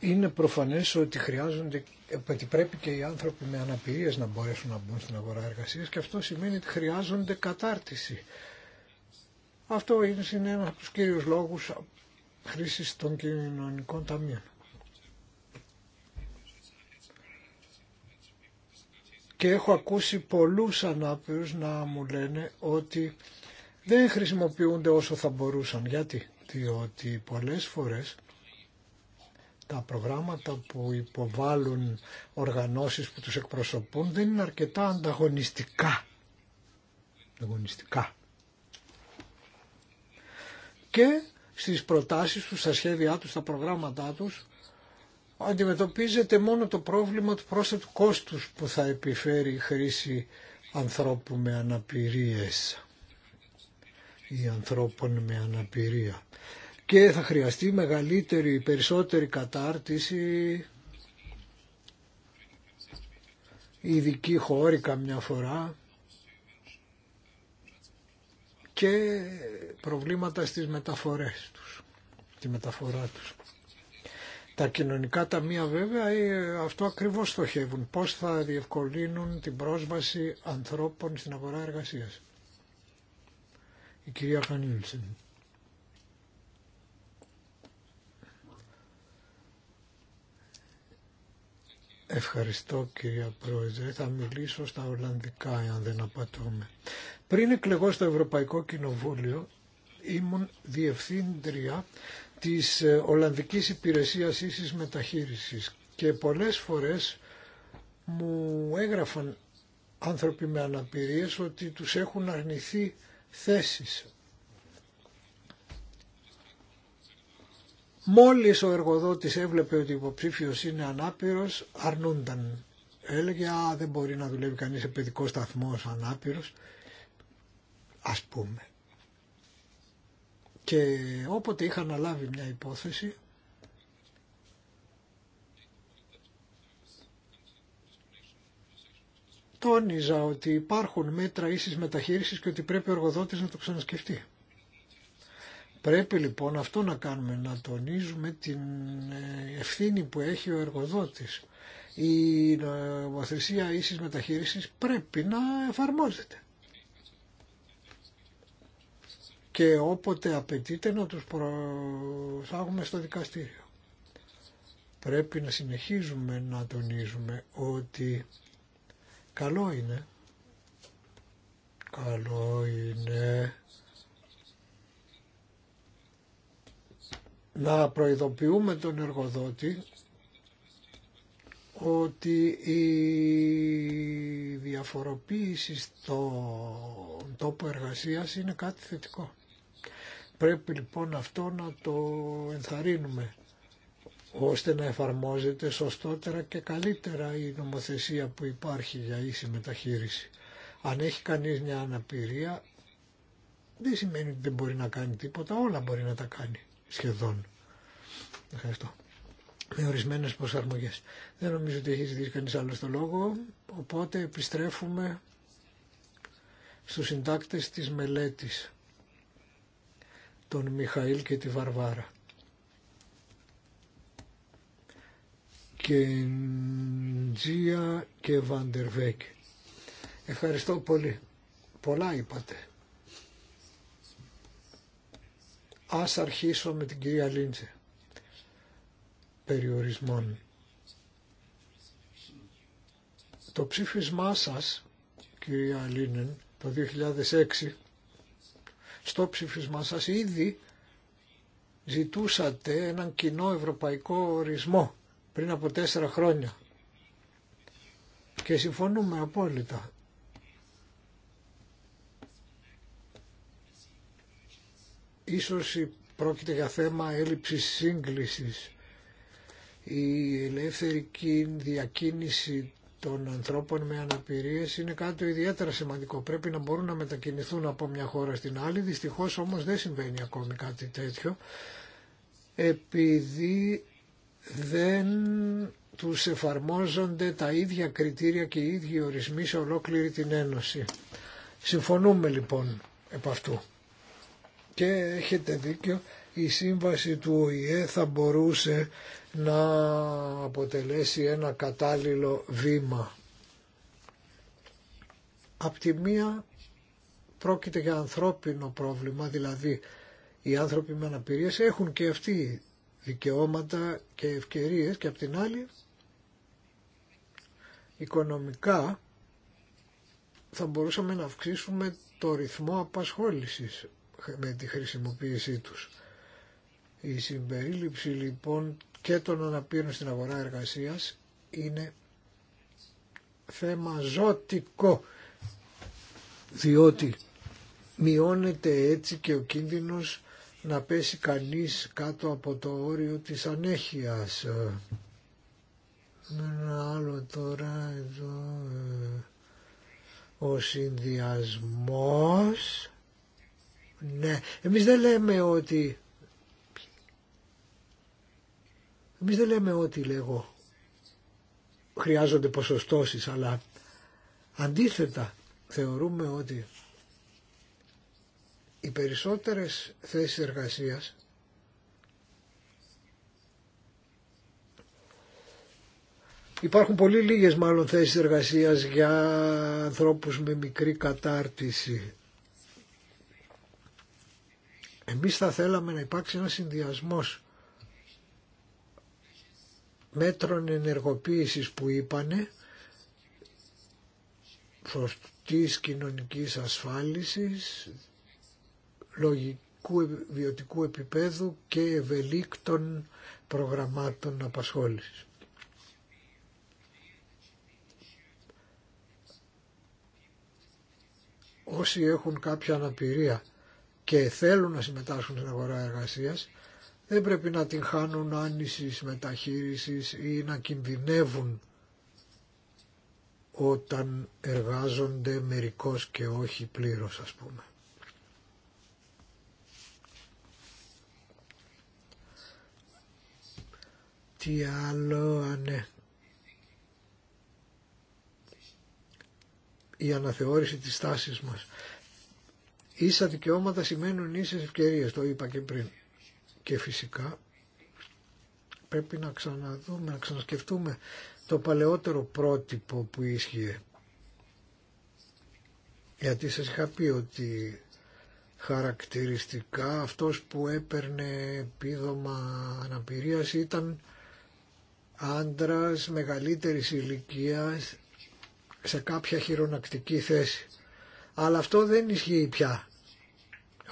είναι προφανές ότι χρειάζονται, ότι πρέπει και οι άνθρωποι με αναπηρίες να μπορέσουν να μπουν στην αγορά εργασίας και αυτό σημαίνει ότι χρειάζονται κατάρτιση. Αυτό είναι ένα από τους κύριους λόγους χρήσης των κοινωνικών ταμείων. Και έχω ακούσει πολλούς ανάπηρους να μου λένε ότι δεν χρησιμοποιούνται όσο θα μπορούσαν. Γιατί, διότι πολλές φορές τα προγράμματα που υποβάλλουν οργανώσεις που τους εκπροσωπούν δεν είναι αρκετά ανταγωνιστικά. ανταγωνιστικά. Και στις προτάσεις τους, στα σχέδιά τους, στα προγράμματά τους αντιμετωπίζεται μόνο το πρόβλημα του πρόσθετου κόστους που θα επιφέρει η χρήση ανθρώπου με αναπηρίες ή ανθρώπων με αναπηρία και θα χρειαστεί μεγαλύτερη, περισσότερη κατάρτιση ειδική χώρη καμιά φορά και προβλήματα στις μεταφορές τους, τη μεταφορά τους. Τα κοινωνικά ταμεία βέβαια ε, αυτό ακριβώς στοχεύουν. Πώς θα διευκολύνουν την πρόσβαση ανθρώπων στην αγορά εργασίας. Η κυρία Χανίλσεν. Ευχαριστώ κυρία Πρόεδρε. Θα μιλήσω στα Ολλανδικά, αν δεν απατώμε. Πριν εκλεγώ στο Ευρωπαϊκό Κοινοβούλιο, ήμουν διευθύντρια της ε, Ολλανδικής Υπηρεσίας Ίσης Μεταχείρισης και πολλές φορές μου έγραφαν άνθρωποι με αναπηρίες ότι τους έχουν αρνηθεί θέσεις Μόλις ο εργοδότης έβλεπε ότι ο υποψήφιος είναι ανάπηρος, αρνούνταν. Έλεγε, α, δεν μπορεί να δουλεύει κανείς σε παιδικό σταθμό ως ανάπηρος, ας πούμε. Και όποτε είχα αναλάβει μια υπόθεση, τόνιζα ότι υπάρχουν μέτρα ίσης μεταχείρισης και ότι πρέπει ο εργοδότης να το ξανασκεφτεί. Πρέπει λοιπόν αυτό να κάνουμε, να τονίζουμε την ε, ευθύνη που έχει ο εργοδότης. Η ε, νομοθεσία ίσης μεταχείρισης πρέπει να εφαρμόζεται. Και όποτε απαιτείται να τους προσάγουμε στο δικαστήριο. Πρέπει να συνεχίζουμε να τονίζουμε ότι καλό είναι, καλό είναι να προειδοποιούμε τον εργοδότη ότι η διαφοροποίηση στον τόπο εργασίας είναι κάτι θετικό. Πρέπει λοιπόν αυτό να το ενθαρρύνουμε ώστε να εφαρμόζεται σωστότερα και καλύτερα η νομοθεσία που υπάρχει για ίση μεταχείριση. Αν έχει κανείς μια αναπηρία δεν σημαίνει ότι δεν μπορεί να κάνει τίποτα, όλα μπορεί να τα κάνει σχεδόν. Ευχαριστώ. Με ορισμένε προσαρμογέ. Δεν νομίζω ότι έχει ζητήσει κανεί άλλο το λόγο. Οπότε επιστρέφουμε στους συντάκτες της μελέτης τον Μιχαήλ και τη Βαρβάρα. Και Τζία και Βαντερβέκ. Ευχαριστώ πολύ. Πολλά είπατε. Ας αρχίσω με την κυρία Λίντσε. Περιορισμών. Το ψήφισμά σας, κυρία Λίνεν, το 2006, στο ψήφισμά σας ήδη ζητούσατε έναν κοινό ευρωπαϊκό ορισμό πριν από τέσσερα χρόνια. Και συμφωνούμε απόλυτα. Ίσως πρόκειται για θέμα έλλειψης σύγκλησης. Η ελεύθερη διακίνηση των ανθρώπων με αναπηρίες είναι κάτι το ιδιαίτερα σημαντικό. Πρέπει να μπορούν να μετακινηθούν από μια χώρα στην άλλη. Δυστυχώς όμως δεν συμβαίνει ακόμη κάτι τέτοιο επειδή δεν τους εφαρμόζονται τα ίδια κριτήρια και οι ίδιοι ορισμοί σε ολόκληρη την Ένωση. Συμφωνούμε λοιπόν επ' αυτού. Και έχετε δίκιο, η σύμβαση του ΟΗΕ θα μπορούσε να αποτελέσει ένα κατάλληλο βήμα. Απ' τη μία πρόκειται για ανθρώπινο πρόβλημα, δηλαδή οι άνθρωποι με αναπηρίες έχουν και αυτοί δικαιώματα και ευκαιρίες και απ' την άλλη οικονομικά θα μπορούσαμε να αυξήσουμε το ρυθμό απασχόλησης με τη χρησιμοποίησή τους. Η συμπερίληψη λοιπόν και των αναπήρων στην αγορά εργασίας είναι θέμα ζωτικό διότι μειώνεται έτσι και ο κίνδυνος να πέσει κανείς κάτω από το όριο της ανέχειας. Ένα άλλο τώρα εδώ ε, ο συνδυασμός ναι, εμείς δεν λέμε ότι... Εμείς δεν λέμε ότι λέγω χρειάζονται ποσοστώσεις, αλλά αντίθετα θεωρούμε ότι οι περισσότερες θέσεις εργασίας Υπάρχουν πολύ λίγες μάλλον θέσεις εργασίας για ανθρώπους με μικρή κατάρτιση. Εμείς θα θέλαμε να υπάρξει ένας συνδυασμός μέτρων ενεργοποίησης που είπανε σωστής κοινωνικής ασφάλισης, λογικού βιωτικού επίπεδου και ευελίκτων προγραμμάτων απασχόλησης. Όσοι έχουν κάποια αναπηρία και θέλουν να συμμετάσχουν στην αγορά εργασίας, δεν πρέπει να την χάνουν κιμβινέ. Όταν εργάζονται μερικό και όχι μεταχείρισης ή να κινδυνεύουν όταν εργάζονται μερικός και όχι πλήρως ας πούμε. Τι άλλο, αν ναι. Η αναθεώρηση της τάσης μας. Ίσα δικαιώματα σημαίνουν ίσες ευκαιρίες, το είπα και πριν. Και φυσικά πρέπει να ξαναδούμε, να ξανασκεφτούμε το παλαιότερο πρότυπο που ίσχυε. Γιατί σας είχα πει ότι χαρακτηριστικά αυτός που έπαιρνε επίδομα αναπηρίας ήταν άντρας μεγαλύτερης ηλικίας σε κάποια χειρονακτική θέση. Αλλά αυτό δεν ισχύει πια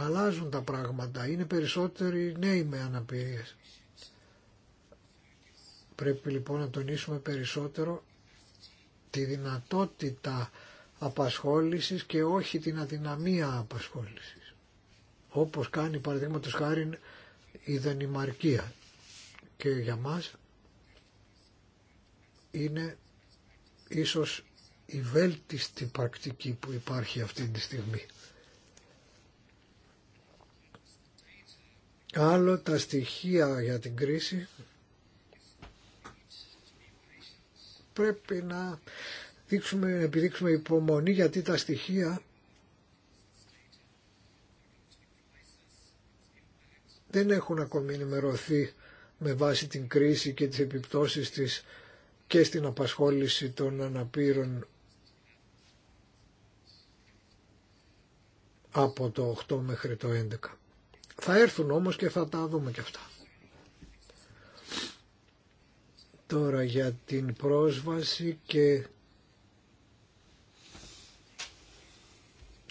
αλλάζουν τα πράγματα. Είναι περισσότεροι νέοι με αναπηρίες. Πρέπει λοιπόν να τονίσουμε περισσότερο τη δυνατότητα απασχόλησης και όχι την αδυναμία απασχόλησης. Όπως κάνει παραδείγματος χάρη η δενημαρκία Και για μας είναι ίσως η βέλτιστη πρακτική που υπάρχει αυτή τη στιγμή. Άλλο τα στοιχεία για την κρίση πρέπει να δείξουμε, επιδείξουμε υπομονή γιατί τα στοιχεία δεν έχουν ακόμη ενημερωθεί με βάση την κρίση και τις επιπτώσεις της και στην απασχόληση των αναπήρων από το 8 μέχρι το 11. Θα έρθουν όμως και θα τα δούμε και αυτά. Τώρα για την πρόσβαση και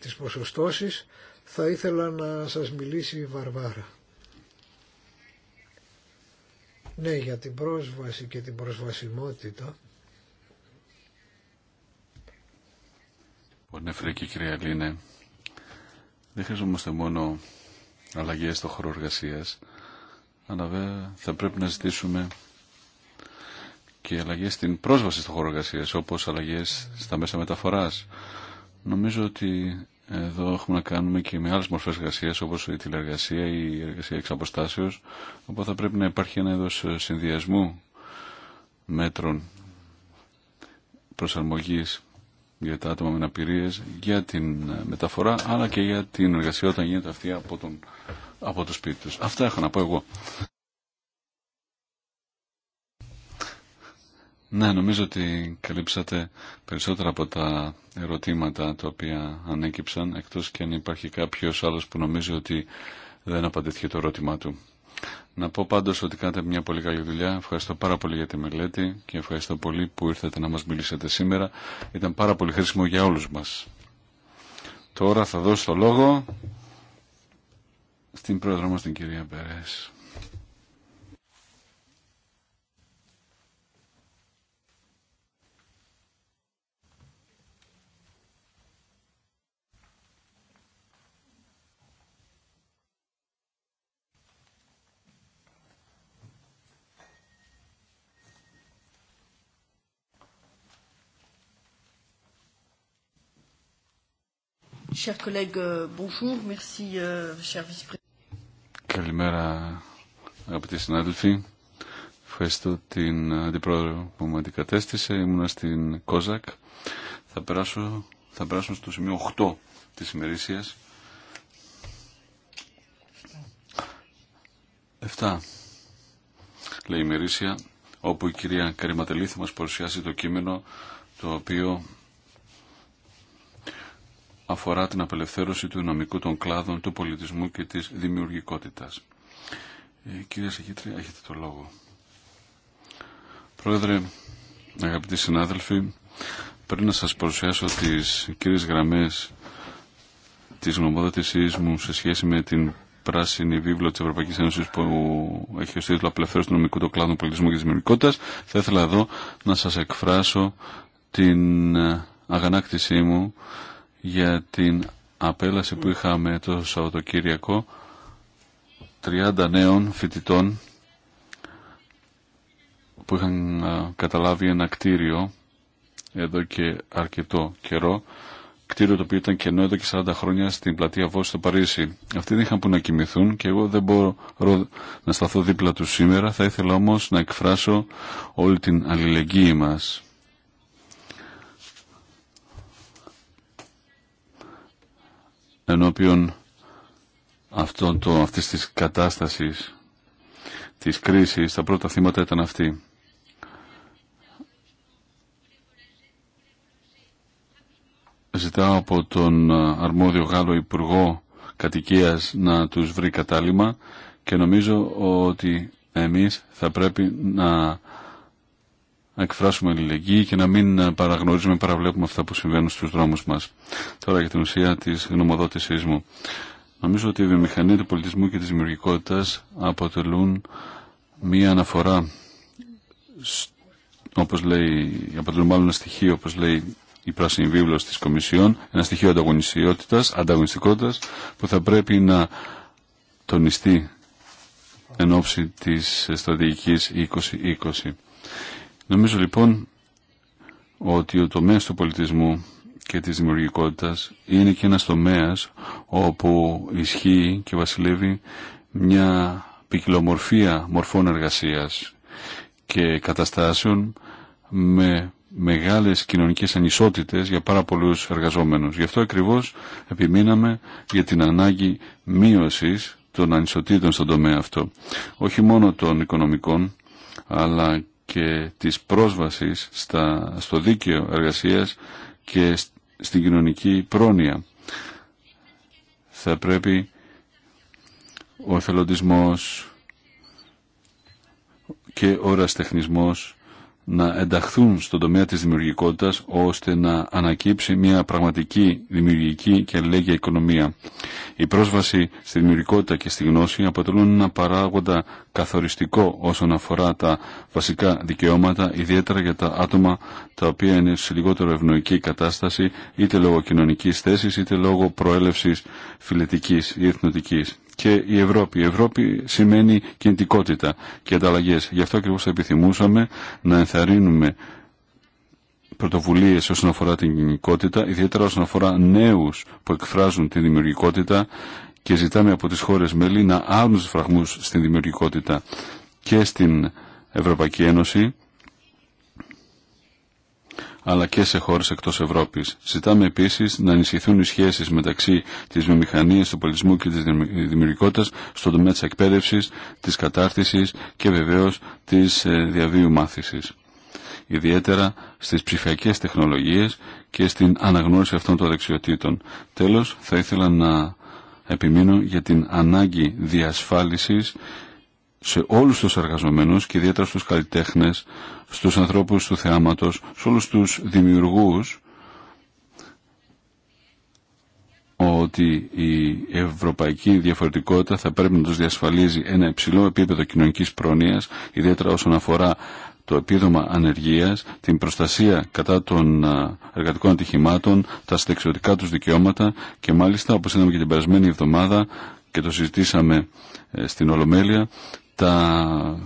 τις ποσοστώσεις θα ήθελα να σας μιλήσει η Βαρβάρα. Ναι, για την πρόσβαση και την προσβασιμότητα. Πολύ και κυρία δεν χρειαζόμαστε μόνο Αλλαγέ στο χώρο εργασία, αλλά βέβαια θα πρέπει να ζητήσουμε και αλλαγέ στην πρόσβαση στο χώρο εργασία, όπως αλλαγές στα μέσα μεταφοράς. Νομίζω ότι εδώ έχουμε να κάνουμε και με άλλε μορφέ εργασία, όπως η τηλεργασία ή η εργασία εξ αποστάσεω. όπου θα πρέπει να υπάρχει ένα είδος συνδυασμού μέτρων προσαρμογής για τα άτομα με αναπηρίες, για την ε, μεταφορά, αλλά και για την εργασία όταν γίνεται αυτή από, τον, από το σπίτι τους. Αυτά έχω να πω εγώ. Ναι, νομίζω ότι καλύψατε περισσότερα από τα ερωτήματα τα οποία ανέκυψαν, εκτός και αν υπάρχει κάποιος άλλος που νομίζει ότι δεν απαντήθηκε το ερώτημά του. Να πω πάντως ότι κάνετε μια πολύ καλή δουλειά. Ευχαριστώ πάρα πολύ για τη μελέτη και ευχαριστώ πολύ που ήρθατε να μας μιλήσετε σήμερα. Ήταν πάρα πολύ χρήσιμο για όλους μας. Τώρα θα δώσω το λόγο στην πρόεδρο μας την κυρία Μπερές. Euh, euh, Καλημέρα αγαπητοί συνάδελφοι. Ευχαριστώ την αντιπρόεδρο που μου αντικατέστησε. Ήμουνα στην Κόζακ. Θα περάσω, θα περάσω στο σημείο 8 της ημερήσιας. 7. Λέει η ημερήσια όπου η κυρία Καρυματελή θα μας παρουσιάσει το κείμενο το οποίο αφορά την απελευθέρωση του νομικού των κλάδων, του πολιτισμού και της δημιουργικότητας. Ε, κύριε Σεχήτρη, έχετε το λόγο. Πρόεδρε, αγαπητοί συνάδελφοι, πριν να σας παρουσιάσω τις κύριες γραμμές της γνωμοδότησής μου σε σχέση με την πράσινη βίβλο τη Ευρωπαϊκή Ένωση που έχει ω τίτλο Απελευθέρωση του νομικού του κλάδου πολιτισμού και τη δημιουργικότητα, θα ήθελα εδώ να σα εκφράσω την αγανάκτησή μου για την απέλαση που είχαμε το Σαββατοκύριακο 30 νέων φοιτητών που είχαν καταλάβει ένα κτίριο εδώ και αρκετό καιρό κτίριο το οποίο ήταν κενό εδώ και 40 χρόνια στην πλατεία Βόση στο Παρίσι. Αυτοί δεν είχαν που να κοιμηθούν και εγώ δεν μπορώ να σταθώ δίπλα τους σήμερα. Θα ήθελα όμως να εκφράσω όλη την αλληλεγγύη μας ενώπιον αυτών το, αυτής της κατάστασης της κρίσης τα πρώτα θύματα ήταν αυτοί. Ζητάω από τον αρμόδιο Γάλλο Υπουργό Κατοικίας να τους βρει κατάλημα και νομίζω ότι εμείς θα πρέπει να να εκφράσουμε αλληλεγγύη και να μην ε, παραγνωρίζουμε παραβλέπουμε αυτά που συμβαίνουν στους δρόμους μας. Τώρα για την ουσία της γνωμοδότησής μου. Νομίζω ότι η βιομηχανία του πολιτισμού και της δημιουργικότητας αποτελούν μία αναφορά, όπως λέει, αποτελούν μάλλον ένα στοιχείο, όπως λέει η πράσινη βίβλος της Κομισιόν, ένα στοιχείο ανταγωνιστικότητας, ανταγωνιστικότητας που θα πρέπει να τονιστεί εν ώψη της στρατηγικής 2020. Νομίζω λοιπόν ότι ο τομέας του πολιτισμού και της δημιουργικότητας είναι και ένας τομέας όπου ισχύει και βασιλεύει μια ποικιλομορφία μορφών εργασίας και καταστάσεων με μεγάλες κοινωνικές ανισότητες για πάρα πολλούς εργαζόμενους. Γι' αυτό ακριβώς επιμείναμε για την ανάγκη μείωσης των ανισοτήτων στον τομέα αυτό. Όχι μόνο των οικονομικών, αλλά και της πρόσβασης στα, στο δίκαιο εργασίας και στην κοινωνική πρόνοια. Θα πρέπει ο εθελοντισμός και ο ραστεχνισμός να ενταχθούν στον τομέα της δημιουργικότητας ώστε να ανακύψει μια πραγματική δημιουργική και αλληλέγγυα οικονομία. Η πρόσβαση στη δημιουργικότητα και στη γνώση αποτελούν ένα παράγοντα καθοριστικό όσον αφορά τα βασικά δικαιώματα, ιδιαίτερα για τα άτομα τα οποία είναι σε λιγότερο ευνοϊκή κατάσταση είτε λόγω κοινωνικής θέσης είτε λόγω προέλευσης φιλετικής ή εθνοτικής και η Ευρώπη. Η Ευρώπη σημαίνει κινητικότητα και ανταλλαγέ. Γι' αυτό ακριβώ θα επιθυμούσαμε να ενθαρρύνουμε πρωτοβουλίε όσον αφορά την κινητικότητα, ιδιαίτερα όσον αφορά νέου που εκφράζουν την δημιουργικότητα και ζητάμε από τι χώρε μέλη να άρουν του φραγμού στην δημιουργικότητα και στην Ευρωπαϊκή Ένωση αλλά και σε χώρες εκτός Ευρώπης. Ζητάμε επίσης να ενισχυθούν οι σχέσεις μεταξύ της βιομηχανία, του πολιτισμού και τη δημιουργικότητα στον τομέα της εκπαίδευση, της κατάρτιση και βεβαίως της ε, διαβίου μάθηση. Ιδιαίτερα στις ψηφιακές τεχνολογίες και στην αναγνώριση αυτών των δεξιοτήτων. Τέλος, θα ήθελα να επιμείνω για την ανάγκη διασφάλισης σε όλους τους εργαζομένους και ιδιαίτερα στους καλλιτέχνες, στους ανθρώπους του θεάματος, σε όλους τους δημιουργούς ότι η ευρωπαϊκή διαφορετικότητα θα πρέπει να τους διασφαλίζει ένα υψηλό επίπεδο κοινωνικής πρόνοιας, ιδιαίτερα όσον αφορά το επίδομα ανεργίας, την προστασία κατά των εργατικών ατυχημάτων, τα συνταξιωτικά τους δικαιώματα και μάλιστα, όπως είδαμε και την περασμένη εβδομάδα και το συζητήσαμε ε, στην Ολομέλεια, τα...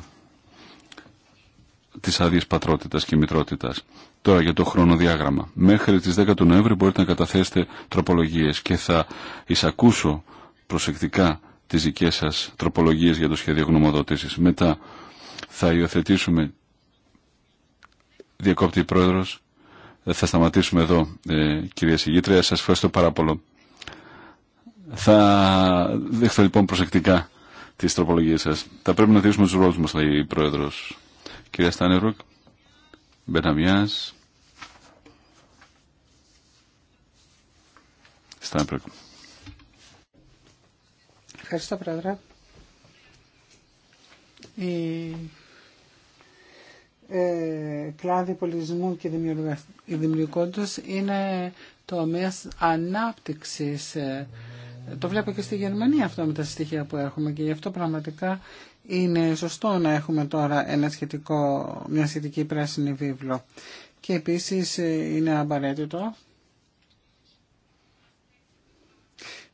τις άδειες πατρότητας και μητρότητας. Τώρα για το χρονοδιάγραμμα. Μέχρι τις 10 του Νοέμβρη μπορείτε να καταθέσετε τροπολογίες και θα εισακούσω προσεκτικά τις δικές σας τροπολογίες για το σχέδιο γνωμοδότησης. Μετά θα υιοθετήσουμε διακόπτη πρόεδρος. Θα σταματήσουμε εδώ, ε, κυρία Συγγήτρια. Σας ευχαριστώ πάρα πολύ. Θα δεχθώ λοιπόν προσεκτικά τις τροπολογίες σας. Θα πρέπει να διώσουμε του ρόλου μα, λέει η Πρόεδρος. Κυρία Στάνερουκ, Μπεναμιά. Στάνερουκ. Ευχαριστώ, Πρόεδρε. Η ε, κλάδη πολιτισμού και δημιουργικότητας είναι τομέας ανάπτυξης ε, το βλέπω και στη Γερμανία αυτό με τα στοιχεία που έχουμε και γι' αυτό πραγματικά είναι σωστό να έχουμε τώρα ένα σχετικό, μια σχετική πράσινη βίβλο. Και επίσης ε, είναι απαραίτητο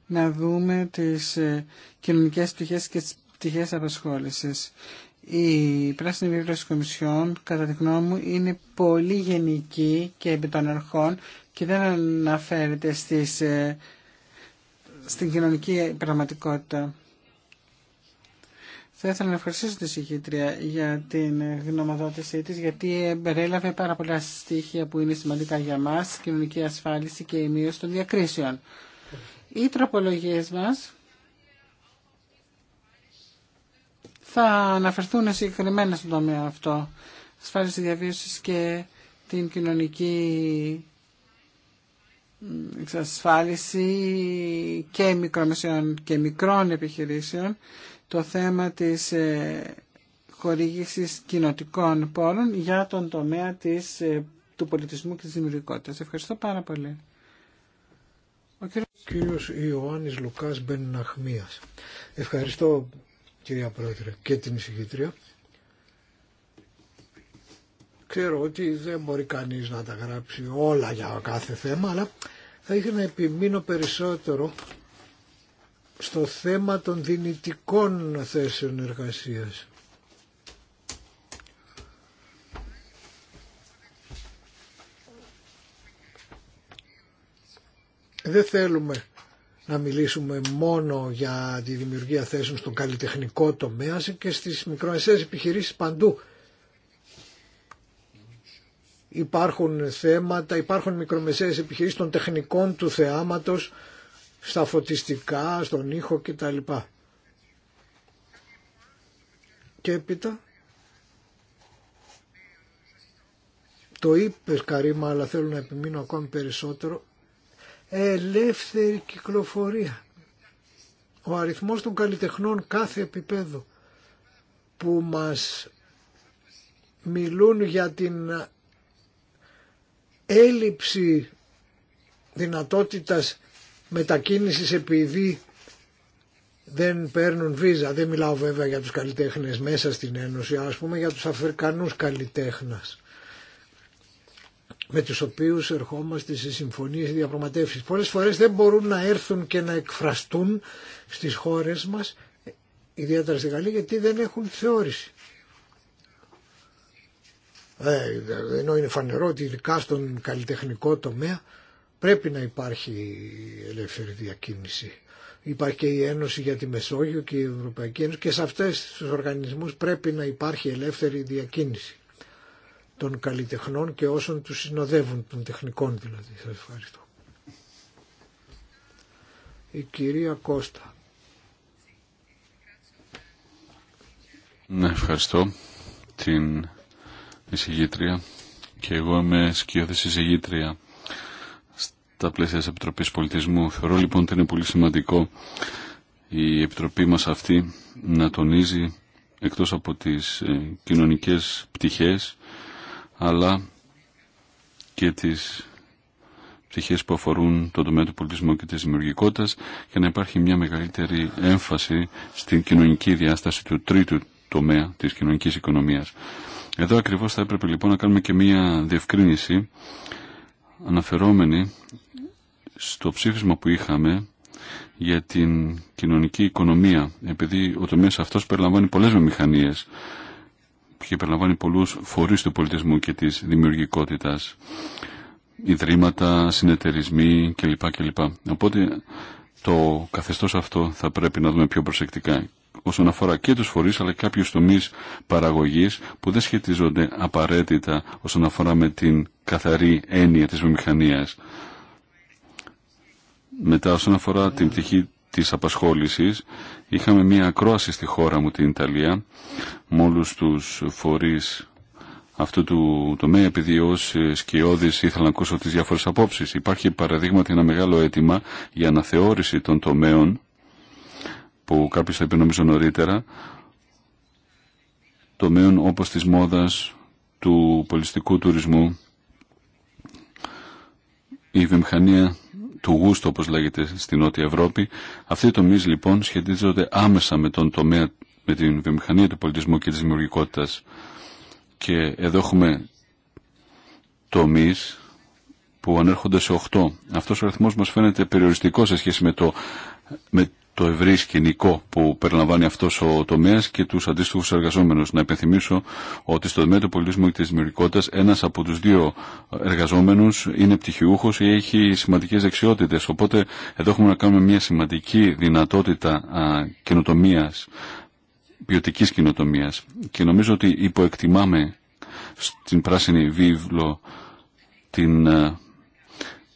να δούμε τις ε, κοινωνικές πτυχές και τις πτυχές απασχόλησης. Η πράσινη βίβλο της Κομισιόν, κατά τη γνώμη μου, είναι πολύ γενική και επί των αρχών και δεν αναφέρεται στις ε, στην κοινωνική πραγματικότητα. Θα ήθελα να ευχαριστήσω τη συγχύτρια για την γνωμοδότησή της, γιατί περέλαβε πάρα πολλά στοιχεία που είναι σημαντικά για μας, κοινωνική ασφάλιση και η μείωση των διακρίσεων. Οι τροπολογίες μας θα αναφερθούν συγκεκριμένα στον τομέα αυτό, ασφάλιση διαβίωσης και την κοινωνική εξασφάλιση και μικρομεσαίων και μικρών επιχειρήσεων, το θέμα της ε, χορήγησης κοινοτικών πόρων για τον τομέα της, ε, του πολιτισμού και της δημιουργικότητας. Ευχαριστώ πάρα πολύ. Ο κύριος Ιωάννης Λουκάς Μπεν Ευχαριστώ κυρία Πρόεδρε και την εισηγήτρια. Ξέρω ότι δεν μπορεί κανείς να τα γράψει όλα για κάθε θέμα, αλλά θα ήθελα να επιμείνω περισσότερο στο θέμα των δυνητικών θέσεων εργασίας. Δεν θέλουμε να μιλήσουμε μόνο για τη δημιουργία θέσεων στον καλλιτεχνικό τομέα και στις μικροεσαίες επιχειρήσεις παντού υπάρχουν θέματα, υπάρχουν μικρομεσαίες επιχειρήσεις των τεχνικών του θεάματος στα φωτιστικά, στον ήχο κτλ. Και έπειτα το είπε αλλά θέλω να επιμείνω ακόμη περισσότερο ελεύθερη κυκλοφορία ο αριθμός των καλλιτεχνών κάθε επίπεδο που μας μιλούν για την έλλειψη δυνατότητας μετακίνησης επειδή δεν παίρνουν βίζα. Δεν μιλάω βέβαια για τους καλλιτέχνες μέσα στην Ένωση, ας πούμε για τους Αφρικανούς καλλιτέχνες με τους οποίους ερχόμαστε σε συμφωνίες διαπραγματεύσεις. Πολλές φορές δεν μπορούν να έρθουν και να εκφραστούν στις χώρες μας, ιδιαίτερα στη Γαλλία, γιατί δεν έχουν θεώρηση. Ε, ενώ είναι φανερό ότι ειδικά στον καλλιτεχνικό τομέα πρέπει να υπάρχει ελεύθερη διακίνηση. Υπάρχει και η Ένωση για τη Μεσόγειο και η Ευρωπαϊκή Ένωση και σε αυτές τους οργανισμούς πρέπει να υπάρχει ελεύθερη διακίνηση των καλλιτεχνών και όσων τους συνοδεύουν, των τεχνικών δηλαδή. Σας ευχαριστώ. Η κυρία Κώστα. Ναι, ευχαριστώ την εισηγήτρια και εγώ είμαι σκιώδης εισηγήτρια στα πλαίσια της Επιτροπής Πολιτισμού. Θεωρώ λοιπόν ότι είναι πολύ σημαντικό η Επιτροπή μας αυτή να τονίζει εκτός από τις ε, κοινωνικές πτυχές αλλά και τις πτυχές που αφορούν τον τομέα του πολιτισμού και της δημιουργικότητας και να υπάρχει μια μεγαλύτερη έμφαση στην κοινωνική διάσταση του τρίτου τομέα της κοινωνικής οικονομίας. Εδώ ακριβώς θα έπρεπε λοιπόν να κάνουμε και μία διευκρίνηση αναφερόμενη στο ψήφισμα που είχαμε για την κοινωνική οικονομία επειδή ο τομέας αυτός περιλαμβάνει πολλές μηχανίες και περιλαμβάνει πολλούς φορείς του πολιτισμού και της δημιουργικότητας ιδρύματα, συνεταιρισμοί κλπ. κλπ. Οπότε το καθεστώς αυτό θα πρέπει να δούμε πιο προσεκτικά όσον αφορά και τους φορείς αλλά και κάποιους τομείς παραγωγής που δεν σχετίζονται απαραίτητα όσον αφορά με την καθαρή έννοια της βιομηχανίας. Μετά όσον αφορά την πτυχή της απασχόλησης είχαμε μία ακρόαση στη χώρα μου την Ιταλία με όλους τους φορείς αυτού του τομέα επειδή ω σκιώδη ήθελα να ακούσω τι διάφορε απόψει. Υπάρχει παραδείγματι ένα μεγάλο αίτημα για αναθεώρηση των τομέων που κάποιο θα είπε νομίζω νωρίτερα, τομέων όπως της μόδας, του πολιστικού τουρισμού, η βιομηχανία του γούστου όπως λέγεται στην Νότια Ευρώπη. Αυτοί οι τομείς λοιπόν σχετίζονται άμεσα με τον τομέα, με την βιομηχανία του πολιτισμού και της δημιουργικότητα. Και εδώ έχουμε τομείς που ανέρχονται σε 8. Αυτός ο αριθμό μας φαίνεται περιοριστικό σε σχέση με, το, με το ευρύ σκηνικό που περιλαμβάνει αυτός ο τομέα και τους αντίστοιχου εργαζόμενους. Να υπενθυμίσω ότι στο τομέα του πολιτισμού και τη δημιουργικότητα, ένας από τους δύο εργαζόμενους είναι πτυχιούχος ή έχει σημαντικές δεξιότητε. Οπότε εδώ έχουμε να κάνουμε μια σημαντική δυνατότητα καινοτομία, ποιοτική ποιοτικής Και νομίζω ότι υποεκτιμάμε στην πράσινη βίβλο την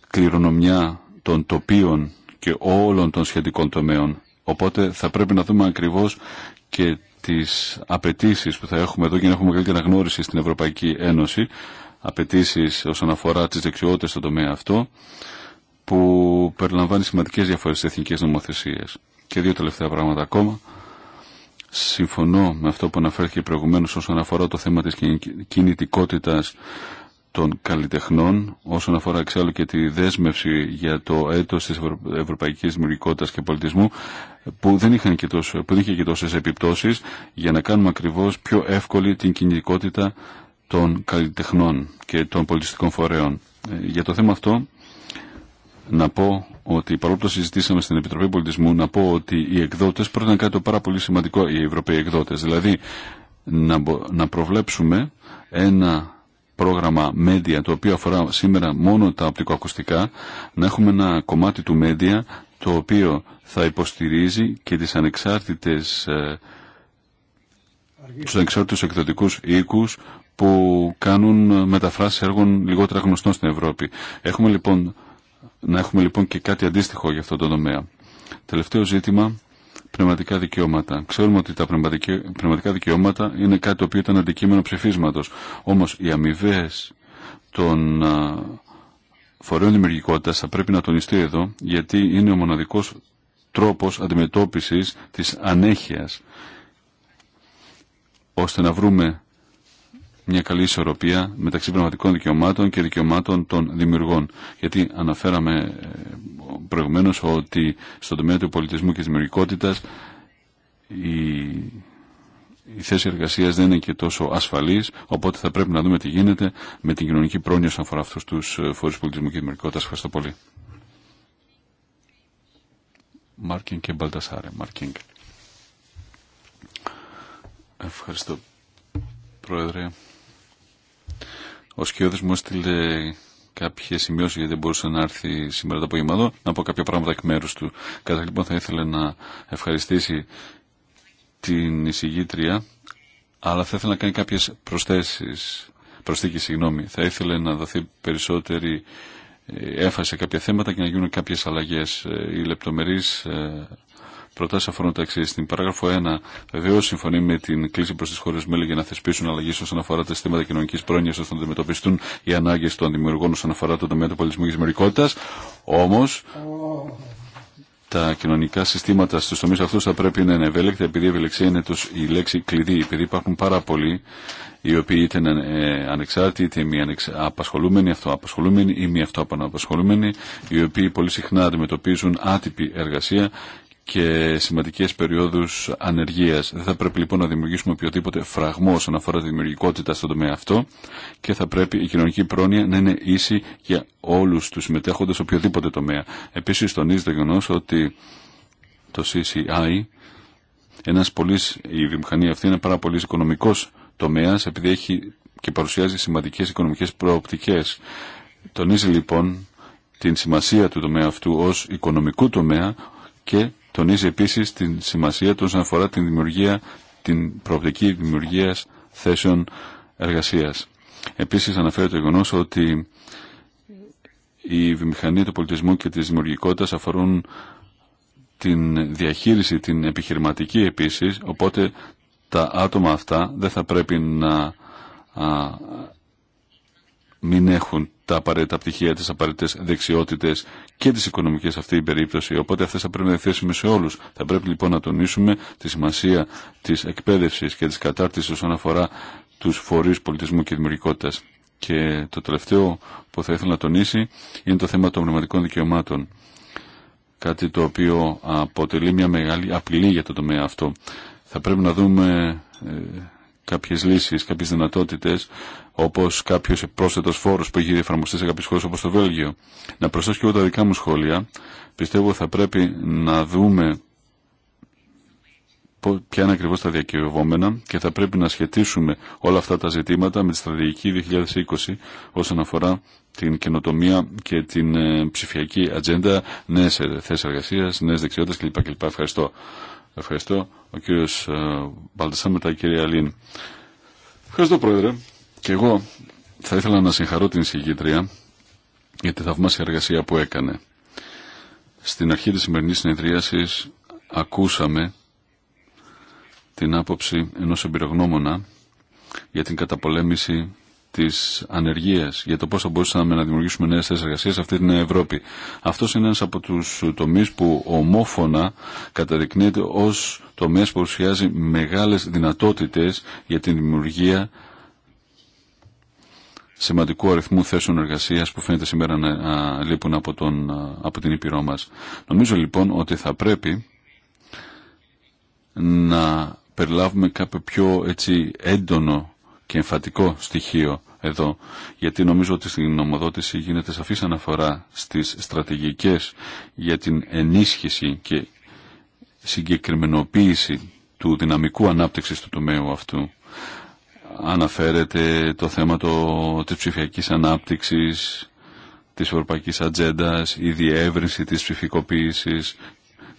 κληρονομιά των τοπίων και όλων των σχετικών τομέων. Οπότε θα πρέπει να δούμε ακριβώς και τις απαιτήσει που θα έχουμε εδώ και να έχουμε καλύτερη αναγνώριση στην Ευρωπαϊκή Ένωση, απαιτήσει όσον αφορά τις δεξιότητες στον τομέα αυτό, που περιλαμβάνει σημαντικές διαφορές στις εθνικές νομοθεσίες. Και δύο τελευταία πράγματα ακόμα. Συμφωνώ με αυτό που αναφέρθηκε προηγουμένως όσον αφορά το θέμα της κινητικότητας των καλλιτεχνών όσον αφορά εξάλλου και τη δέσμευση για το έτος της Ευρωπαϊκής Δημιουργικότητας και Πολιτισμού που δεν, είχαν και τόσο, που είχε και τόσες επιπτώσεις για να κάνουμε ακριβώς πιο εύκολη την κινητικότητα των καλλιτεχνών και των πολιτιστικών φορέων. Ε, για το θέμα αυτό να πω ότι παρόλο που το συζητήσαμε στην Επιτροπή Πολιτισμού να πω ότι οι εκδότες πρότειναν κάτι το πάρα πολύ σημαντικό οι Ευρωπαίοι εκδότες δηλαδή να προβλέψουμε ένα πρόγραμμα Media το οποίο αφορά σήμερα μόνο τα οπτικοακουστικά να έχουμε ένα κομμάτι του Media το οποίο θα υποστηρίζει και τις ανεξάρτητες ε, τους ανεξάρτητους εκδοτικούς οίκους που κάνουν ε, μεταφράσεις έργων λιγότερα γνωστών στην Ευρώπη. Έχουμε λοιπόν, να έχουμε λοιπόν και κάτι αντίστοιχο για αυτό το τομέα. Τελευταίο ζήτημα πνευματικά δικαιώματα. Ξέρουμε ότι τα πνευματικά δικαιώματα είναι κάτι το οποίο ήταν αντικείμενο ψηφίσματος. Όμως οι αμοιβέ των φορέων δημιουργικότητας θα πρέπει να τονιστεί εδώ γιατί είναι ο μοναδικός τρόπος αντιμετώπισης της ανέχειας ώστε να βρούμε μια καλή ισορροπία μεταξύ πραγματικών δικαιωμάτων και δικαιωμάτων των δημιουργών. Γιατί αναφέραμε ε, προηγουμένως ότι στον τομέα του πολιτισμού και της δημιουργικότητας η, η θέση εργασίας δεν είναι και τόσο ασφαλής, οπότε θα πρέπει να δούμε τι γίνεται με την κοινωνική πρόνοια όσον αφορά αυτούς τους ε, φορείς πολιτισμού και δημιουργικότητας. Ευχαριστώ πολύ. Μάρκινγκ και Ευχαριστώ, Πρόεδρε. Ο Σκιώδη μου έστειλε κάποιε σημειώσει γιατί δεν μπορούσε να έρθει σήμερα το απόγευμα εδώ, να πω κάποια πράγματα εκ μέρου του. Κατά λοιπόν θα ήθελε να ευχαριστήσει την εισηγήτρια, αλλά θα ήθελε να κάνει κάποιε προσθέσει. Προσθήκη, συγγνώμη. Θα ήθελε να δοθεί περισσότερη ε, έφαση σε κάποια θέματα και να γίνουν κάποιες αλλαγές. Ε, οι λεπτομερείς ε, προτάσει αφορούν τα εξή. Στην παράγραφο 1, βεβαίω συμφωνεί με την κλίση προ τι χώρε μέλη για να θεσπίσουν αλλαγή όσον αφορά τα συστήματα κοινωνική πρόνοια ώστε να αντιμετωπιστούν οι ανάγκε των δημιουργών όσον αφορά το τομέα του πολιτισμού και τη μερικότητα. Όμω, τα κοινωνικά συστήματα στου τομεί αυτού θα πρέπει να είναι ευέλικτα, επειδή η ευελιξία είναι τους, η λέξη κλειδί, επειδή υπάρχουν πάρα πολλοί οι οποίοι είτε είναι ε, ανεξάρτητοι, είτε μη ανεξα... απασχολούμενοι, αυτοαπασχολούμενοι ή μη αυτοαπασχολούμενοι, οι οποίοι πολύ συχνά αντιμετωπίζουν άτυπη εργασία και σημαντικές περιόδους ανεργίας. Δεν θα πρέπει λοιπόν να δημιουργήσουμε οποιοδήποτε φραγμό όσον αφορά τη δημιουργικότητα στον τομέα αυτό και θα πρέπει η κοινωνική πρόνοια να είναι ίση για όλους τους συμμετέχοντες σε οποιοδήποτε τομέα. Επίση, τονίζει το γεγονό ότι το CCI, ένας πολύς, η βιομηχανία αυτή είναι πάρα πολύ οικονομικός τομέας επειδή έχει και παρουσιάζει σημαντικές οικονομικές προοπτικές. Τονίζει λοιπόν την σημασία του τομέα αυτού ως οικονομικού τομέα και Τονίζει επίσης την σημασία του όσον αφορά την δημιουργία, την προοπτική δημιουργίας θέσεων εργασίας. Επίσης αναφέρει το γεγονό ότι η βιομηχανία του πολιτισμού και της δημιουργικότητας αφορούν την διαχείριση, την επιχειρηματική επίσης, οπότε τα άτομα αυτά δεν θα πρέπει να α, μην έχουν τα απαραίτητα πτυχία, τι απαραίτητε δεξιότητε και τι οικονομικέ αυτή την περίπτωση. Οπότε αυτέ θα πρέπει να διαθέσουμε σε όλου. Θα πρέπει λοιπόν να τονίσουμε τη σημασία τη εκπαίδευση και τη κατάρτιση όσον αφορά του φορεί πολιτισμού και δημιουργικότητα. Και το τελευταίο που θα ήθελα να τονίσει είναι το θέμα των πνευματικών δικαιωμάτων. Κάτι το οποίο αποτελεί μια μεγάλη απειλή για το τομέα αυτό. Θα πρέπει να δούμε ε, Κάποιε λύσεις, κάποιε δυνατότητες, όπως κάποιο πρόσθετο φόρος που έχει εφαρμοστεί σε κάποιε χώρε όπως το Βέλγιο. Να προσθέσω και εγώ τα δικά μου σχόλια. Πιστεύω θα πρέπει να δούμε ποια είναι ακριβώ τα διακυβευόμενα και θα πρέπει να σχετίσουμε όλα αυτά τα ζητήματα με τη στρατηγική 2020 όσον αφορά την καινοτομία και την ε, ψηφιακή ατζέντα, νέε θέσει εργασία, νέε δεξιότητε κλπ. Ευχαριστώ. Ευχαριστώ. Ο κύριος ε, Μπαλτισά μετά η κυρία Αλήν. Ευχαριστώ Πρόεδρε. Και εγώ θα ήθελα να συγχαρώ την συγκήτρια για τη θαυμάσια εργασία που έκανε. Στην αρχή της σημερινής συνεδρίασης ακούσαμε την άποψη ενός εμπειρογνώμονα για την καταπολέμηση τη ανεργία, για το πώ θα μπορούσαμε να δημιουργήσουμε νέε θέσει εργασία σε αυτή την Ευρώπη. Αυτό είναι ένα από του τομεί που ομόφωνα καταδεικνύεται ω τομέα που παρουσιάζει μεγάλε δυνατότητε για την δημιουργία σημαντικού αριθμού θέσεων εργασία που φαίνεται σήμερα να λείπουν από, τον, από την Ήπειρό μα. Νομίζω λοιπόν ότι θα πρέπει να περιλάβουμε κάποιο πιο έτσι έντονο και εμφαντικό στοιχείο εδώ, γιατί νομίζω ότι στην νομοδότηση γίνεται σαφής αναφορά στις στρατηγικές για την ενίσχυση και συγκεκριμενοποίηση του δυναμικού ανάπτυξης του τομέα αυτού. Αναφέρεται το θέμα το, της ψηφιακής ανάπτυξης, της ευρωπαϊκής ατζέντα, η διεύρυνση της ψηφικοποίησης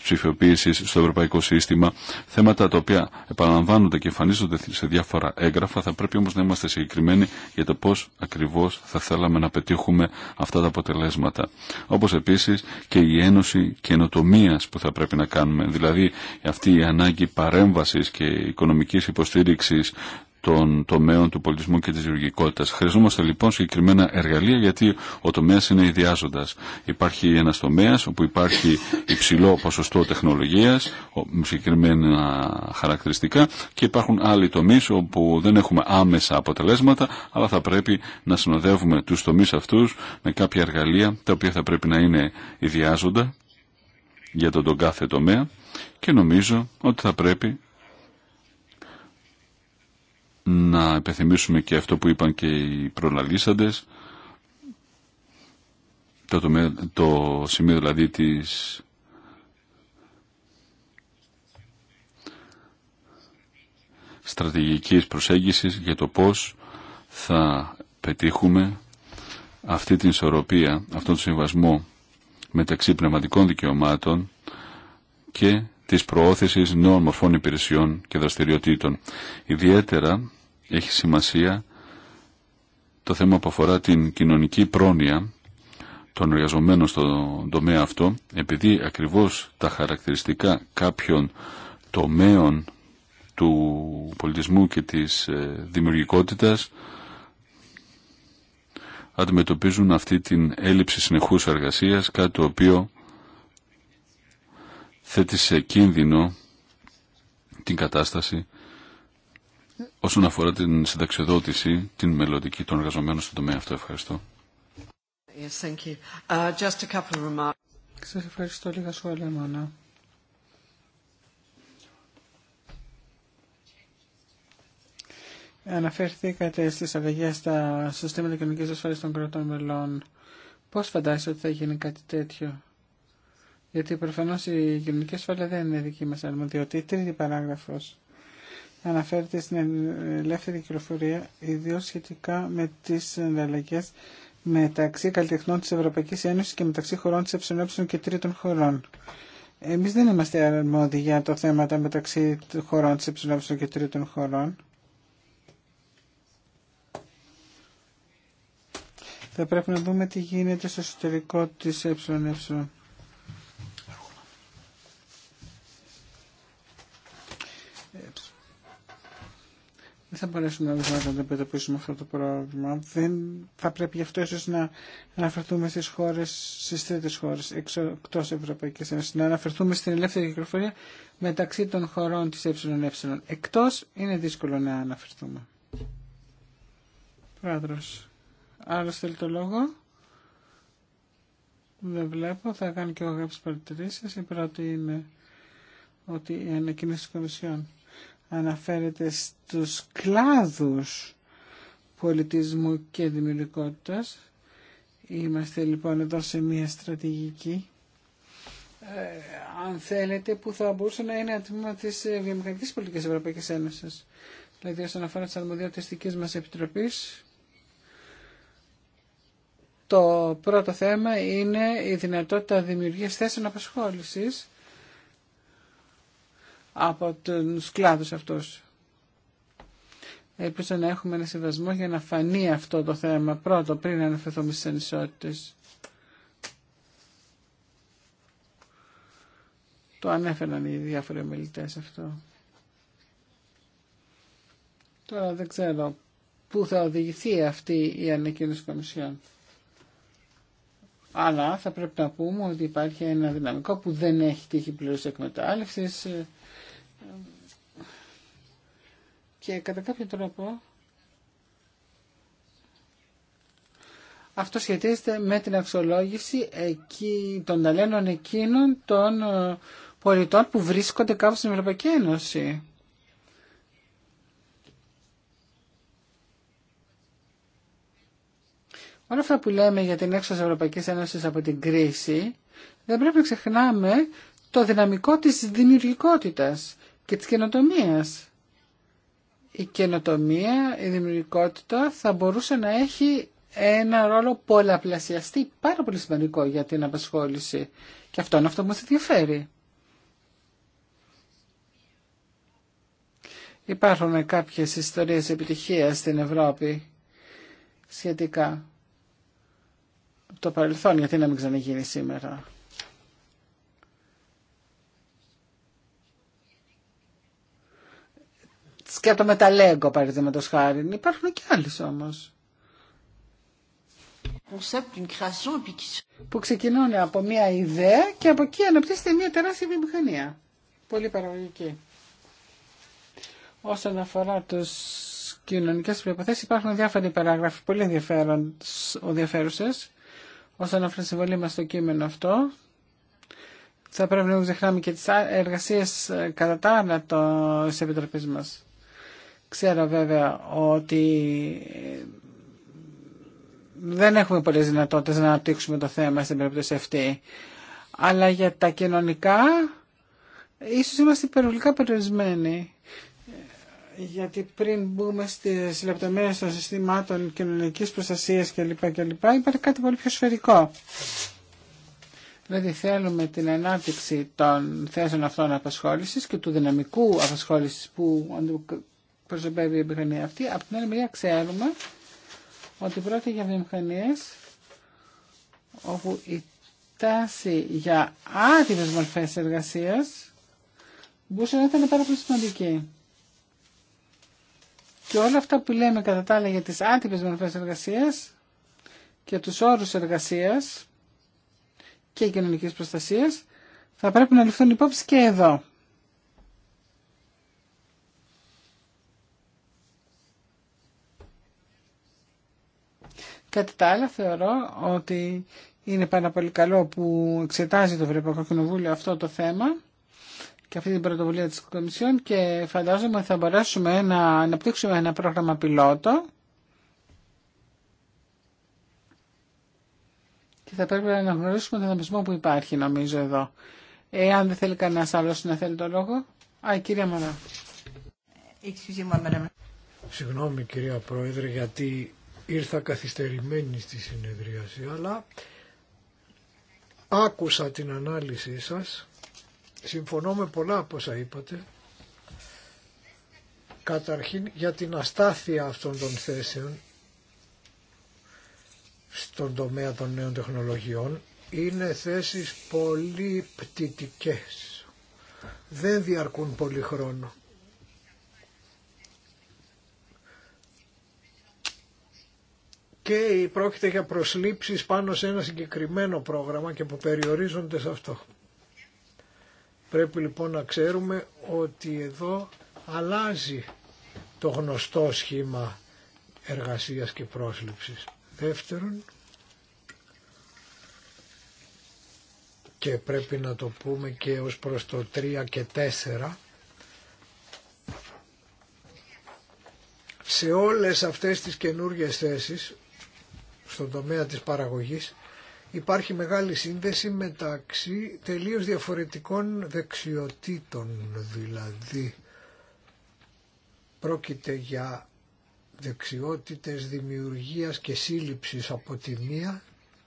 ψηφιοποίηση στο ευρωπαϊκό σύστημα, θέματα τα οποία επαναλαμβάνονται και εμφανίζονται σε διάφορα έγγραφα, θα πρέπει όμω να είμαστε συγκεκριμένοι για το πώ ακριβώ θα θέλαμε να πετύχουμε αυτά τα αποτελέσματα. Όπω επίση και η ένωση καινοτομία που θα πρέπει να κάνουμε, δηλαδή αυτή η ανάγκη παρέμβαση και οικονομική υποστήριξη των τομέων του πολιτισμού και της γεωργικότητας. Χρειαζόμαστε λοιπόν συγκεκριμένα εργαλεία γιατί ο τομέας είναι ιδιάζοντας. Υπάρχει ένας τομέας όπου υπάρχει υψηλό ποσοστό τεχνολογίας, συγκεκριμένα χαρακτηριστικά και υπάρχουν άλλοι τομείς όπου δεν έχουμε άμεσα αποτελέσματα αλλά θα πρέπει να συνοδεύουμε τους τομείς αυτούς με κάποια εργαλεία τα οποία θα πρέπει να είναι ιδιάζοντα για τον κάθε τομέα και νομίζω ότι θα πρέπει να υπενθυμίσουμε και αυτό που είπαν και οι προλαλήσαντες το, σημείο δηλαδή της στρατηγικής προσέγγισης για το πώς θα πετύχουμε αυτή την ισορροπία, αυτόν τον συμβασμό μεταξύ πνευματικών δικαιωμάτων και Τη προώθηση νέων μορφών υπηρεσιών και δραστηριοτήτων. Ιδιαίτερα έχει σημασία το θέμα που αφορά την κοινωνική πρόνοια των εργαζομένων στον τομέα αυτό, επειδή ακριβώς τα χαρακτηριστικά κάποιων τομέων του πολιτισμού και της ε, δημιουργικότητας αντιμετωπίζουν αυτή την έλλειψη συνεχούς εργασίας, κάτι το οποίο θέτει σε κίνδυνο την κατάσταση όσον αφορά την συνταξιοδότηση, την μελλοντική των εργαζομένων στον τομέα αυτό. Ευχαριστώ. Yes, thank you. Uh, just a couple of remarks. Σας ευχαριστώ λίγα σχόλια μόνο. Αναφέρθηκατε στι αλλαγές στα συστήματα κοινωνικής ασφάλισης των πρώτων μελών. Πώς φαντάζεστε ότι θα γίνει κάτι τέτοιο. Γιατί προφανώ η κοινωνική ασφάλεια δεν είναι δική μα αρμοδιότητα. Η τρίτη παράγραφο αναφέρεται στην ελεύθερη κυκλοφορία, ιδίω σχετικά με τι ανταλλαγέ μεταξύ καλλιτεχνών τη Ευρωπαϊκή Ένωση και μεταξύ χωρών τη ΕΕ και τρίτων χωρών. Εμεί δεν είμαστε αρμόδιοι για το θέματα μεταξύ χωρών τη ΕΕ και τρίτων χωρών. Θα πρέπει να δούμε τι γίνεται στο εσωτερικό της ΕΕ. δεν θα μπορέσουμε να δούμε να αντιμετωπίσουμε αυτό το πρόβλημα. Δεν θα πρέπει γι' αυτό ίσω να αναφερθούμε στι χώρε, στι τρίτε χώρε εκτό Ευρωπαϊκή Ένωση, να αναφερθούμε στην ελεύθερη κυκλοφορία μεταξύ των χωρών τη ΕΕ. Εκτό είναι δύσκολο να αναφερθούμε. Πρόεδρο, άλλο θέλει το λόγο. Δεν βλέπω, θα κάνω και εγώ κάποιε παρατηρήσει. Η πρώτη είναι ότι η ανακοίνωση τη Κομισιόν αναφέρεται στους κλάδους πολιτισμού και δημιουργικότητας. Είμαστε λοιπόν εδώ σε μια στρατηγική, ε, αν θέλετε, που θα μπορούσε να είναι ένα τμήμα της βιομηχανικής πολιτικής Ευρωπαϊκής Ένωσης. Δηλαδή όσον αφορά τις αρμοδιότητες δικής μας επιτροπής, το πρώτο θέμα είναι η δυνατότητα δημιουργίας θέσεων απασχόλησης από τον κλάδους αυτούς. Ελπίζω να έχουμε ένα συμβασμό για να φανεί αυτό το θέμα πρώτο πριν να αναφερθούμε στις Το ανέφεραν οι διάφοροι ομιλητέ αυτό. Τώρα δεν ξέρω πού θα οδηγηθεί αυτή η ανακοίνωση Κομισιόν. Αλλά θα πρέπει να πούμε ότι υπάρχει ένα δυναμικό που δεν έχει τύχει πλήρως εκμετάλλευσης ε, και κατά κάποιο τρόπο αυτό σχετίζεται με την αξιολόγηση εκεί, των ταλένων εκείνων των ε, πολιτών που βρίσκονται κάπου στην Ευρωπαϊκή Ένωση. Όλα αυτά που λέμε για την έξοδο της Ευρωπαϊκής Ένωσης από την κρίση, δεν πρέπει να ξεχνάμε το δυναμικό της δημιουργικότητας και της καινοτομίας. Η καινοτομία, η δημιουργικότητα θα μπορούσε να έχει ένα ρόλο πολλαπλασιαστή, πάρα πολύ σημαντικό για την απασχόληση. Και αυτό είναι αυτό που μας ενδιαφέρει. Υπάρχουν κάποιες ιστορίες επιτυχίας στην Ευρώπη σχετικά το παρελθόν, γιατί να μην ξαναγίνει σήμερα. σκέπτομαι τα Λέγκο παραδείγματο χάρη. Υπάρχουν και άλλες όμως. Που ξεκινούν από μια ιδέα και από εκεί αναπτύσσεται μια τεράστια βιομηχανία. Πολύ παραγωγική. Όσον αφορά τους κοινωνικές προϋποθέσεις υπάρχουν διάφοροι παράγραφοι πολύ ενδιαφέρουσες όσον αφορά συμβολή μας στο κείμενο αυτό. Θα πρέπει να ξεχνάμε και τις εργασίες ε, κατά τα άλλα τη Επιτροπής μας. Ξέρω βέβαια ότι δεν έχουμε πολλές δυνατότητες να αναπτύξουμε το θέμα στην περίπτωση αυτή. Αλλά για τα κοινωνικά, ίσως είμαστε υπερβολικά περιορισμένοι. Γιατί πριν μπούμε στις λεπτομέρειες των συστημάτων κοινωνικής προστασίας κλπ. κλπ υπάρχει κάτι πολύ πιο σφαιρικό. Δηλαδή θέλουμε την ανάπτυξη των θέσεων αυτών απασχόλησης και του δυναμικού απασχόλησης που προσωπεύει η βιομηχανία αυτή. Από την άλλη μεριά ξέρουμε ότι πρόκειται για βιομηχανίε όπου η τάση για άτυπες μορφέ εργασία μπορούσε να ήταν πάρα πολύ σημαντική. Και όλα αυτά που λέμε κατά τα άλλα για τις άτυπες μορφέ εργασία και τους όρους εργασία και κοινωνική προστασία, θα πρέπει να ληφθούν υπόψη και εδώ. Κατά τα άλλα θεωρώ ότι είναι πάρα πολύ καλό που εξετάζει το Ευρωπαϊκό Κοινοβούλιο αυτό το θέμα και αυτή την πρωτοβουλία της Κομισιόν και φαντάζομαι ότι θα μπορέσουμε να αναπτύξουμε ένα πρόγραμμα πιλότο και θα πρέπει να αναγνωρίσουμε τον δανεισμό που υπάρχει νομίζω εδώ. Εάν δεν θέλει κανένα άλλο να θέλει το λόγο. Α, η κυρία Μαρά. Συγγνώμη κυρία Πρόεδρε γιατί ήρθα καθυστερημένη στη συνεδρίαση, αλλά άκουσα την ανάλυση σας, συμφωνώ με πολλά από όσα είπατε, καταρχήν για την αστάθεια αυτών των θέσεων στον τομέα των νέων τεχνολογιών, είναι θέσεις πολύ πτυτικές. Δεν διαρκούν πολύ χρόνο. και πρόκειται για προσλήψεις πάνω σε ένα συγκεκριμένο πρόγραμμα και που περιορίζονται σε αυτό. Πρέπει λοιπόν να ξέρουμε ότι εδώ αλλάζει το γνωστό σχήμα εργασίας και πρόσληψης. Δεύτερον, και πρέπει να το πούμε και ως προς το 3 και 4, σε όλες αυτές τις καινούργιες θέσεις στον τομέα της παραγωγής υπάρχει μεγάλη σύνδεση μεταξύ τελείως διαφορετικών δεξιοτήτων δηλαδή πρόκειται για δεξιότητες δημιουργίας και σύλληψης από τη μία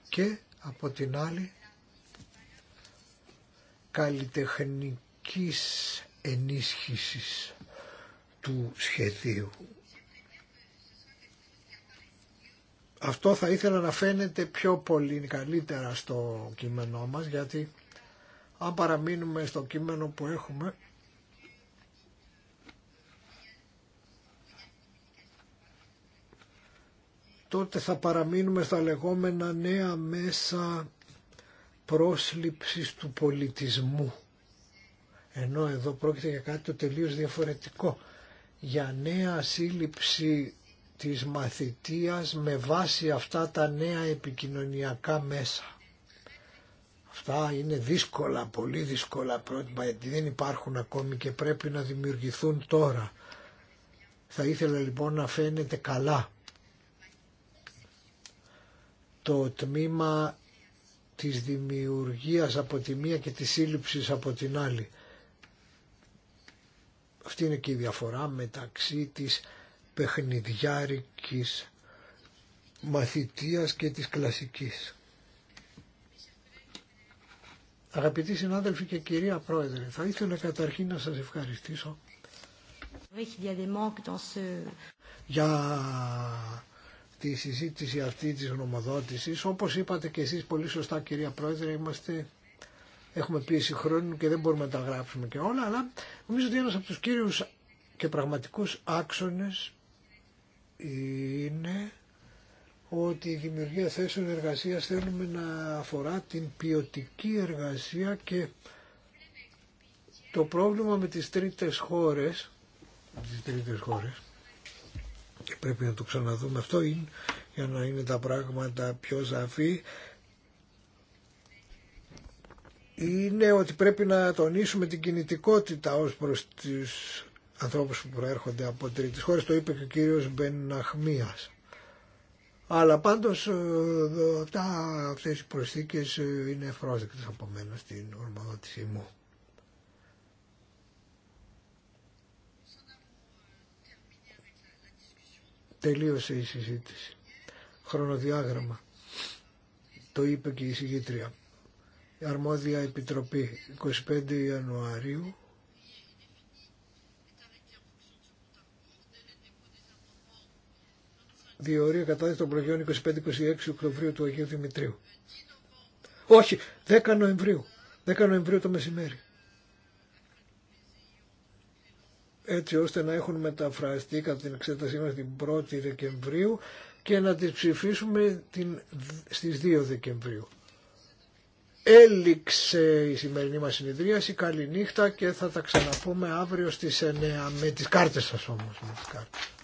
και από την άλλη καλλιτεχνικής ενίσχυσης του σχεδίου Αυτό θα ήθελα να φαίνεται πιο πολύ καλύτερα στο κείμενό μας γιατί αν παραμείνουμε στο κείμενο που έχουμε τότε θα παραμείνουμε στα λεγόμενα νέα μέσα πρόσληψης του πολιτισμού. Ενώ εδώ πρόκειται για κάτι το τελείως διαφορετικό. Για νέα σύλληψη της μαθητείας με βάση αυτά τα νέα επικοινωνιακά μέσα. Αυτά είναι δύσκολα, πολύ δύσκολα πρότυπα, γιατί δεν υπάρχουν ακόμη και πρέπει να δημιουργηθούν τώρα. Θα ήθελα λοιπόν να φαίνεται καλά το τμήμα της δημιουργίας από τη μία και της σύλληψης από την άλλη. Αυτή είναι και η διαφορά μεταξύ της παιχνιδιάρικης μαθητείας και της κλασικής. Αγαπητοί συνάδελφοι και κυρία Πρόεδρε, θα ήθελα καταρχήν να σας ευχαριστήσω για τη συζήτηση αυτή της γνωμοδότησης. Όπως είπατε και εσείς πολύ σωστά κυρία Πρόεδρε, είμαστε, έχουμε πίεση χρόνου και δεν μπορούμε να τα γράψουμε και όλα, αλλά νομίζω ότι ένας από τους κύριους και πραγματικούς άξονες είναι ότι η δημιουργία θέσεων εργασίας θέλουμε να αφορά την ποιοτική εργασία και το πρόβλημα με τις τρίτες χώρες, τις τρίτες χώρες και πρέπει να το ξαναδούμε αυτό είναι, για να είναι τα πράγματα πιο σαφή είναι ότι πρέπει να τονίσουμε την κινητικότητα ως προς τις ανθρώπους που προέρχονται από τρίτες χώρες, το είπε και ο κύριος Μπεναχμίας. Αλλά πάντως ε, αυτά, αυτές οι προσθήκες ε, είναι ευπρόσδεκτες από μένα στην ορμαδότησή μου. Τελείωσε η συζήτηση. Χρονοδιάγραμμα. Το είπε και η συγγήτρια. Αρμόδια Επιτροπή 25 Ιανουαρίου διορία κατάδειξη των προγειων 25 25-26 Οκτωβρίου του Αγίου Δημητρίου. Όχι, 10 Νοεμβρίου. 10 Νοεμβρίου το μεσημέρι. Έτσι ώστε να έχουν μεταφραστεί κατά την εξέτασή μας την 1η Δεκεμβρίου και να τις ψηφίσουμε την, στις 2 Δεκεμβρίου. Έληξε η σημερινή μας συνειδρίαση. καλή και θα τα ξαναπούμε αύριο στις 9 με τις κάρτες σας όμως. Με τις κάρτες.